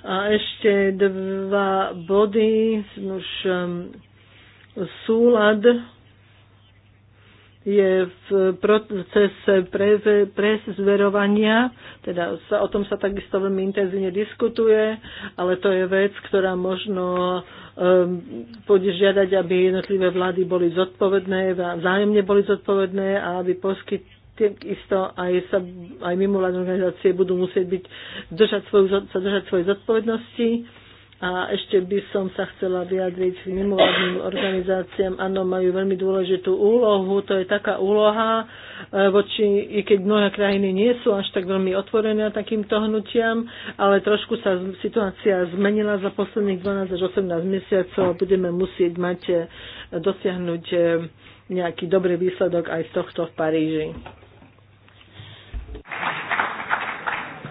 A ešte dva body, už um, súlad je v procese prezverovania, teda sa, o tom sa takisto veľmi intenzívne diskutuje, ale to je vec, ktorá možno um, ehm, pôjde žiadať, aby jednotlivé vlády boli zodpovedné, vzájomne boli zodpovedné a aby poskyt isto aj, sa, aj mimovládne organizácie budú musieť byť, držať svoju, sa držať svojej zodpovednosti a ešte by som sa chcela vyjadriť mimovládnym organizáciám. Áno, majú veľmi dôležitú úlohu. To je taká úloha, e, voči, i keď mnohé krajiny nie sú až tak veľmi otvorené takýmto hnutiam, ale trošku sa situácia zmenila za posledných 12 až 18 mesiacov a budeme musieť mať e, dosiahnuť e, nejaký dobrý výsledok aj z tohto v Paríži.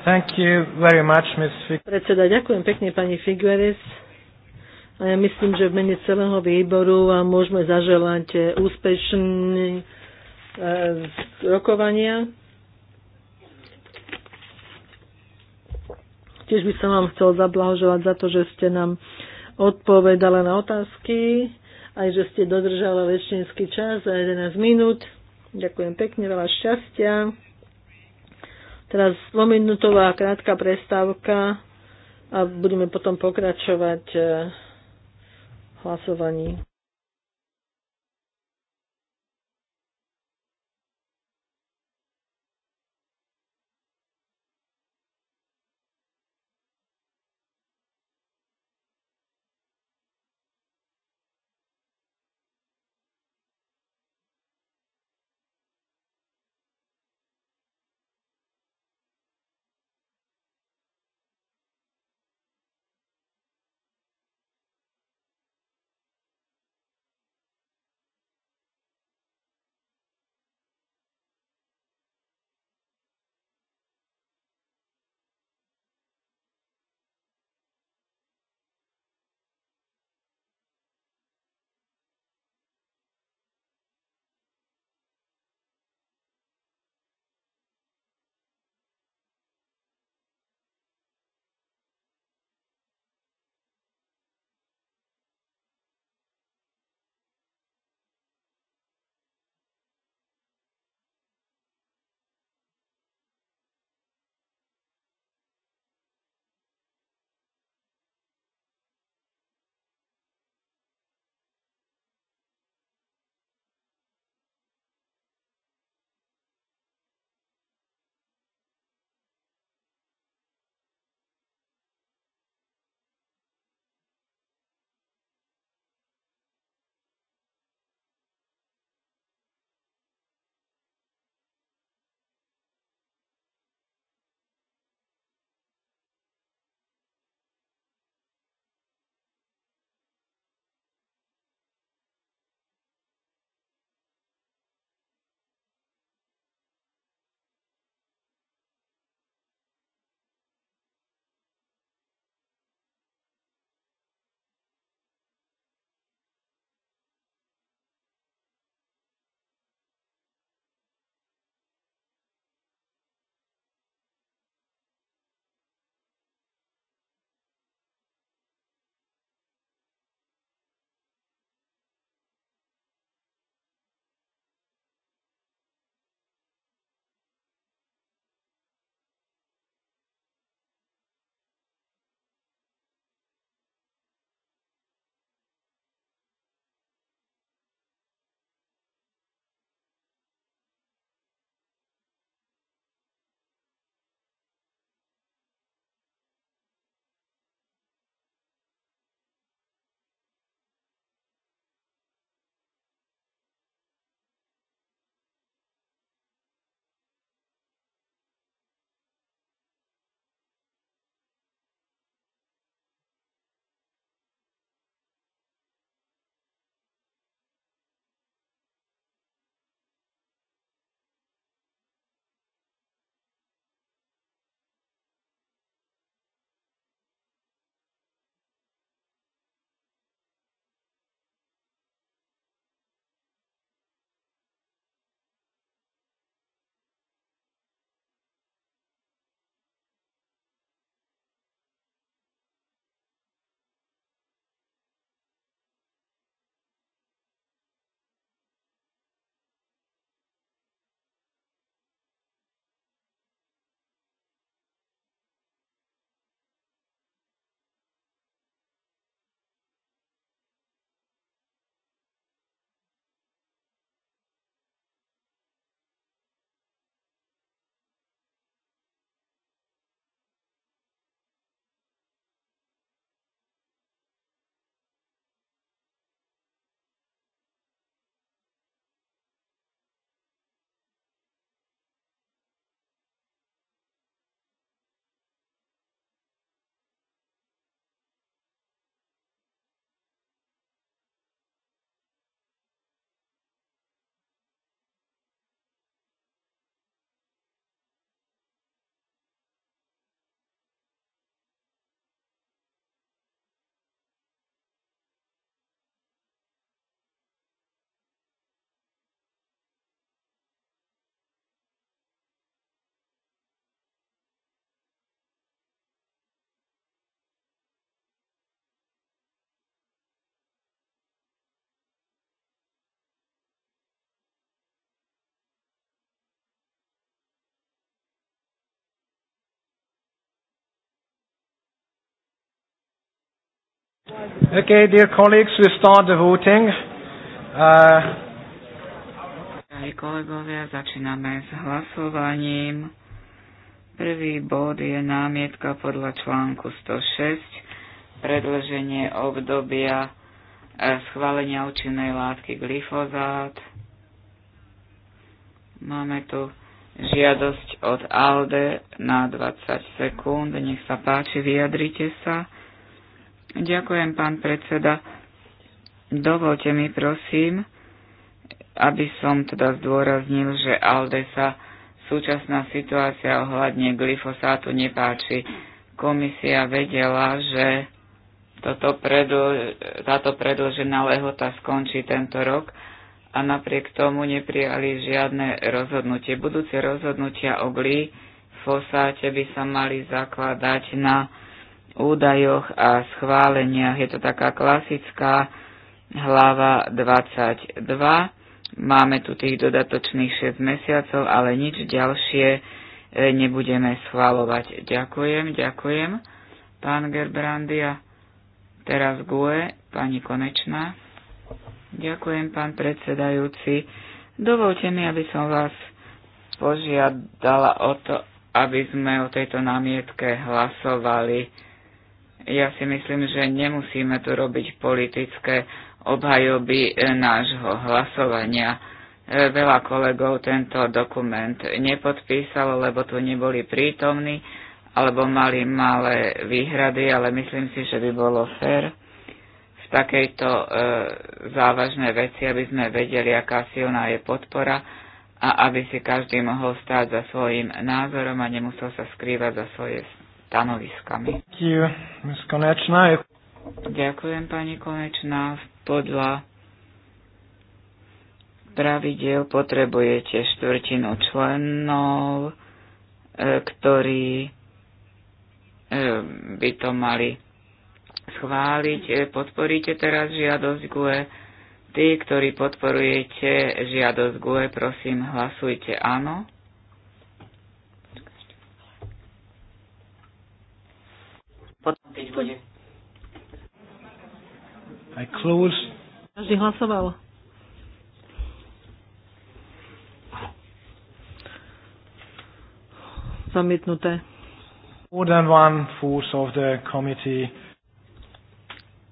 Thank you very much, Ms. Predseda, ďakujem pekne pani Figueres. A ja myslím, že v mene celého výboru vám môžeme zaželať eh, úspešný eh, rokovania. Tiež by som vám chcel zablahoželať za to, že ste nám odpovedali na otázky, aj že ste dodržali väčšinský čas za 11 minút. Ďakujem pekne, veľa šťastia. Teraz dvominútová krátka prestávka a budeme potom pokračovať eh, v hlasovaní. Okay, dear colleagues, we start the voting. Uh... kolegovia, začíname s hlasovaním. Prvý bod je námietka podľa článku 106, predlženie obdobia eh, schválenia účinnej látky glyfozát. Máme tu žiadosť od ALDE na 20 sekúnd. Nech sa páči, vyjadrite sa. Ďakujem, pán predseda. Dovolte mi, prosím, aby som teda zdôraznil, že Alde sa súčasná situácia ohľadne glyfosátu nepáči. Komisia vedela, že toto predl- táto predlžená lehota skončí tento rok a napriek tomu neprijali žiadne rozhodnutie. Budúce rozhodnutia o glyfosáte by sa mali zakladať na údajoch a schváleniach. Je to taká klasická hlava 22. Máme tu tých dodatočných 6 mesiacov, ale nič ďalšie e, nebudeme schválovať. Ďakujem, ďakujem. Pán Gerbrandia, teraz GUE, pani Konečná. Ďakujem, pán predsedajúci. Dovolte mi, aby som vás požiadala o to, aby sme o tejto námietke hlasovali ja si myslím, že nemusíme tu robiť politické obhajoby e, nášho hlasovania. E, veľa kolegov tento dokument nepodpísalo, lebo tu neboli prítomní alebo mali malé výhrady, ale myslím si, že by bolo fér v takejto e, závažnej veci, aby sme vedeli, aká silná je podpora a aby si každý mohol stáť za svojim názorom a nemusel sa skrývať za svoje stanoviskami. Ďakujem, pani Konečná. Podľa pravidel potrebujete štvrtinu členov, e, ktorí e, by to mali schváliť. E, podporíte teraz žiadosť GUE. Tí, ktorí podporujete žiadosť GUE, prosím, hlasujte áno. bude. I close. Každý hlasoval. Zamietnuté. More than one fourth of the committee.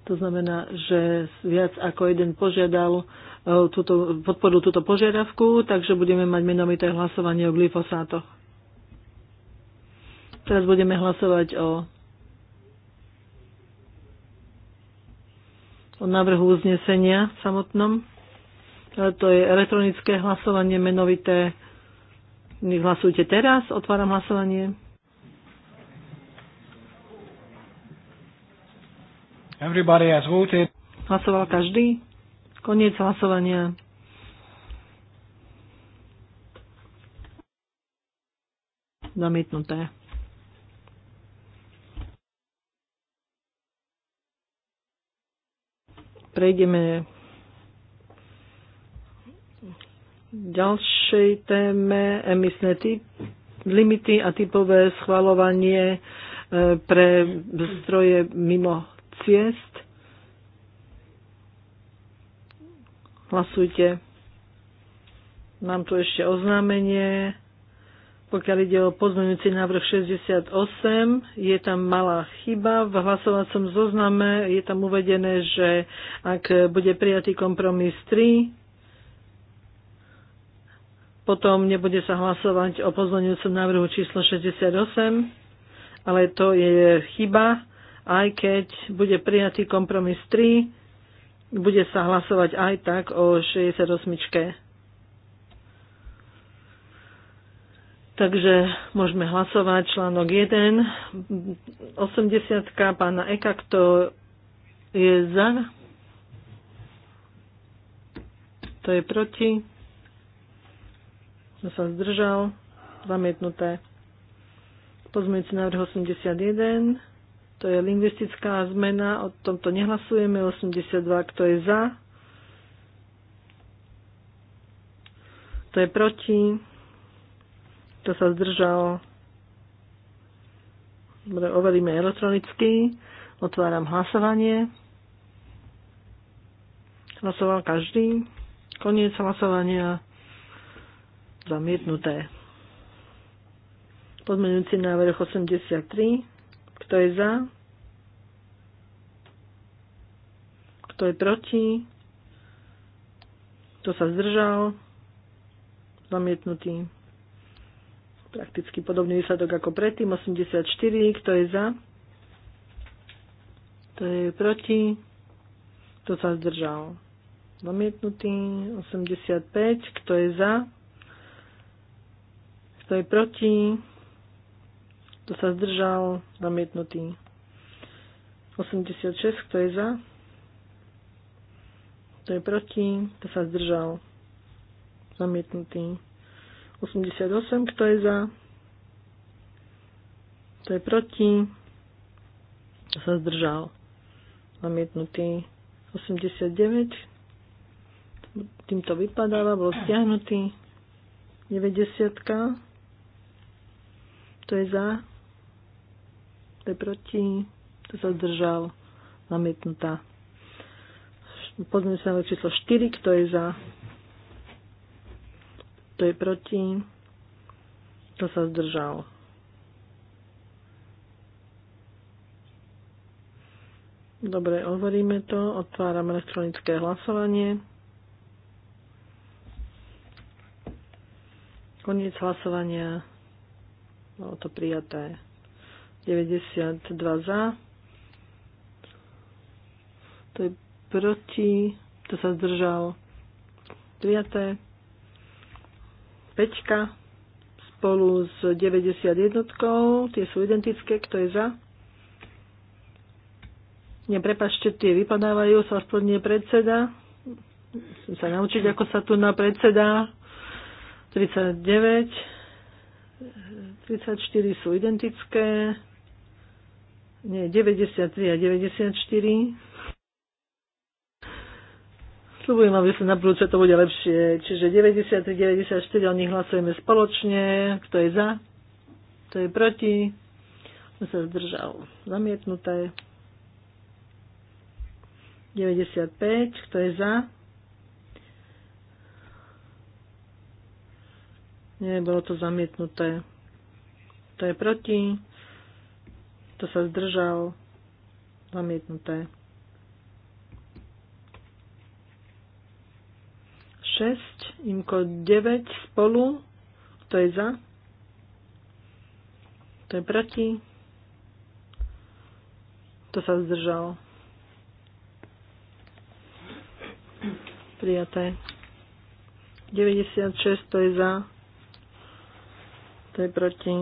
To znamená, že viac ako jeden požiadal e, túto, podporil túto požiadavku, takže budeme mať menovité hlasovanie o glyfosátoch. Teraz budeme hlasovať o o návrhu uznesenia samotnom. To je elektronické hlasovanie menovité. Hlasujte teraz. Otváram hlasovanie. Everybody has voted. Hlasoval každý. Koniec hlasovania. Zamietnuté. prejdeme ďalšej téme emisné typ, limity a typové schvalovanie e, pre stroje mimo ciest. Hlasujte. Mám tu ešte oznámenie. Pokiaľ ide o pozmeňujúci návrh 68, je tam malá chyba. V hlasovacom zozname je tam uvedené, že ak bude prijatý kompromis 3, potom nebude sa hlasovať o pozmeňujúcom návrhu číslo 68, ale to je chyba. Aj keď bude prijatý kompromis 3, bude sa hlasovať aj tak o 68. Takže môžeme hlasovať článok 1, 80 pána Eka, kto je za, kto je proti, kto sa zdržal, zamietnuté. Pozmeňujúci návrh 81, to je lingvistická zmena, o tomto nehlasujeme, 82, kto je za, kto je proti, kto sa zdržal? Dobre, overíme elektronicky. Otváram hlasovanie. Hlasoval každý. Koniec hlasovania. Zamietnuté. Podmenujúci návrh 83. Kto je za? Kto je proti? Kto sa zdržal? Zamietnutý. Prakticky podobný výsledok ako predtým. 84. Kto je za? Kto je proti? Kto sa zdržal? Zamietnutý. 85. Kto je za? Kto je proti? Kto sa zdržal? Zamietnutý. 86. Kto je za? Kto je proti? Kto sa zdržal? Zamietnutý. 88, kto je za, kto je proti, kto sa zdržal. Zamietnutý 89, týmto vypadáva, bol stiahnutý 90, kto je za, kto je proti, kto sa zdržal. Zamietnutá. Pozrieme sa na číslo 4, kto je za, kto je proti? Kto sa zdržal? Dobre, hovoríme to. Otváram elektronické hlasovanie. Koniec hlasovania. Bolo to prijaté. 92 za. To je proti. To sa zdržal. Prijaté spolu s 91, tie sú identické, kto je za? Neprepašte, tie vypadávajú, sa aspoň nie predseda. Musím sa naučiť, ako sa tu na predseda. 39, 34 sú identické. Nie, 93 a 94. Sľubujem, aby sa na budúce to bude lepšie. Čiže 93, 94, o nich hlasujeme spoločne. Kto je za? Kto je proti? Kto sa zdržal? Zamietnuté. 95, kto je za? Nie, bolo to zamietnuté. Kto je proti? Kto sa zdržal? Zamietnuté. 6, imko 9 spolu. to je za? to je proti? to sa zdržalo. Prijaté. 96, to je za. To je proti.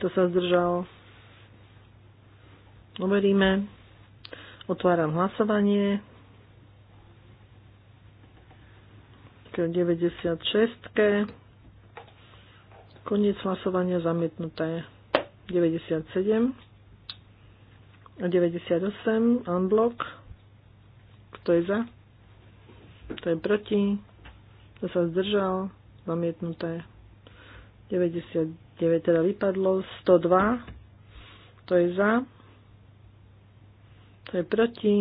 To sa zdržalo. Overíme. Otváram hlasovanie. 96. Koniec hlasovania zamietnuté 97 a 98 unblock. Kto je za? Kto je proti? Kto sa zdržal? Zamietnuté 99 teda vypadlo 102. Kto je za? Kto je proti?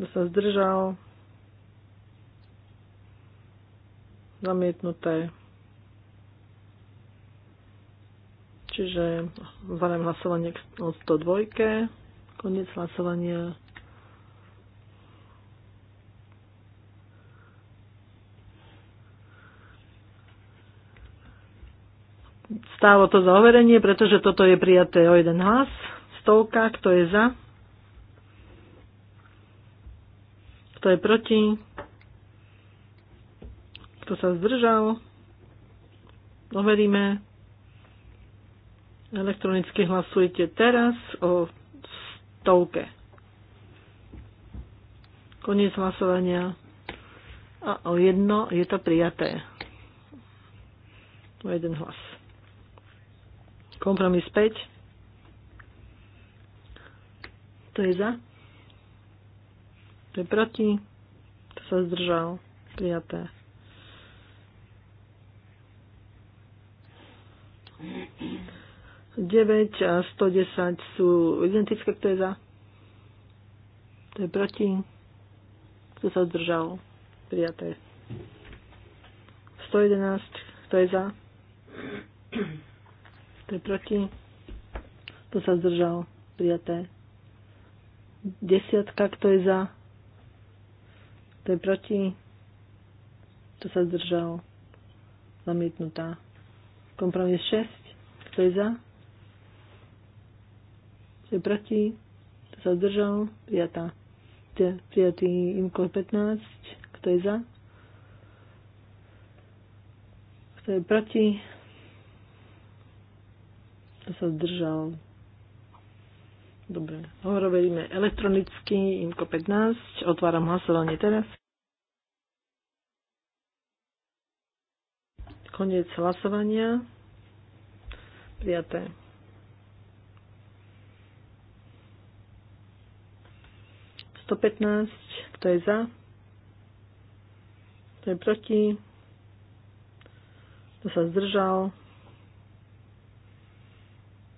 Kto sa zdržal? zamietnuté. Čiže zvanem hlasovanie o 102. Koniec hlasovania. Stálo to za overenie, pretože toto je prijaté o jeden hlas. Stovka, kto je za? Kto je proti? Kto sa zdržal? Overíme. Elektronicky hlasujte teraz o stovke. Koniec hlasovania. A o jedno je to prijaté. O jeden hlas. Kompromis 5. To je za. To je proti. To sa zdržal. Prijaté. 9 a 110 sú identické, kto je za? Kto je proti? Kto sa zdržal? Prijaté. 111, kto je za? Kto je proti? Kto sa zdržal? Prijaté. Desiatka, kto je za? Kto je proti? Kto sa zdržal? Zamietnutá. Kompromis 6, kto je za? je proti, kto sa zdržal, prijatá. Prijatý imko 15, kto je za, kto je proti, kto sa zdržal. Dobre, hovoríme elektronicky, imko 15, otváram hlasovanie teraz. Koniec hlasovania. Prijaté. 115, kto je za, kto je proti, kto sa zdržal.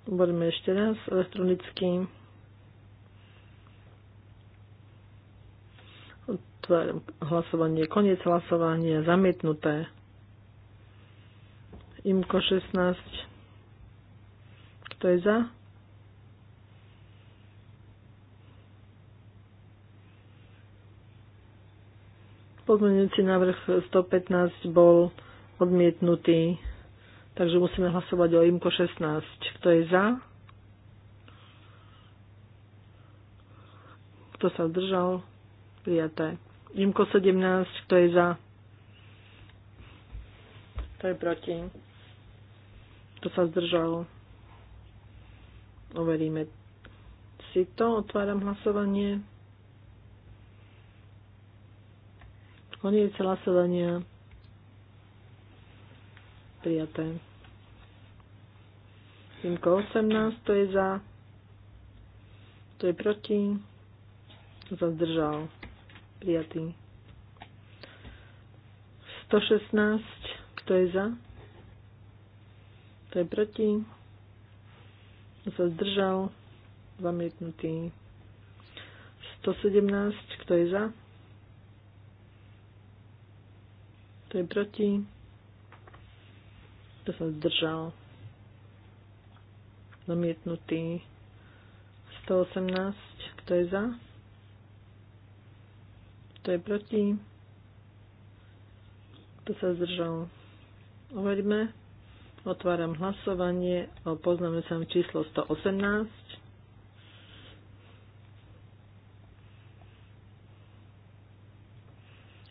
Budeme ešte raz elektronicky. Otváram hlasovanie, koniec hlasovania, zamietnuté. Imko 16. Kto je za? Pozmeňujúci návrh 115 bol odmietnutý, takže musíme hlasovať o IMKO 16. Kto je za? Kto sa zdržal? Prijaté. IMKO 17. Kto je za? Kto je proti? Kto sa zdržal? Overíme si to. Otváram hlasovanie. Koniec hlasovania. Prijaté. Simko 18, to je za. To je proti. Zazdržal. Prijatý. 116, kto je za? to je proti? Zazdržal. Zamietnutý. 117, kto je za? Kto je proti? Kto sa zdržal? Zamietnutý. 118. Kto je za? Kto je proti? Kto sa zdržal? Overíme. Otváram hlasovanie poznáme sa číslo 118.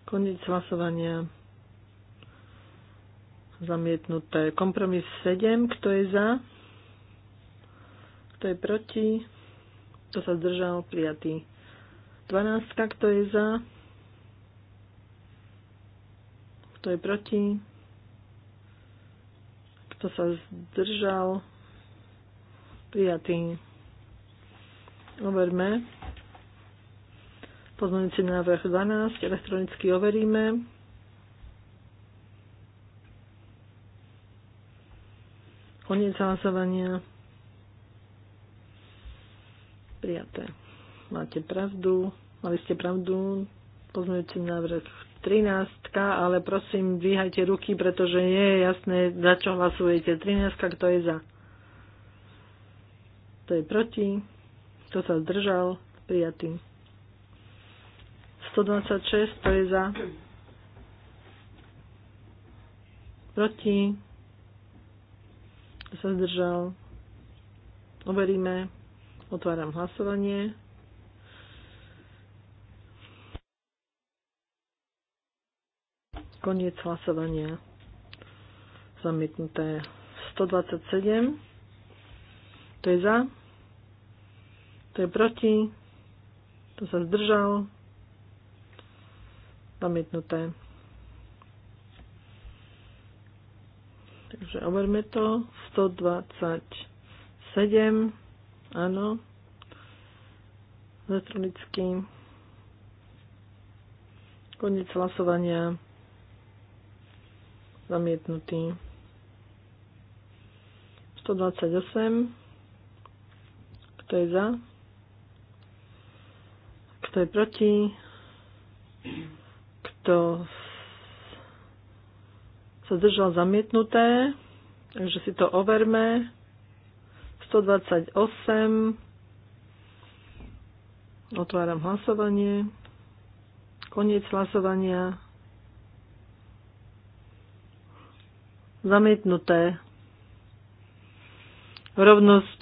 Koniec hlasovania zamietnuté. Kompromis 7, kto je za? Kto je proti? Kto sa zdržal? Prijatý. 12, kto je za? Kto je proti? Kto sa zdržal? Prijatý. Overme. Pozmeňujúci návrh 12. Elektronicky overíme. Koniec hlasovania. Prijaté. Máte pravdu. Mali ste pravdu. Poznujúci návrh 13, ale prosím, dvíhajte ruky, pretože nie je jasné, za čo hlasujete. 13, kto je za? Kto je proti? Kto sa zdržal? Prijatý. 126, to je za? Proti? Kto sa zdržal? Overíme. Otváram hlasovanie. Koniec hlasovania. Zamietnuté 127. To je za. To je proti. To sa zdržal. Zamietnuté Takže overme to. 127. Áno. Elektronicky. Koniec hlasovania. Zamietnutý. 128. Kto je za? Kto je proti? Kto sa držal zamietnuté, takže si to overme. 128. Otváram hlasovanie. Koniec hlasovania. Zamietnuté. Rovnosť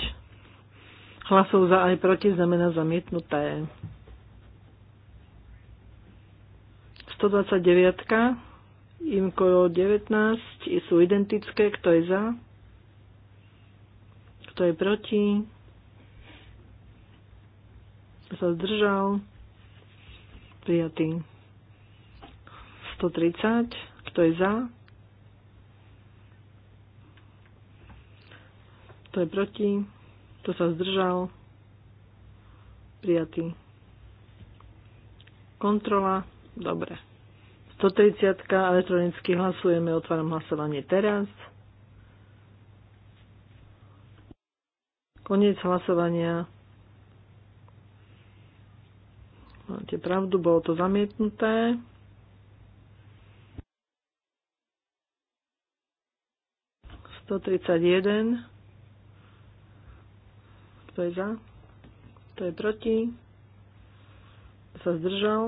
hlasov za aj proti znamená zamietnuté. 129. Imko 19 sú identické. Kto je za? Kto je proti? Kto sa zdržal? Prijatý. 130. Kto je za? Kto je proti? Kto sa zdržal? Prijatý. Kontrola. Dobre. 130 elektronicky hlasujeme, otváram hlasovanie teraz. Koniec hlasovania. Máte pravdu, bolo to zamietnuté. Sto tridsať jeden. Kto je za? Kto je proti? Kto sa zdržal?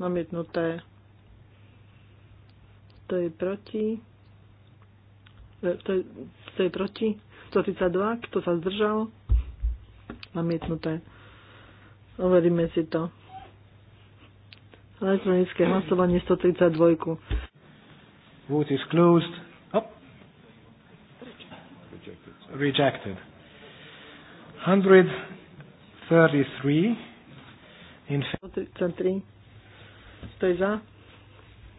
Namietnuté. To je proti. E, to je, to je proti. 132. Kto sa zdržal? Namietnuté. Overíme si to. Elektronické hlasovanie 132. Vote is closed. Oh. Rejected. 133 in 133 kto je za?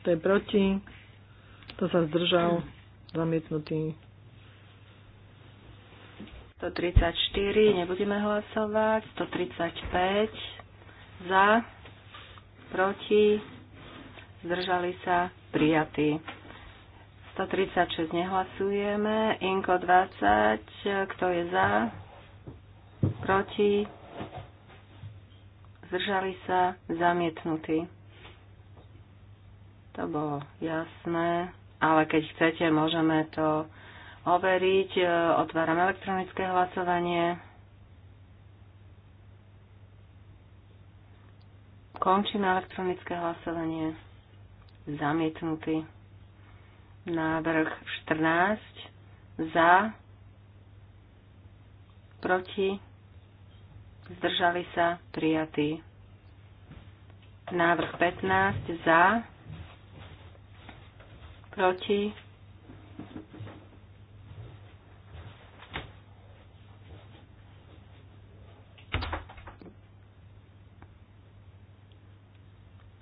Kto je proti? Kto sa zdržal? Zamietnutý. 134, nebudeme hlasovať. 135, za, proti, zdržali sa, prijatí. 136 nehlasujeme. Inko 20, kto je za, proti, zdržali sa, zamietnutí. To bolo jasné, ale keď chcete, môžeme to overiť. E, otváram elektronické hlasovanie. Končím elektronické hlasovanie. Zamietnutý. Návrh 14. Za. Proti. Zdržali sa. Prijatý. Návrh 15. Za proti,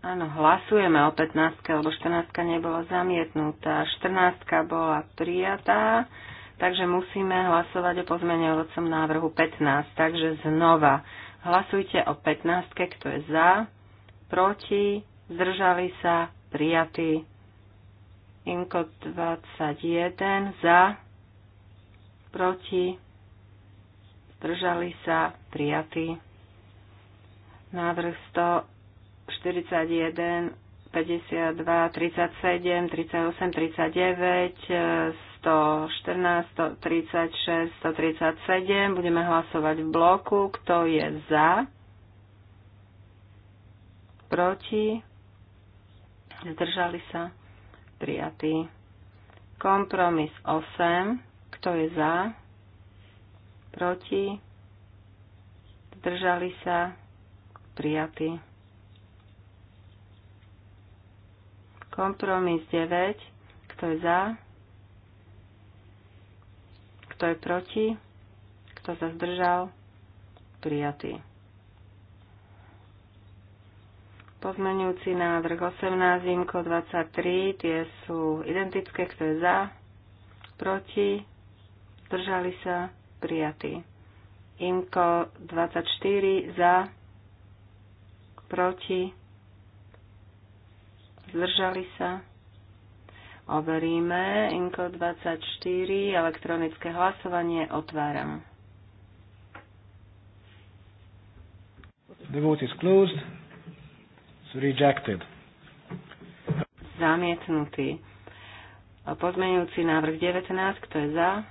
Áno, hlasujeme o 15, lebo 14 nebola zamietnutá. 14 bola prijatá, takže musíme hlasovať o pozmeňovacom návrhu 15. Takže znova hlasujte o 15, kto je za, proti, zdržali sa, prijatý. Inko 21 za, proti, zdržali sa, prijatý. Návrh 141, 52, 37, 38, 39, 114, 136, 137. Budeme hlasovať v bloku. Kto je za? Proti? Zdržali sa? prijatý. Kompromis 8, kto je za, proti, zdržali sa, prijatý. Kompromis 9, kto je za, kto je proti, kto sa zdržal, prijatý. Pozmenujúci návrh 18, výmko 23, tie sú identické, kto je za, proti, držali sa, prijatí. Imko 24, za, proti, zdržali sa. Overíme. Inko 24, elektronické hlasovanie otváram. The vote is closed. Rejected. Zamietnutý. Pozmeňujúci návrh 19, kto je za?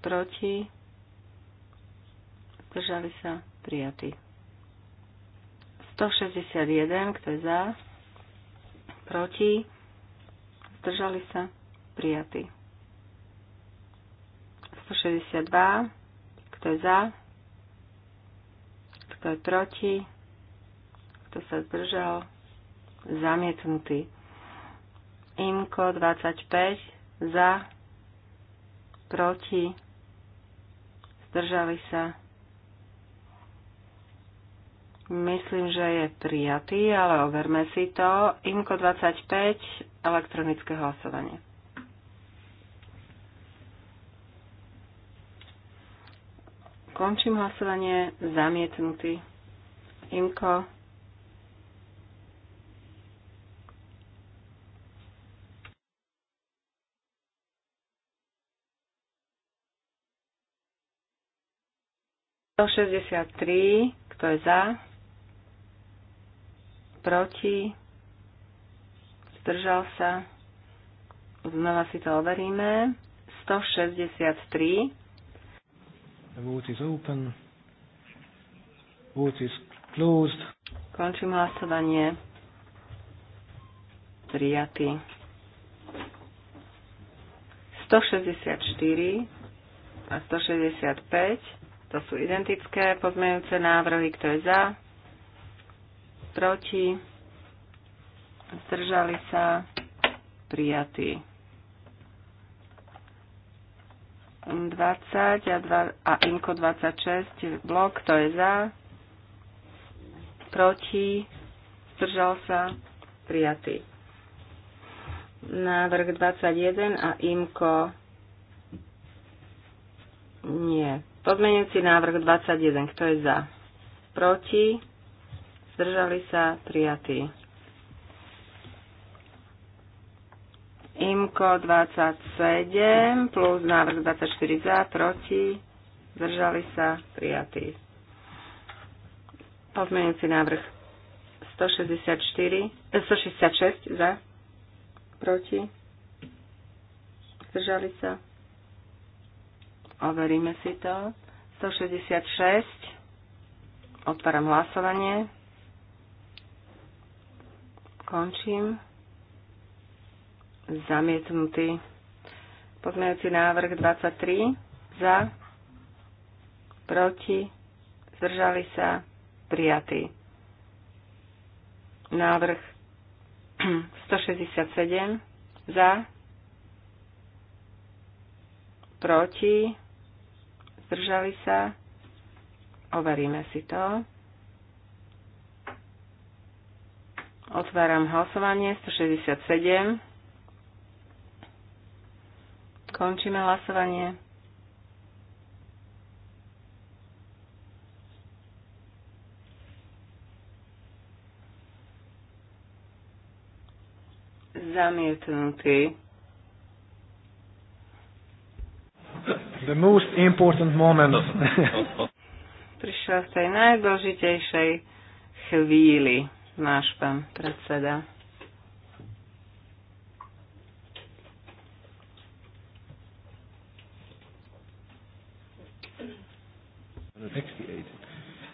Proti? Zdržali sa? Prijatý. 161, kto je za? Proti? Zdržali sa? Prijatý. 162, kto je za? Kto je proti? kto sa zdržal, zamietnutý. Imko 25 za, proti, zdržali sa. Myslím, že je prijatý, ale overme si to. Imko 25, elektronické hlasovanie. Končím hlasovanie, zamietnutý. Imko 163, kto je za, proti, zdržal sa, znova si to overíme, 163. closed. Končím hlasovanie. Prijatý. 164 a 165 to sú identické pozmeňujúce návrhy. Kto je za? Proti? Zdržali sa? Prijatí. 20 a, 2, a Inko 26 blok. Kto je za? Proti? Zdržal sa? Prijatý. Návrh 21 a IMKO nie. Pozmenujúci návrh 21. Kto je za? Proti? Zdržali sa? Prijatí. IMKO 27 plus návrh 24 za, proti, zdržali sa, prijatí. Pozmenujúci návrh 164, 166 eh, za, proti, zdržali sa, Overíme si to. 166. Otváram hlasovanie. Končím. Zamietnutý. Pozmeňujúci návrh 23. Za. Proti. Zdržali sa. Prijatý. Návrh 167. <clears throat> Za. Proti zdržali sa, overíme si to. Otváram hlasovanie 167. Končíme hlasovanie. Zamietnutý. the most important moment. <laughs> Prišiel v tej najdôležitejšej chvíli náš pán predseda.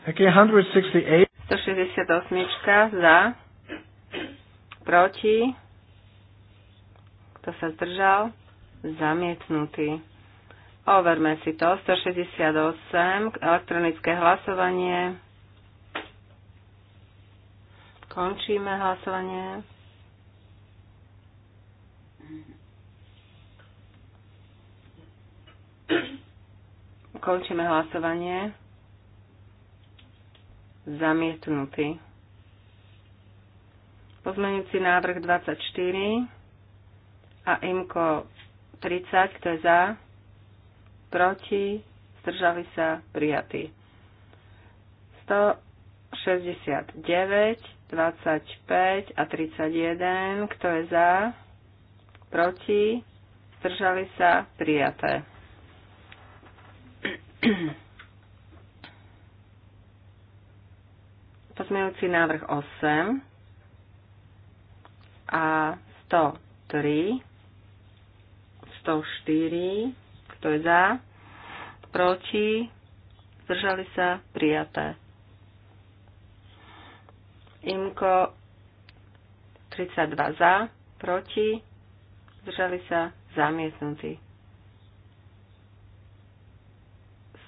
Okay, 168. 168 za, proti, kto sa zdržal, zamietnutý. Overme si to. 168, elektronické hlasovanie. Končíme hlasovanie. Končíme hlasovanie. Zamietnutý. Pozmenujúci návrh 24 a IMKO 30, kto je za? proti, zdržali sa, prijatí. 169, 25 a 31, kto je za, proti, zdržali sa, prijaté. <clears throat> Pozmejúci návrh 8 a 103, 104, kto je za? Proti? Zdržali sa? Prijaté. Imko 32 za, proti, zdržali sa, zamietnutí.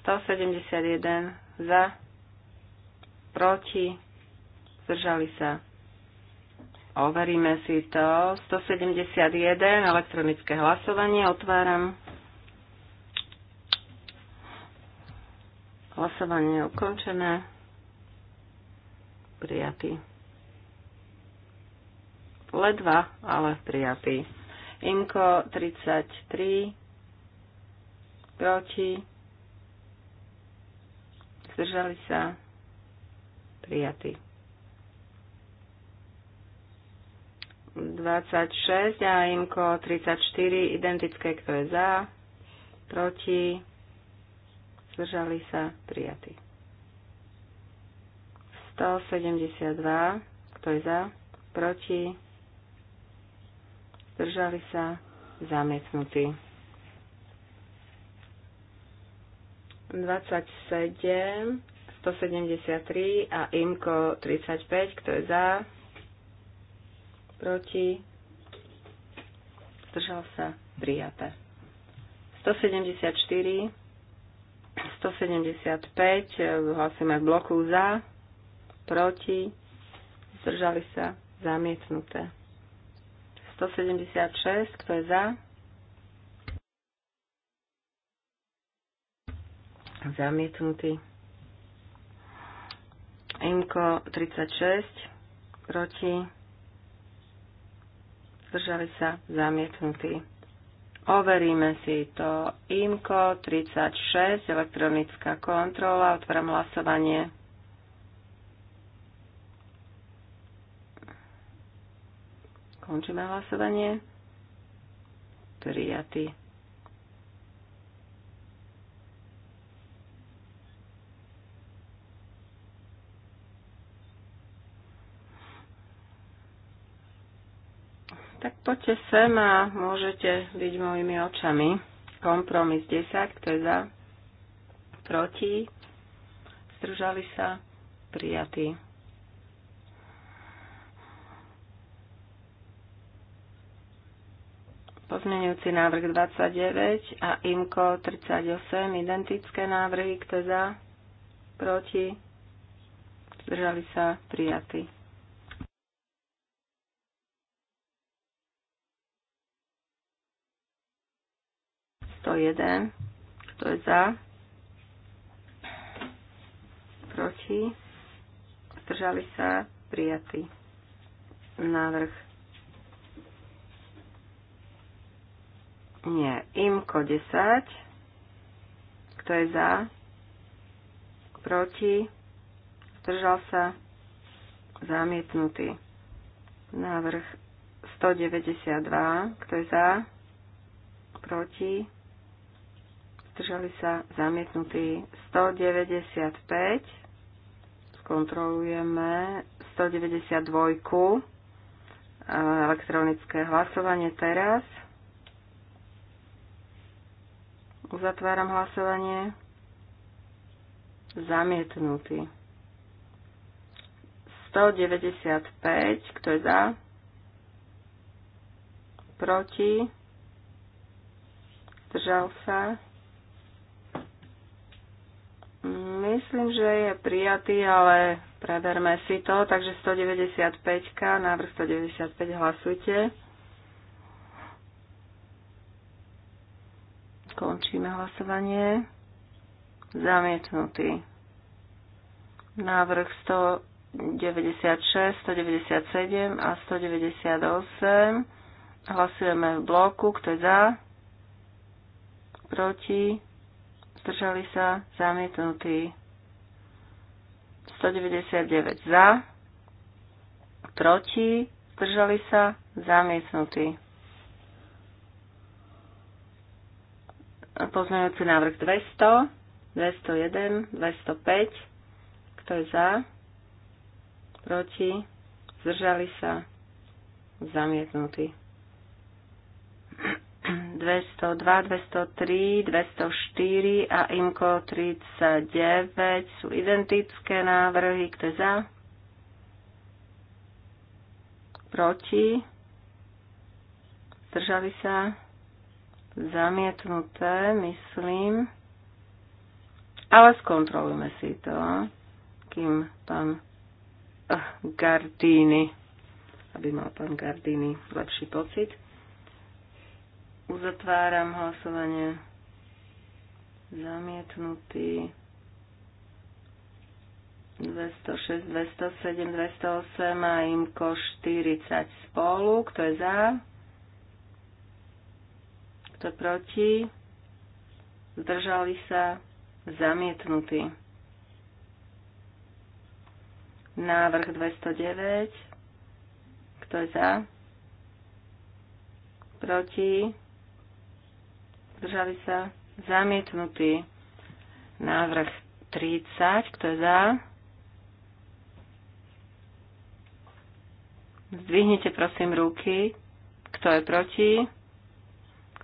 171 za, proti, zdržali sa. Overíme si to. 171 elektronické hlasovanie otváram. Hlasovanie je ukončené. Prijatý. Ledva, ale prijatý. Inko 33. Proti. Zdržali sa. Prijatý. 26 a Imko 34 identické, kto je za, proti zdržali sa, prijatí. 172, kto je za, proti, zdržali sa, zamietnutí. 27, 173 a IMKO 35, kto je za, proti, zdržal sa, prijaté. 174, 175, eh, hlasujeme v bloku za, proti, zdržali sa, zamietnuté. 176, kto je za? Zamietnutý. Imko 36, proti, zdržali sa, zamietnutý. Overíme si to. IMCO 36, elektronická kontrola, otváram hlasovanie. Končíme hlasovanie. Prijatý. Tak poďte sem a môžete byť mojimi očami. Kompromis 10, kto je za? Proti? Zdržali sa? prijatí, Pozmenujúci návrh 29 a IMKO 38, identické návrhy, kto je za? Proti? Zdržali sa? Prijatý. 101. Kto je za? Proti? Zdržali sa? Prijatý. Návrh. Nie. Imko 10. Kto je za? Proti? Zdržal sa? Zamietnutý. Návrh 192. Kto je za? Proti? zdržali sa zamietnutí 195, skontrolujeme 192, e, elektronické hlasovanie teraz. Uzatváram hlasovanie. Zamietnutý. 195, kto je za? Proti? Zdržal sa? myslím, že je prijatý, ale preverme si to. Takže 195, návrh 195, hlasujte. Končíme hlasovanie. Zamietnutý. Návrh 196, 197 a 198. Hlasujeme v bloku. Kto je za? Proti? Zdržali sa? Zamietnutý. 199 za, proti, zdržali sa, zamietnutí. Pozmeňujúci návrh 200, 201, 205. Kto je za? Proti? Zdržali sa? Zamietnutí. 202, 203, 204 a IMCO 39 sú identické návrhy. Kto je za? Proti? Zdržali sa? Zamietnuté, myslím. Ale skontrolujme si to, kým pán uh, Gardini, aby mal pán Gardini lepší pocit. Uzatváram hlasovanie. Zamietnutý. 206, 207, 208 a IMKO 40 spolu. Kto je za? Kto proti? Zdržali sa? Zamietnutý. Návrh 209. Kto je za? Proti? zdržali sa, zamietnutý. Návrh 30, kto je za? Zdvihnite prosím ruky. Kto je proti?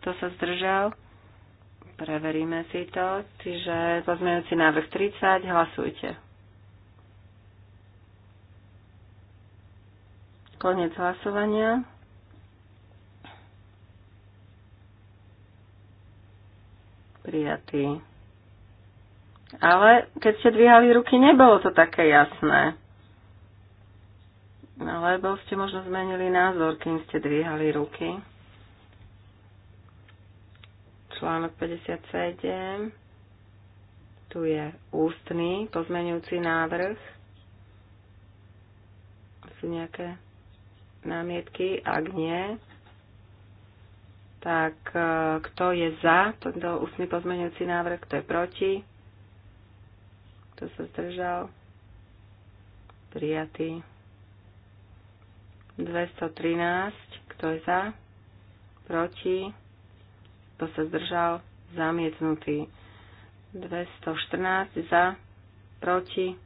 Kto sa zdržal? Preveríme si to. Čiže pozmeňujúci návrh 30, hlasujte. Konec hlasovania. prijatý. Ale keď ste dvíhali ruky, nebolo to také jasné. Alebo ste možno zmenili názor, kým ste dvíhali ruky. Článok 57. Tu je ústny pozmenujúci návrh. Sú nejaké námietky? Ak nie, tak e, kto je za tento ústny pozmeňujúci návrh, kto je proti? Kto sa zdržal? Prijatý. 213. Kto je za? Proti? Kto sa zdržal? Zamietnutý. 214 za, proti,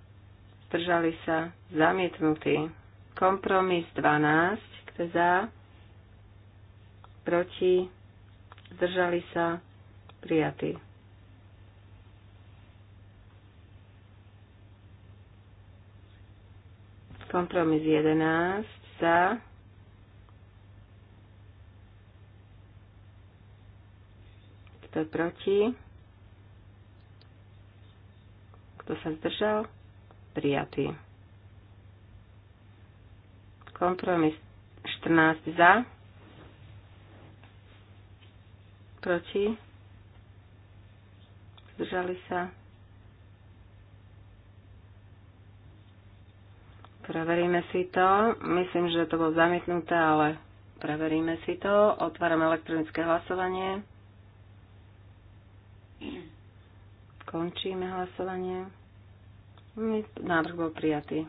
zdržali sa, zamietnutý. Kompromis 12, kto za, proti, zdržali sa, prijatí. Kompromis 11 za, kto je proti, kto sa zdržal, prijatý. Kompromis 14 za, proti, zdržali sa. Preveríme si to. Myslím, že to bolo zamietnuté, ale preveríme si to. Otváram elektronické hlasovanie. Končíme hlasovanie. Návrh bol prijatý.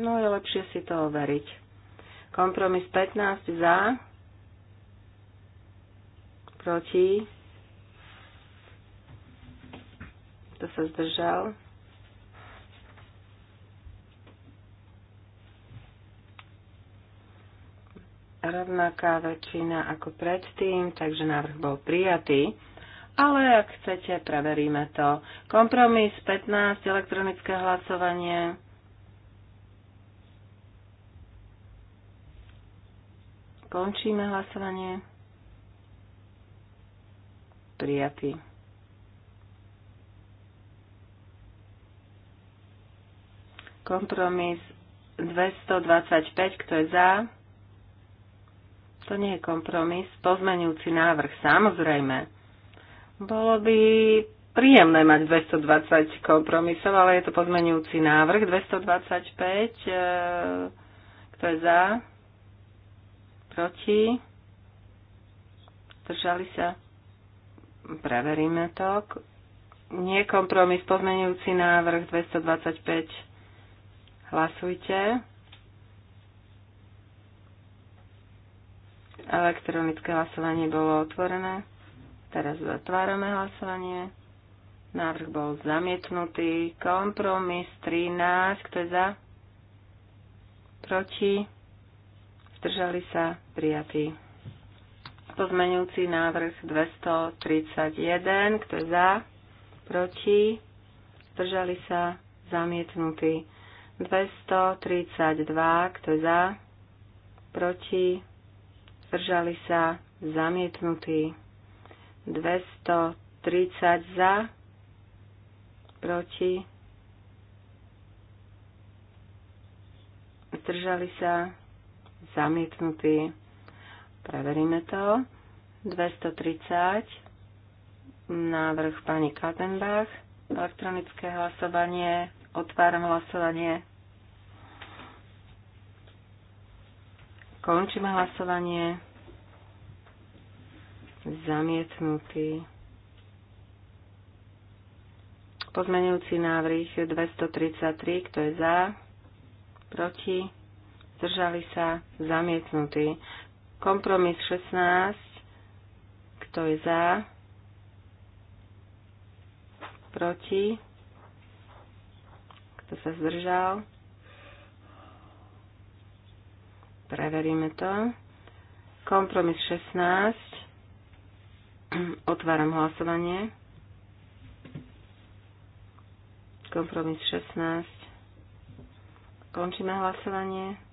No je lepšie si to overiť. Kompromis 15 za, proti, To sa zdržal. Rovnaká väčšina ako predtým, takže návrh bol prijatý. Ale ak chcete, preveríme to. Kompromis 15, elektronické hlasovanie. Končíme hlasovanie prijatý. Kompromis 225, kto je za? To nie je kompromis, pozmenujúci návrh, samozrejme. Bolo by príjemné mať 220 kompromisov, ale je to pozmenujúci návrh. 225, e, kto je za? Proti? Držali sa? Preveríme to. Nie kompromis, pozmenujúci návrh 225. Hlasujte. Elektronické hlasovanie bolo otvorené. Teraz zatvárame hlasovanie. Návrh bol zamietnutý. Kompromis 13. Kto je za? Proti? Zdržali sa? Prijatý. Pozmenujúci návrh 231, kto je za, proti, zdržali sa, zamietnutý. 232, kto je za, proti, zdržali sa, zamietnutý. 230 za, proti, zdržali sa, zamietnutý. Preveríme to. 230. Návrh pani Kadenbach. Elektronické hlasovanie. Otváram hlasovanie. Končím hlasovanie. Zamietnutý. Pozmenujúci návrh 233, kto je za, proti, zdržali sa, zamietnutý. Kompromis 16. Kto je za? Proti? Kto sa zdržal? Preveríme to. Kompromis 16. <clears throat> Otváram hlasovanie. Kompromis 16. Končíme hlasovanie.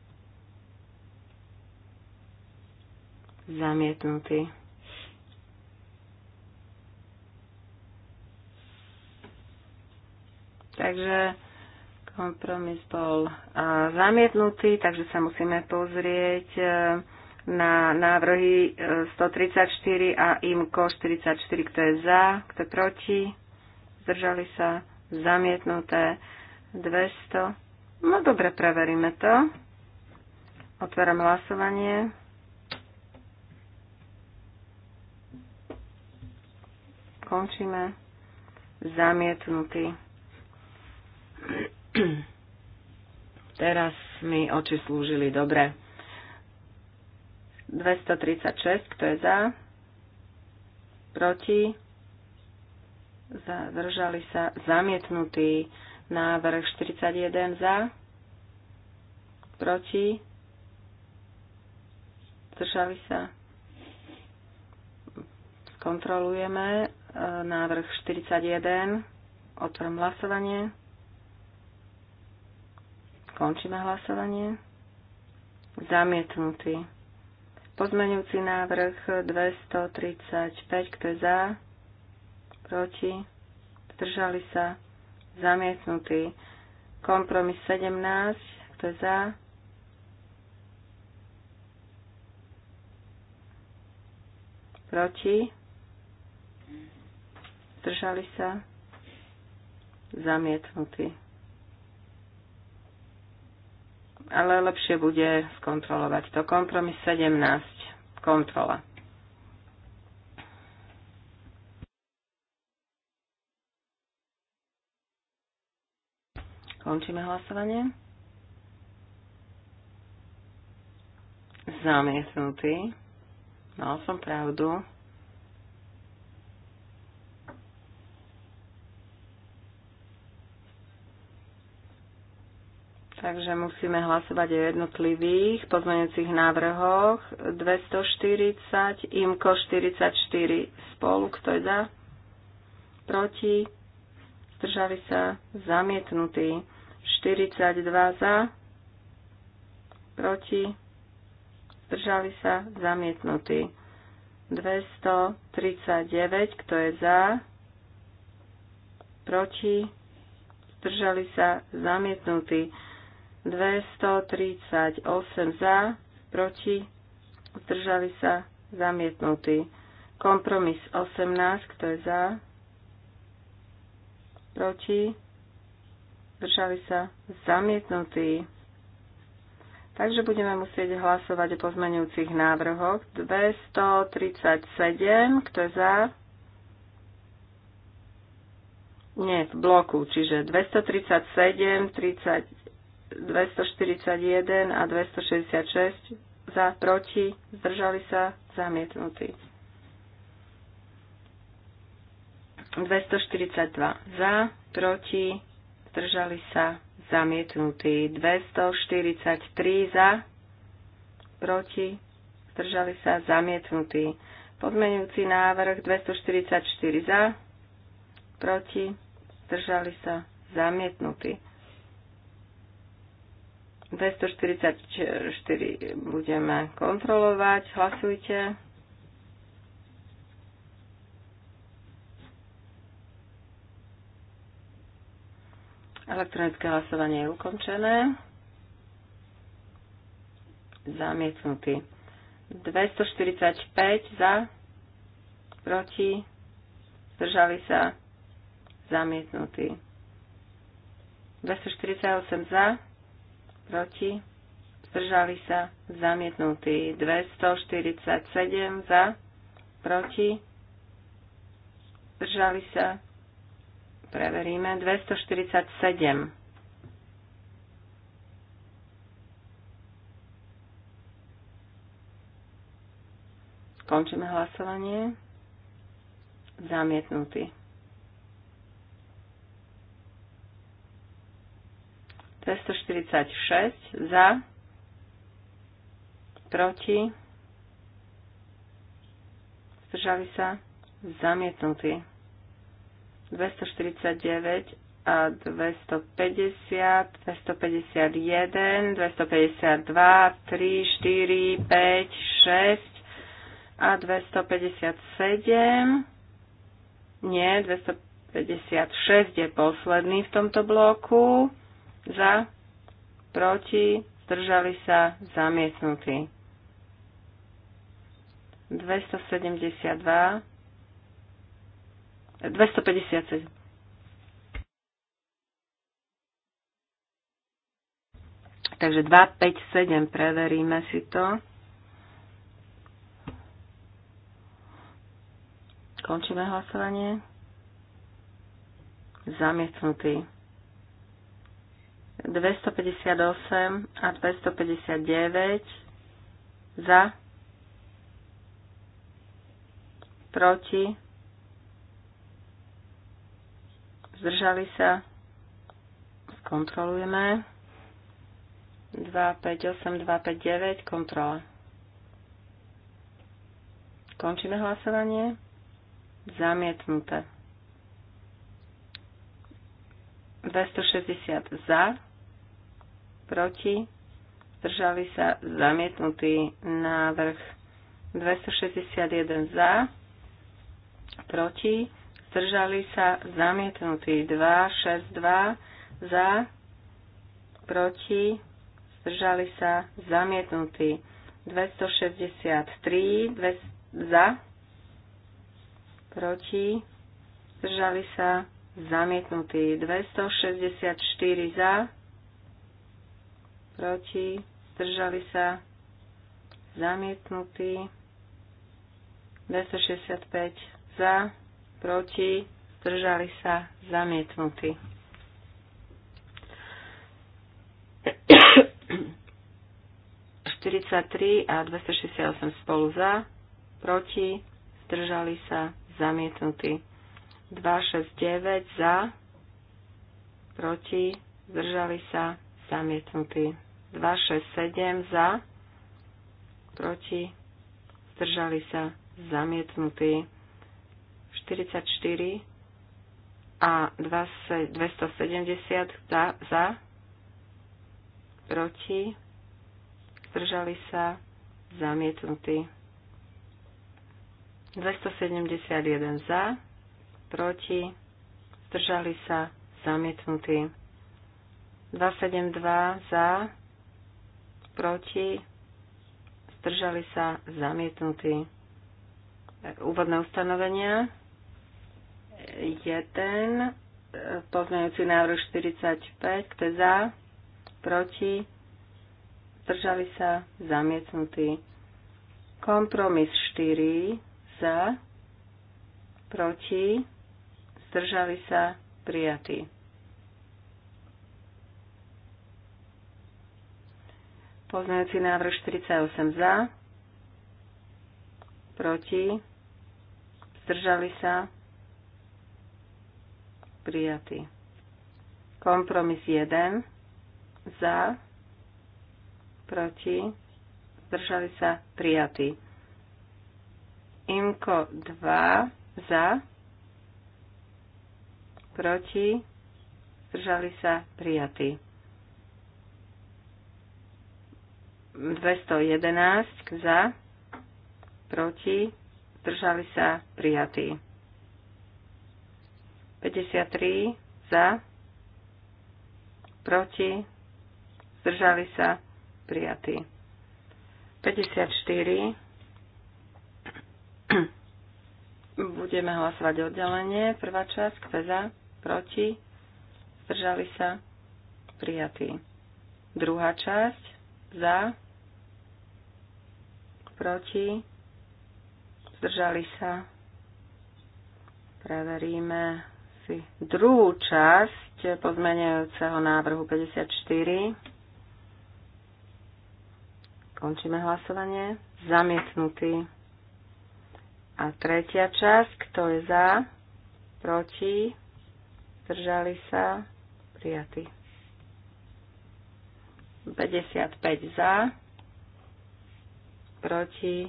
zamietnutý. Takže kompromis bol zamietnutý, takže sa musíme pozrieť e, na návrhy 134 e, a IMKO 44, kto je za, kto proti, zdržali sa, zamietnuté 200. No dobre, preveríme to. Otváram hlasovanie. Končíme. Zamietnutý. Teraz mi oči slúžili dobre. 236, kto je za? Proti? Zdržali sa. Zamietnutý. Návrh 41 za? Proti? Zdržali sa kontrolujeme návrh 41. Otvorím hlasovanie. Končíme hlasovanie. Zamietnutý. Pozmeňujúci návrh 235. Kto je za? Proti? Zdržali sa? Zamietnutý. Kompromis 17. Kto je za? Proti? Držali sa, zamietnutí. Ale lepšie bude skontrolovať to. Kompromis 17. Kontrola. Končíme hlasovanie. Zamietnutý. Mal som pravdu. Takže musíme hlasovať o jednotlivých pozmeňujúcich návrhoch. 240, IMKO 44 spolu. Kto je za? Proti? Zdržali sa? Zamietnutý. 42 za? Proti? Zdržali sa? Zamietnutý. 239. Kto je za? Proti? Zdržali sa? Zamietnutý. 238 za, proti, zdržali sa, zamietnutý. Kompromis 18, kto je za, proti, zdržali sa, zamietnutý. Takže budeme musieť hlasovať o pozmenujúcich návrhoch. 237, kto je za? Nie, v bloku, čiže 237, 30, 241 a 266 za, proti, zdržali sa, zamietnutí. 242 za, proti, zdržali sa, zamietnutí. 243 za, proti, zdržali sa, zamietnutí. Podmenujúci návrh 244 za, proti, zdržali sa, zamietnutí. 244 budeme kontrolovať. Hlasujte. Elektronické hlasovanie je ukončené. Zamietnutý. 245 za, proti, zdržali sa, zamietnutý. 248 za, proti, zdržali sa, zamietnutí. 247 za, proti, zdržali sa, preveríme, 247. Končíme hlasovanie. Zamietnutý. 246 za, proti, zdržali sa, zamietnutí. 249 a 250, 251, 252, 3, 4, 5, 6 a 257. Nie, 256 je posledný v tomto bloku za, proti, zdržali sa, zamietnutí. 272, 257. Takže 257, preveríme si to. Končíme hlasovanie. Zamietnutý. 258 a 259 za, proti, zdržali sa, skontrolujeme. 258, 259, kontrola. Končíme hlasovanie. Zamietnuté. 260 za, proti, zdržali sa zamietnutý návrh 261 za, proti, zdržali sa zamietnutý 262 za, proti, zdržali sa zamietnutý 263 200, za, proti, zdržali sa zamietnutý 264 za, proti, zdržali sa, zamietnutý, 265 za, proti, zdržali sa, zamietnutý. ...43 a 268 spolu za, proti, zdržali sa, zamietnutí, 269 za, proti, zdržali sa, zamietnutí. 267 za, proti, zdržali sa, zamietnutí. 44 a 270 za, za, proti, zdržali sa, zamietnutí. 271 za, proti, zdržali sa, zamietnutí. 272 za, proti, zdržali sa, zamietnutí. Úvodné ustanovenia. 1. E, pozmeňujúci návrh 45. Kto za? Proti? Zdržali sa? Zamietnutí. Kompromis 4. Za? Proti? Zdržali sa? Prijatí. Poznajúci návrh 48 za. Proti. Zdržali sa. Prijatý. Kompromis 1. Za. Proti. Zdržali sa. Prijatý. Imko 2. Za. Proti. Zdržali sa. Prijatý. 211 za, proti, zdržali sa prijatí. 53 za, proti, zdržali sa prijatí. 54 budeme hlasovať oddelenie. Prvá časť, kto za, proti, zdržali sa prijatí. Druhá časť, za, proti, zdržali sa. Preveríme si druhú časť pozmeňujúceho návrhu 54. Končíme hlasovanie. Zamietnutý. A tretia časť, kto je za, proti, zdržali sa, prijatý. 55 za, proti,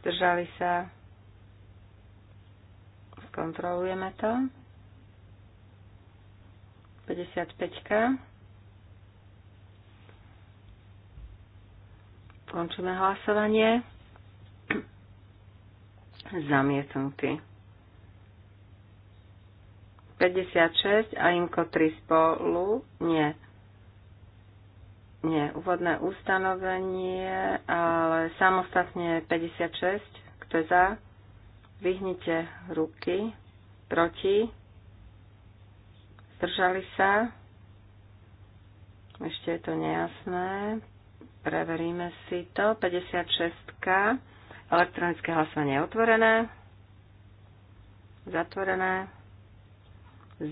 zdržali sa, skontrolujeme to. 55. -ka. Končíme hlasovanie. <clears throat> Zamietnutý. 56 a imko 3 spolu. Nie nie, úvodné ustanovenie, ale samostatne 56, kto je za, vyhnite ruky, proti, zdržali sa, ešte je to nejasné, preveríme si to, 56, elektronické hlasovanie je otvorené, zatvorené,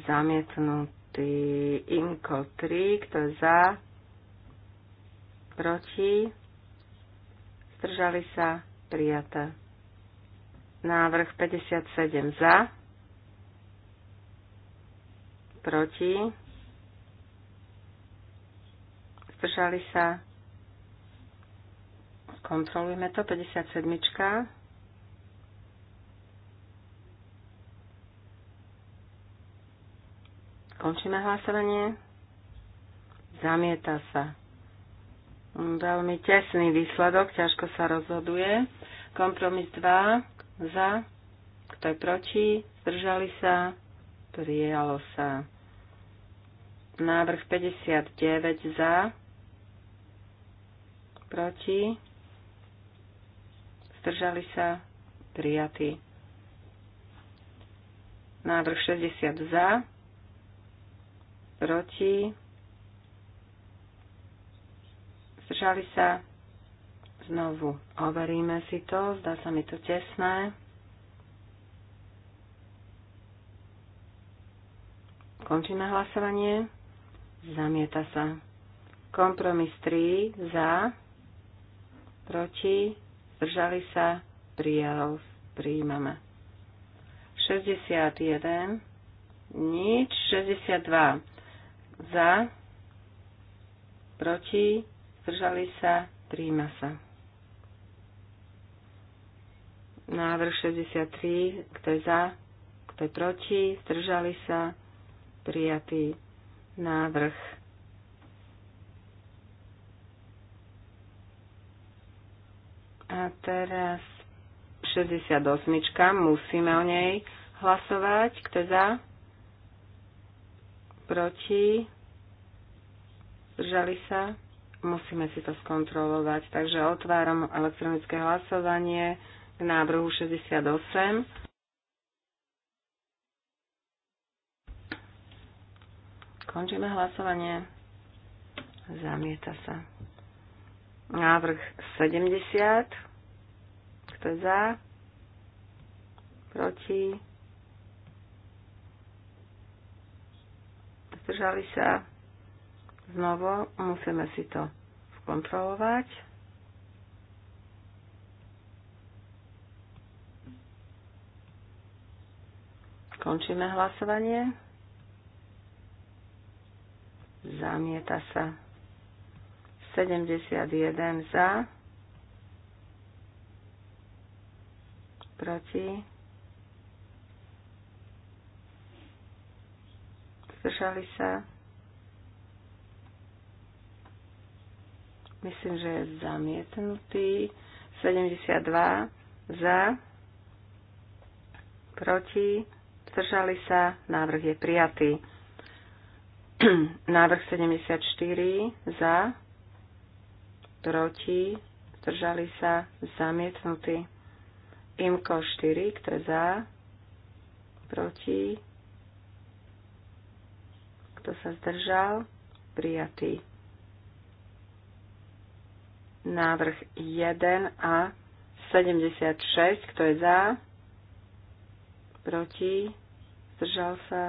zamietnutý, Inko 3, kto je za, proti, zdržali sa, prijaté. Návrh 57 za, proti, zdržali sa, kontrolujeme to, 57. Končíme hlasovanie. Zamieta sa. Veľmi tesný výsledok, ťažko sa rozhoduje. Kompromis 2 za, kto je proti, zdržali sa, prijalo sa. Návrh 59 za, proti, zdržali sa, prijatý. Návrh 60 za, proti, Zdržali sa? Znovu overíme si to. Zdá sa mi to tesné. Končíme hlasovanie. Zamieta sa. Kompromis 3 za, proti, zdržali sa, prijalo, prijímame. 61, nič, 62 za, proti, zdržali sa, príjma sa. Návrh 63, kto je za, kto je proti, zdržali sa, prijatý návrh. A teraz 68. Musíme o nej hlasovať. Kto je za? Proti? Zdržali sa? Musíme si to skontrolovať. Takže otváram elektronické hlasovanie k návrhu 68. Končíme hlasovanie. Zamieta sa. Návrh 70. Kto je za? Proti? Zdržali sa? Znovu musíme si to skontrolovať. Končíme hlasovanie. Zamieta sa. 71 za. Proti. Zdržali sa Myslím, že je zamietnutý. 72 za, proti, zdržali sa, návrh je prijatý. <clears throat> návrh 74 za, proti, zdržali sa, zamietnutý. Imko 4, kto je za, proti, kto sa zdržal, prijatý návrh 1 a 76, kto je za, proti, zdržal sa,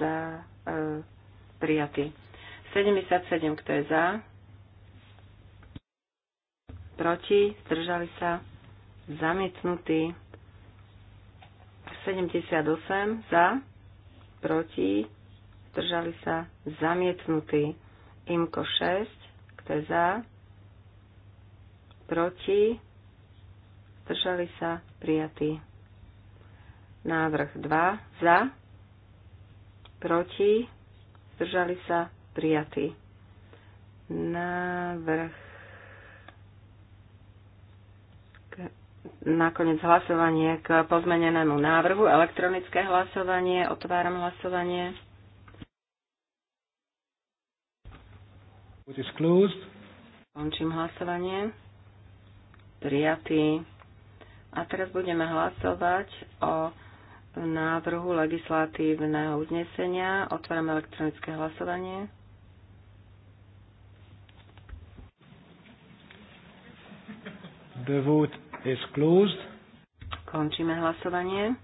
za, e, prijatý. 77, kto je za, proti, zdržali sa, zamietnutý. 78, za, proti, zdržali sa, zamietnutý. Imko 6, kto je za, proti, zdržali sa, prijatý. Návrh 2, za, proti, zdržali sa, prijatý. Návrh nakoniec hlasovanie k pozmenenému návrhu. Elektronické hlasovanie. Otváram hlasovanie. Končím hlasovanie prijatý. A teraz budeme hlasovať o návrhu legislatívneho uznesenia. Otvárame elektronické hlasovanie. The vote is closed. Končíme hlasovanie.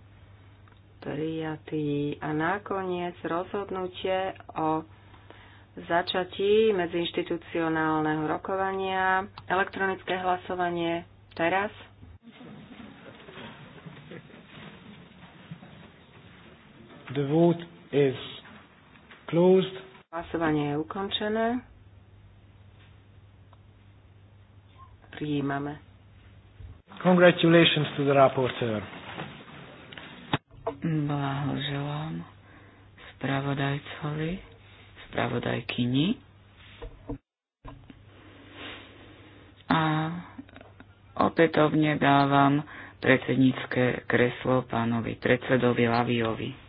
Prijatý. A nakoniec rozhodnutie o začatí medziinstitucionálneho rokovania, elektronické hlasovanie teraz. The vote is closed. Hlasovanie je ukončené. Prijímame. Congratulations to the rapporteur. Blahoželám spravodajcovi spravodajkyni. A opätovne dávam predsednícke kreslo pánovi predsedovi Laviovi.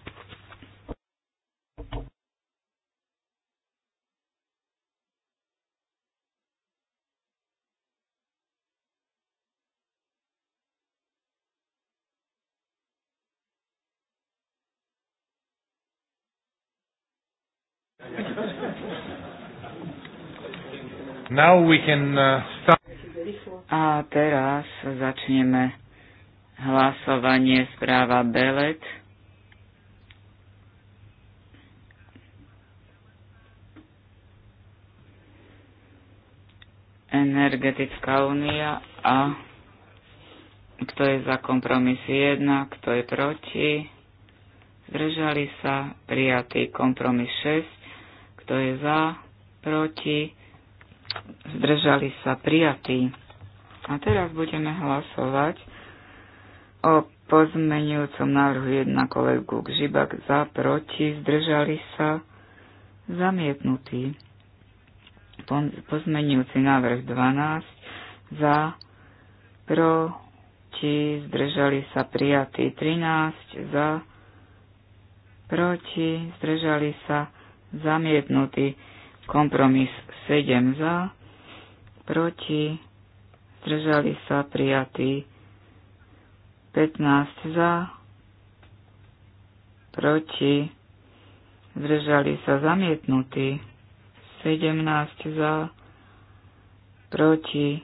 Now we can uh, start. A teraz začneme hlasovanie správa Belet. Energetická únia a kto je za kompromis 1, kto je proti. Zdržali sa prijatý kompromis 6, kto je za, proti zdržali sa prijatí. A teraz budeme hlasovať o pozmenujúcom návrhu jedna kolegu Žibak za, proti, zdržali sa, zamietnutý. Pozmenujúci návrh 12 za, proti, zdržali sa, prijatý 13 za, proti, zdržali sa, zamietnutý Kompromis 7 za, proti, zdržali sa prijatí 15 za, proti, zdržali sa zamietnutí 17 za, proti,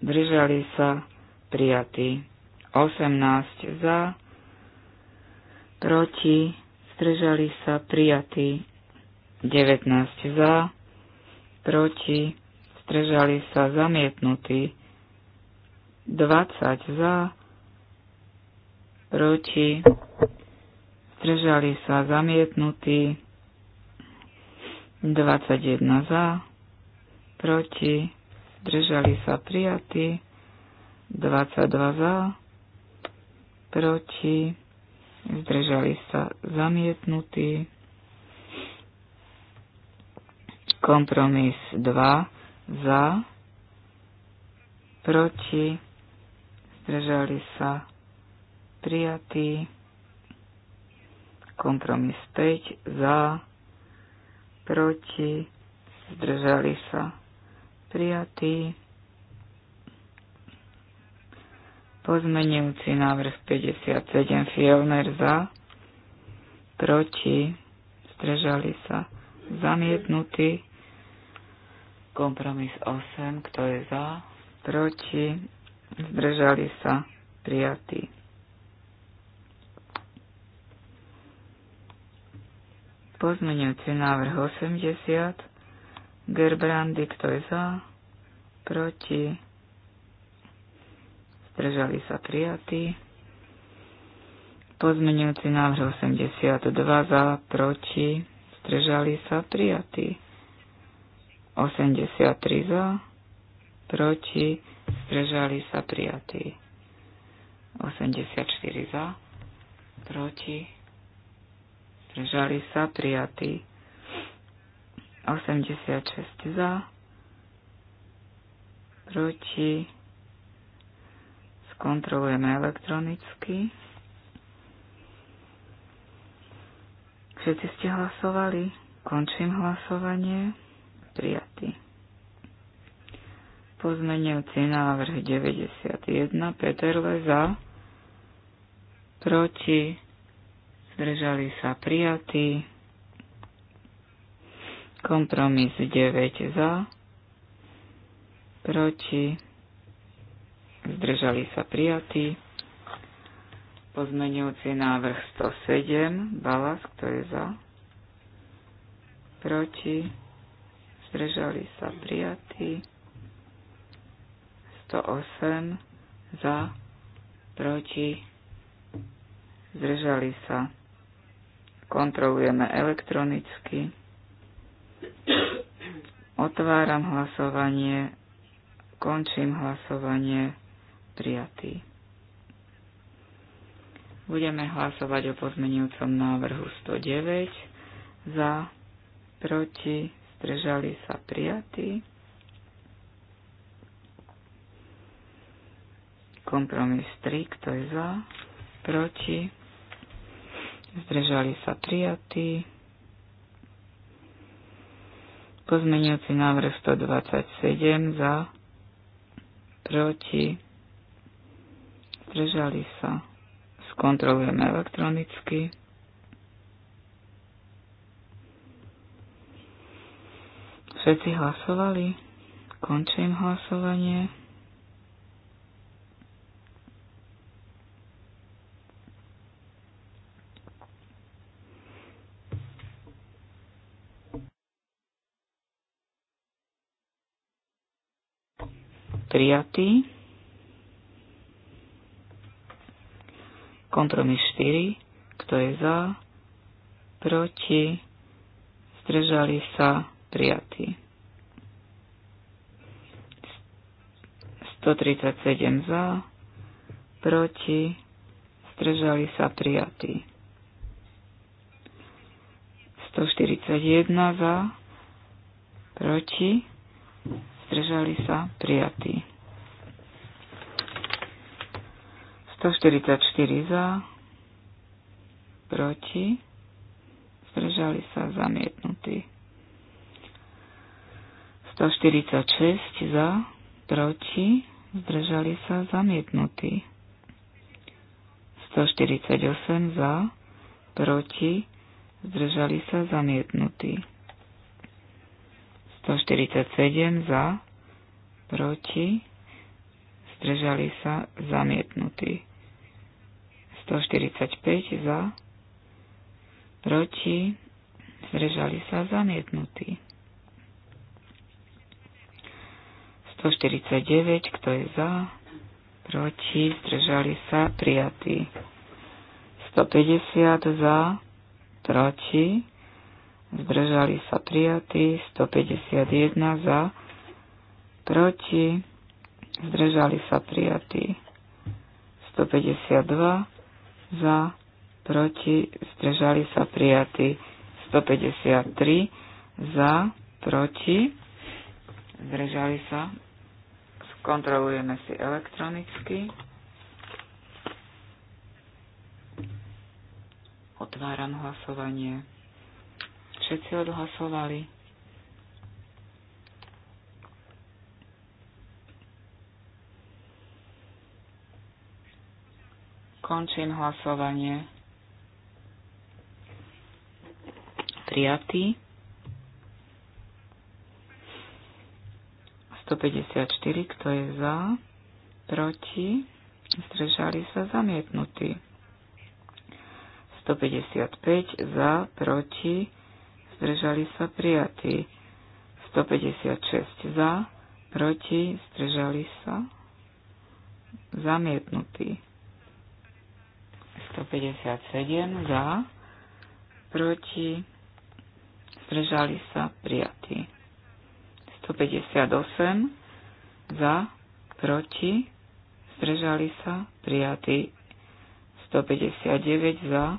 zdržali sa prijatí 18 za, proti, zdržali sa prijatí 19 za, proti, strežali sa zamietnutí, 20 za, proti, zdržali sa zamietnutí, 21 za, proti, zdržali sa prijatí, 22 za, proti, zdržali sa zamietnutí, Kompromis 2 za, proti, zdržali sa, prijatý. Kompromis 5 za, proti, zdržali sa, prijatý. Pozmenujúci návrh 57 Fielner za, proti, zdržali sa, zamietnutý Kompromis 8, kto je za, proti, zdržali sa, prijatí. Pozmeňujúci návrh 80, Gerbrandy, kto je za, proti, zdržali sa, prijatí. Pozmenujúci návrh 82 za, proti, zdržali sa, prijatý. 83 za, proti, zdržali sa prijatí. 84 za, proti, zdržali sa prijatí. 86 za, proti, skontrolujeme elektronicky. Všetci ste hlasovali. Končím hlasovanie prijatý. Pozmenujúci návrh 91 Peter za, proti, zdržali sa prijatí, kompromis 9 za, proti, zdržali sa prijatí, pozmenujúci návrh 107 Balas, kto je za, proti, zdržali sa prijatí, 108 za, proti, zdržali sa. Kontrolujeme elektronicky. Otváram hlasovanie, končím hlasovanie, prijatý. Budeme hlasovať o pozmenujúcom návrhu 109 za, proti, zdržali sa prijatí. Kompromis 3, kto je za, proti, zdržali sa prijatí. Pozmeniaci návrh 127 za, proti, zdržali sa. Skontrolujeme elektronicky. Všetci hlasovali? Končím hlasovanie. prijatý. Kompromis 4. Kto je za? Proti? Zdržali sa? prijatý. 137 za, proti, stržali sa prijatí. 141 za, proti, stržali sa prijatí. 144 za, proti, stržali sa zamietnutí. 146 za, proti, zdržali sa zamietnutí. 148 za, proti, zdržali sa zamietnutí. 147 za, proti, zdržali sa zamietnutí. 145 za, proti, zdržali sa zamietnutí. 149, kto je za, proti, zdržali sa, prijatí, 150 za, proti, zdržali sa, prijatí, 151 za, proti, zdržali sa, prijatí, 152 za, proti, zdržali sa, prijatí, 153 za, proti, zdržali sa, Kontrolujeme si elektronicky. Otváram hlasovanie. Všetci odhlasovali. Končím hlasovanie. Prijatý. 154, kto je za, proti, zdržali sa zamietnutí. 155 za, proti, zdržali sa prijatí. 156 za, proti, zdržali sa zamietnutí. 157 za, proti, zdržali sa prijatí. 158 za, proti, zdržali sa, prijatí, 159 za,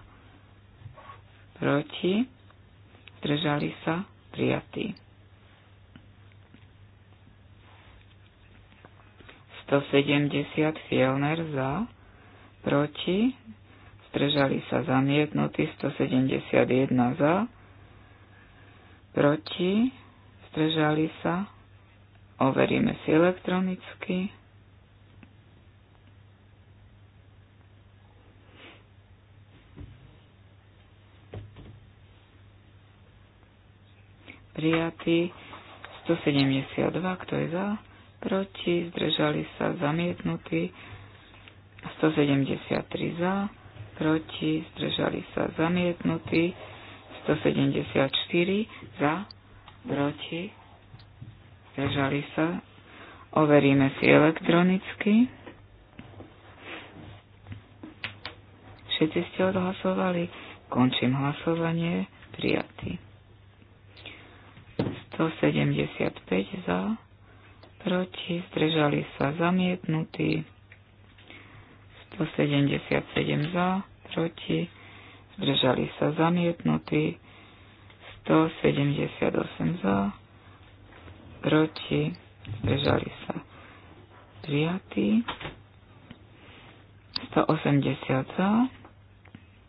proti, zdržali sa, prijatí. 170 Fielner za, proti, zdržali sa zamietnutí 171 za, proti, zdržali sa, overíme si elektronicky. Prijatý 172, kto je za, proti, zdržali sa, zamietnutý 173 za, proti, zdržali sa, zamietnutý 174 za, proti, zdržali sa, overíme si elektronicky. Všetci ste odhlasovali, končím hlasovanie, prijatý. 175 za, proti, zdržali sa zamietnutí, 177 za, proti, zdržali sa zamietnutí, 178 za, proti, zdržali sa prijatí, 180 za,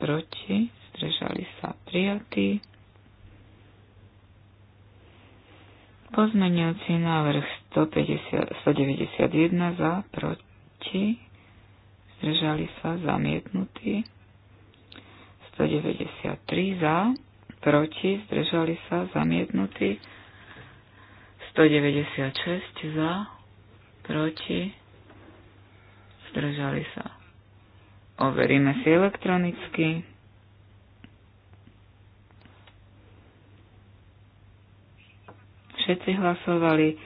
proti, zdržali sa prijatí, pozmeňujúci návrh 150, 191 za, proti, zdržali sa zamietnutí, 193 za, proti, zdržali sa, zamietnutí. 196 za, proti, zdržali sa. Overíme si elektronicky. Všetci hlasovali.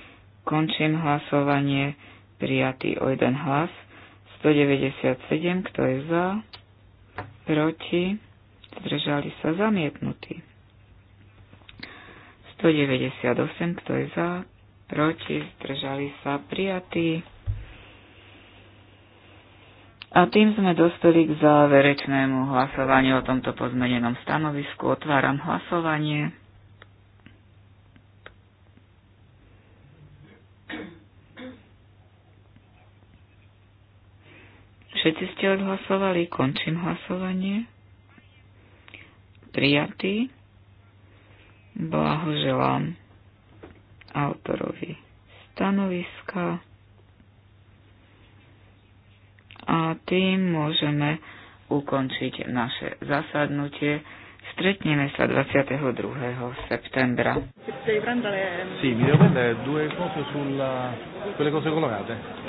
Končím hlasovanie. Prijatý o jeden hlas. 197, kto je za, proti, zdržali sa zamietnutí. 198, kto je za, proti, zdržali sa prijatí. A tým sme dospeli k záverečnému hlasovaniu o tomto pozmenenom stanovisku. Otváram hlasovanie. Všetci ste odhlasovali, končím hlasovanie prijatý. Blahoželám autorovi stanoviska. A tým môžeme ukončiť naše zasadnutie. Stretneme sa 22. septembra. Sì, mi devo prendere due cose sulla... quelle cose colorate.